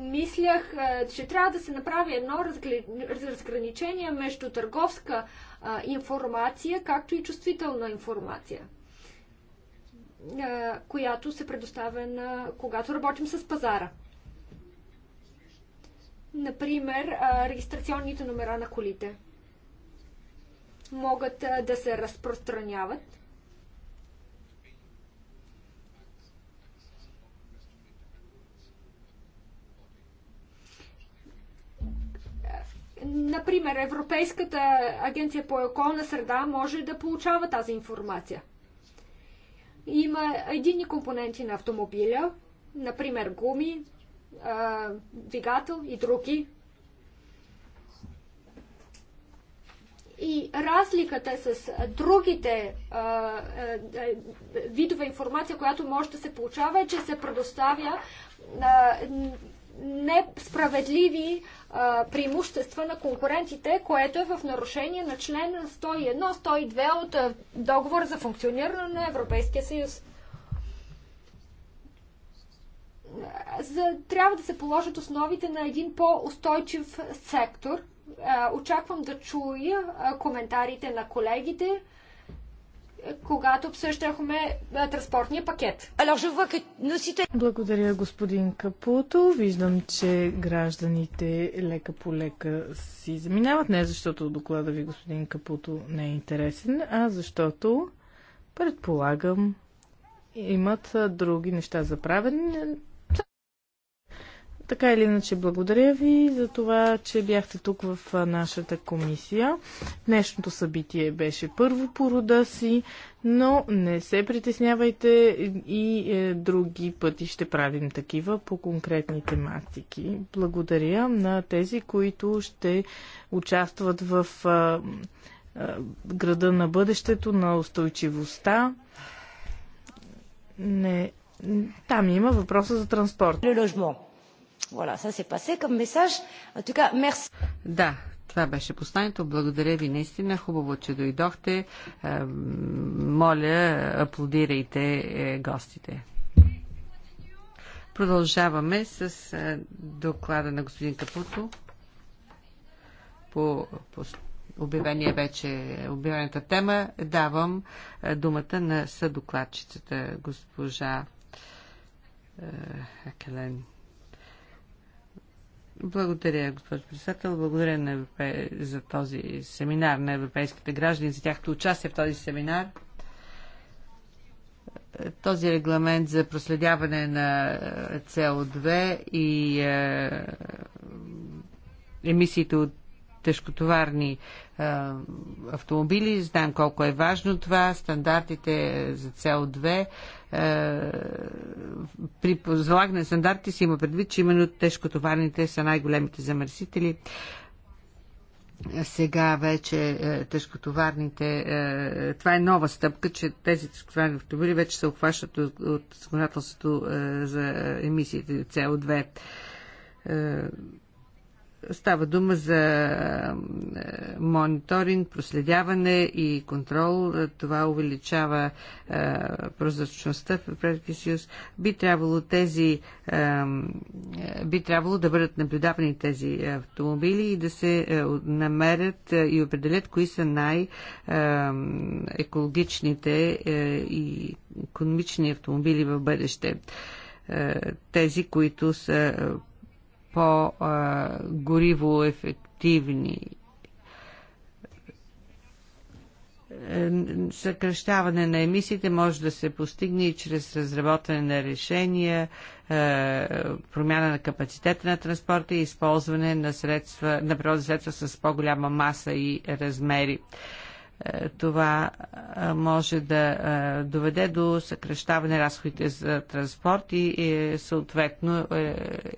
[SPEAKER 2] мислях, че трябва да се направи едно разграничение между търговска а, информация, както и чувствителна информация, а, която се предоставя на когато работим с пазара. Например, а, регистрационните номера на колите могат да се разпространяват Например, Европейската агенция по околна среда може да получава тази информация. Има едини компоненти на автомобиля, например гуми, двигател и други. И разликата с другите видове информация, която може да се получава, е, че се предоставя несправедливи преимущества на конкурентите, което е в нарушение на член 101-102 от договор за функциониране на Европейския съюз. За, трябва да се положат основите на един по-устойчив сектор. очаквам да чуя коментарите на колегите когато обсъщахме транспортния пакет.
[SPEAKER 1] Благодаря, господин Капуто. Виждам, че гражданите лека по лека си заминават. Не защото доклада ви, господин Капуто, не е интересен, а защото, предполагам, имат други неща за правене така или иначе, благодаря ви за това, че бяхте тук в нашата комисия. Днешното събитие беше първо по рода си, но не се притеснявайте и е, други пъти ще правим такива по конкретни тематики. Благодаря на тези, които ще участват в града на бъдещето, на устойчивостта.
[SPEAKER 3] Не, там има въпроса за транспорт. Voilà, ça s'est passé comme message. En tout cas, merci. Да, това беше посланието. Благодаря ви наистина. Хубаво, че дойдохте. Е, моля, аплодирайте е, гостите. Продължаваме с е, доклада на господин Капуто по, по обявения вече обявената тема. Давам думата на съдокладчицата госпожа Акелен. Благодаря, госпожо председател. Благодаря на Европе... за този семинар на европейските граждани, за тяхто участие в този семинар. Този регламент за проследяване на CO2 е, и е, емисиите от тежкотоварни е, автомобили. Знаем колко е важно това. Стандартите за CO2 е, при залагане на стандарти се има предвид, че именно тежкотоварните са най-големите замърсители. Сега вече е, тежкотоварните, е, това е нова стъпка, че тези тежкотоварни автомобили вече се обхващат от, законодателството за емисиите CO2 Става дума за мониторинг, проследяване и контрол. Това увеличава е, прозрачността в Европейския съюз. Би трябвало тези е, е, би трябвало да бъдат наблюдавани тези автомобили и да се намерят и определят кои са най-екологичните и економични автомобили в бъдеще. Тези, които са по-гориво ефективни е, съкръщаване на емисиите може да се постигне и чрез разработване на решения, е, промяна на капацитета на транспорта и използване на, средства, на природни средства с по-голяма маса и размери. Е, това е, може да е, доведе до съкрещаване разходите за транспорт и съответно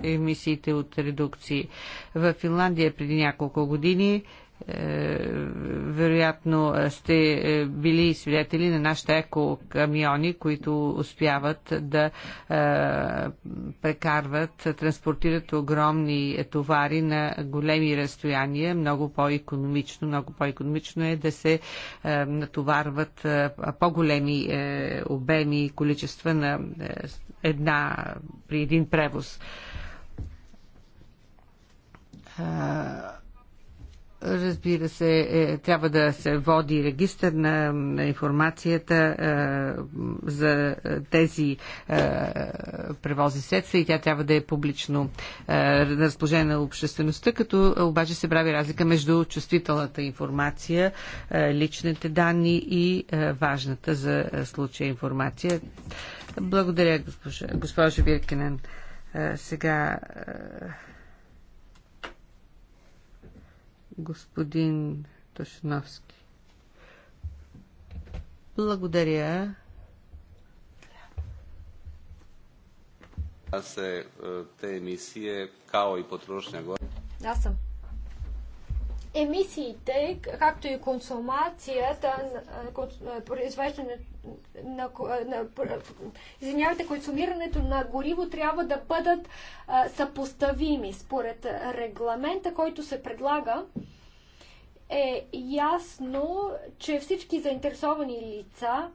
[SPEAKER 3] емисиите от редукции. В Финландия преди няколко години вероятно е, сте е, били свидетели на нашите еко-камиони, които успяват да е, прекарват, транспортират огромни товари на големи разстояния. Много по-економично, много по-економично е да се натоварват по-големи обеми и количества на една, при един превоз Разбира се, е, трябва да се води регистър на, на информацията е, за тези е, превози средства и тя трябва да е публично е, на на обществеността, като обаче се прави разлика между чувствителната информация, е, личните данни и е, важната за е, случая информация. Благодаря, госпожа, госпожа Виркинен. Е, сега. Е, господин Тошиновски. Благодаря. Аз се е, те емисии, е као и потрошня го.
[SPEAKER 2] Аз съм емисиите, както и консумацията, е, е, произвеждане на, на, извинявайте, консумирането на гориво трябва да бъдат а, е, съпоставими. Според регламента, който се предлага, е ясно, че всички заинтересовани лица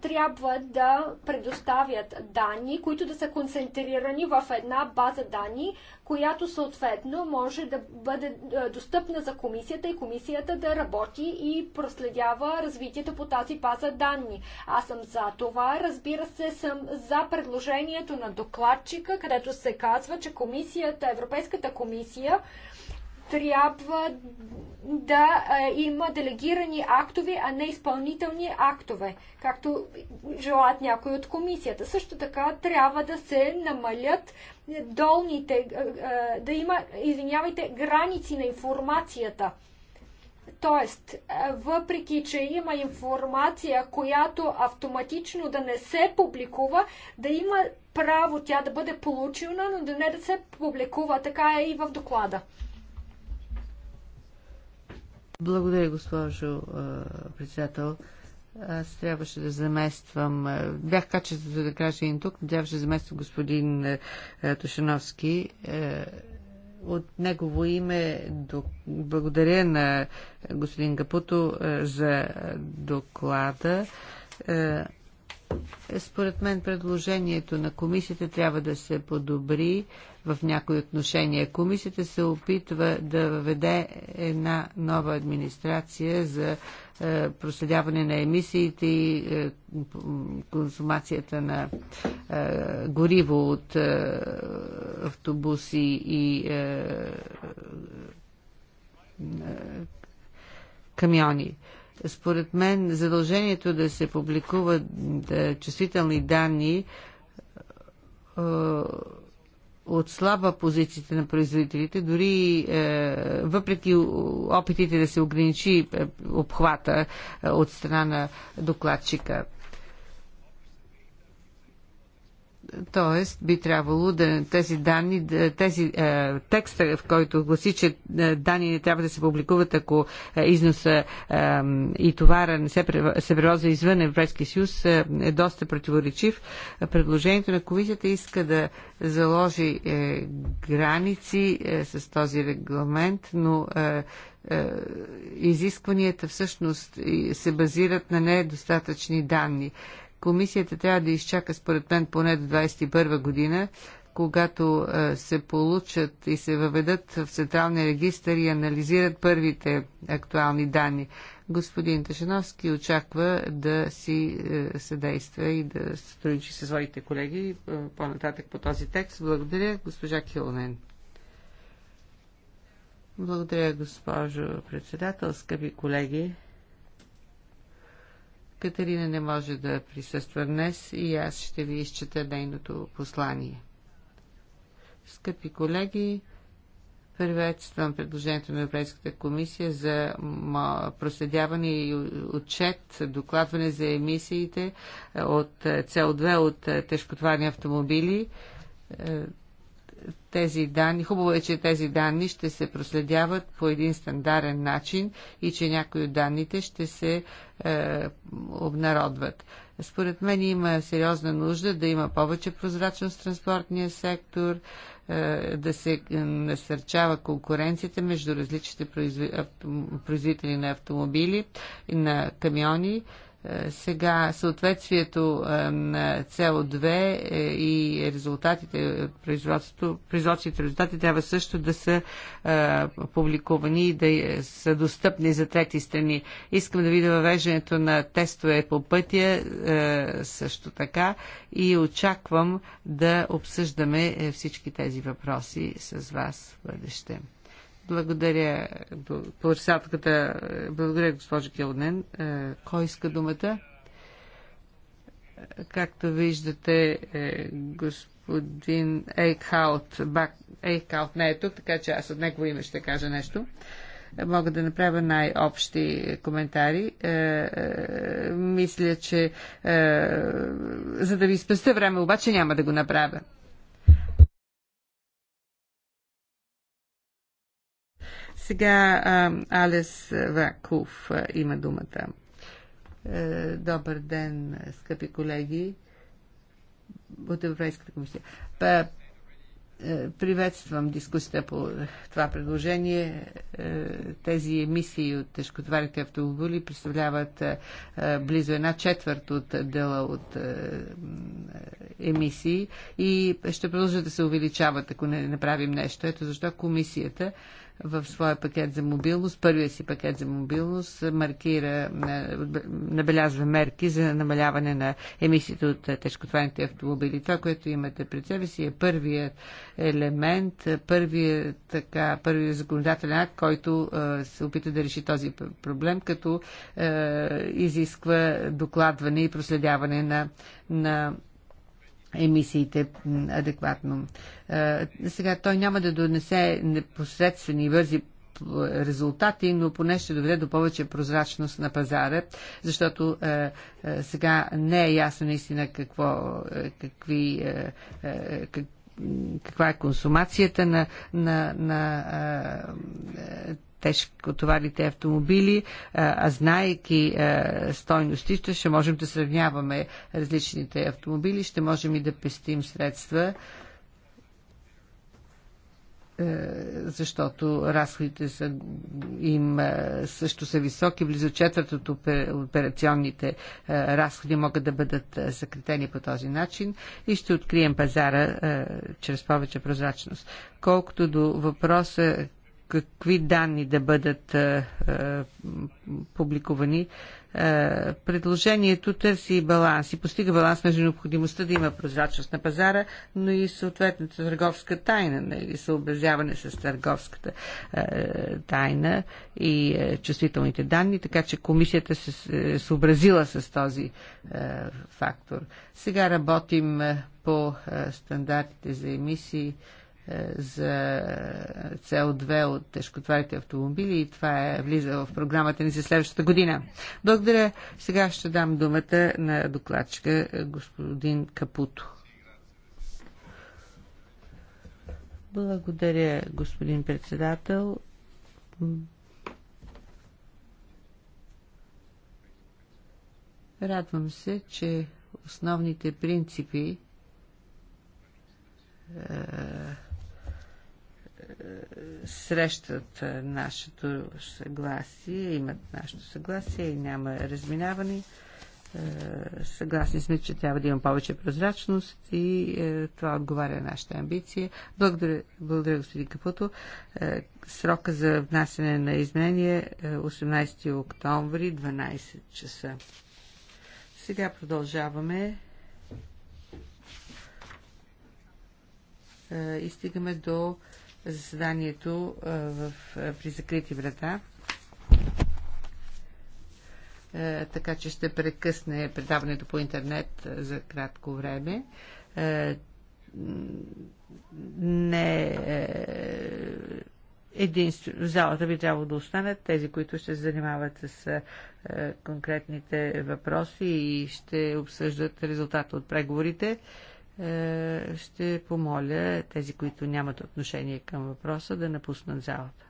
[SPEAKER 2] трябва да предоставят данни, които да са концентрирани в една база данни, която съответно може да бъде достъпна за комисията и комисията да работи и проследява развитието по тази база данни. Аз съм за това. Разбира се, съм за предложението на докладчика, където се казва, че комисията, Европейската комисия трябва да има делегирани актове, а не изпълнителни актове, както желаят някои от комисията. Също така трябва да се намалят долните, да има, извинявайте, граници на информацията. Тоест, въпреки, че има информация, която автоматично да не се публикува, да има право тя да бъде получена, но да не да се публикува. Така е и в доклада. Благодаря,
[SPEAKER 3] госпожо председател. Аз трябваше да замествам. Бях качеството за да кажа и тук, трябваше да замествам господин Тушановски. От негово име до... благодаря на господин Капуто за доклада. Според мен предложението на комисията трябва да се подобри в някои отношения. Комисията се опитва да въведе една нова администрация за е, проследяване на емисиите и е, консумацията на е, гориво от автобуси и камиони. Според мен задължението да се публикуват да, чувствителни данни е, слаба позициите на производителите, дори е, въпреки опитите да се ограничи е, обхвата е, от страна на докладчика. Тоест, би трябвало да тези данни, тези е, текста, в който гласи, че е, данни не трябва да се публикуват, ако е, износа е, и товара не се, превозва извън Европейския съюз, е, е доста противоречив. Предложението на комисията иска да заложи е, граници е, с този регламент, но е, е изискванията всъщност се базират на недостатъчни данни. Комисията трябва да изчака, според мен, поне до 2021 година, когато се получат и се въведат в Централния регистр и анализират първите актуални данни. Господин Ташановски очаква да си съдейства и да сътрудничи със своите колеги по-нататък по този текст. Благодаря, госпожа Килонен. Благодаря, госпожо председател, скъпи колеги. Катерина не може да присъства днес и аз ще ви изчета нейното послание. Скъпи колеги, приветствам предложението на Европейската комисия за проследяване и отчет, докладване за емисиите от CO2 от е, тежкотварни автомобили е, тези данни, хубаво е, че тези данни ще се проследяват по един стандарен начин и че някои от данните ще се е, обнародват. Според мен има сериозна нужда да има повече прозрачност в транспортния сектор, е, да се насърчава конкуренцията между различните производители на автомобили, на камиони е, сега съответствието е, на CO2 е, и резултатите, производството, производството резултати трябва също да са публикувани и да са достъпни за трети страни. Искам да видя въвеждането на тестове по пътя също така и очаквам да обсъждаме всички тези въпроси с вас в бъдеще. Благодаря, председателката. Благодаря, госпожа Келнен. Е, кой иска думата? Както виждате, е, господин Ейкхаут, бак, Ейкхаут не е тук, така че аз от негово име ще кажа нещо мога да направя най-общи коментари. Е, е, мисля, че е, за да ви спестя време, обаче няма да го направя. Сега Алес Ваков има думата. Е, добър ден, скъпи колеги от Европейската комисия. Е, приветствам дискусията по това предложение. Е, тези емисии от тежкотварите автомобили представляват близо една четвърт от дела от емисии и ще продължат да се увеличават, ако не направим нещо. Ето защо комисията в своя пакет за мобилност, първия си пакет за мобилност, маркира, набелязва мерки за намаляване на емисиите от тежкотварните автомобили. Това, което имате пред себе си е първият елемент, първият, така, първият законодателен акт, който се опита да реши този проблем, като изисква докладване и проследяване на, на емисиите адекватно. Сега той няма да донесе непосредствени бързи резултати, но поне ще доведе до повече прозрачност на пазара, защото е, е, сега не е ясно наистина какво, е, какви, е, е, как, каква е консумацията на, на, на е, тежкотоварните автомобили, а, знаеки стойностите, ще можем да сравняваме различните автомобили, ще можем и да пестим средства защото разходите са, им също са високи. Близо четвърт от операционните разходи могат да бъдат съкретени по този начин и ще открием пазара чрез повече прозрачност. Колкото до въпроса какви данни да бъдат а, публикувани. А, предложението търси баланс и постига баланс между необходимостта да има прозрачност на пазара, но и съответната търговска тайна или нали, съобразяване с търговската а, тайна и чувствителните данни, така че комисията се е съобразила с този фактор. Сега работим по стандартите за емисии е, за цел 2 от тежкотварите автомобили и това е влиза в програмата ни за следващата година. Благодаря. Сега ще дам думата на докладчика е, господин Капуто. Благодаря, господин председател. Радвам се, че основните принципи е, срещат нашето съгласие, имат нашето съгласие и няма разминаване. Съгласни сме, че трябва да има повече прозрачност и това отговаря на нашите амбиции. Благодаря, благодаря господин Капуто. срока за внасяне на изменение е 18 октомври, 12 часа. Сега продължаваме. и стигаме до заседанието в, при закрити врата. Така че ще прекъсне предаването по интернет за кратко време. Не е, единствено, залата би трябвало да останат тези, които ще се занимават с конкретните въпроси и ще обсъждат резултата от преговорите. Е, ще помоля тези, които нямат отношение към въпроса, да напуснат залата.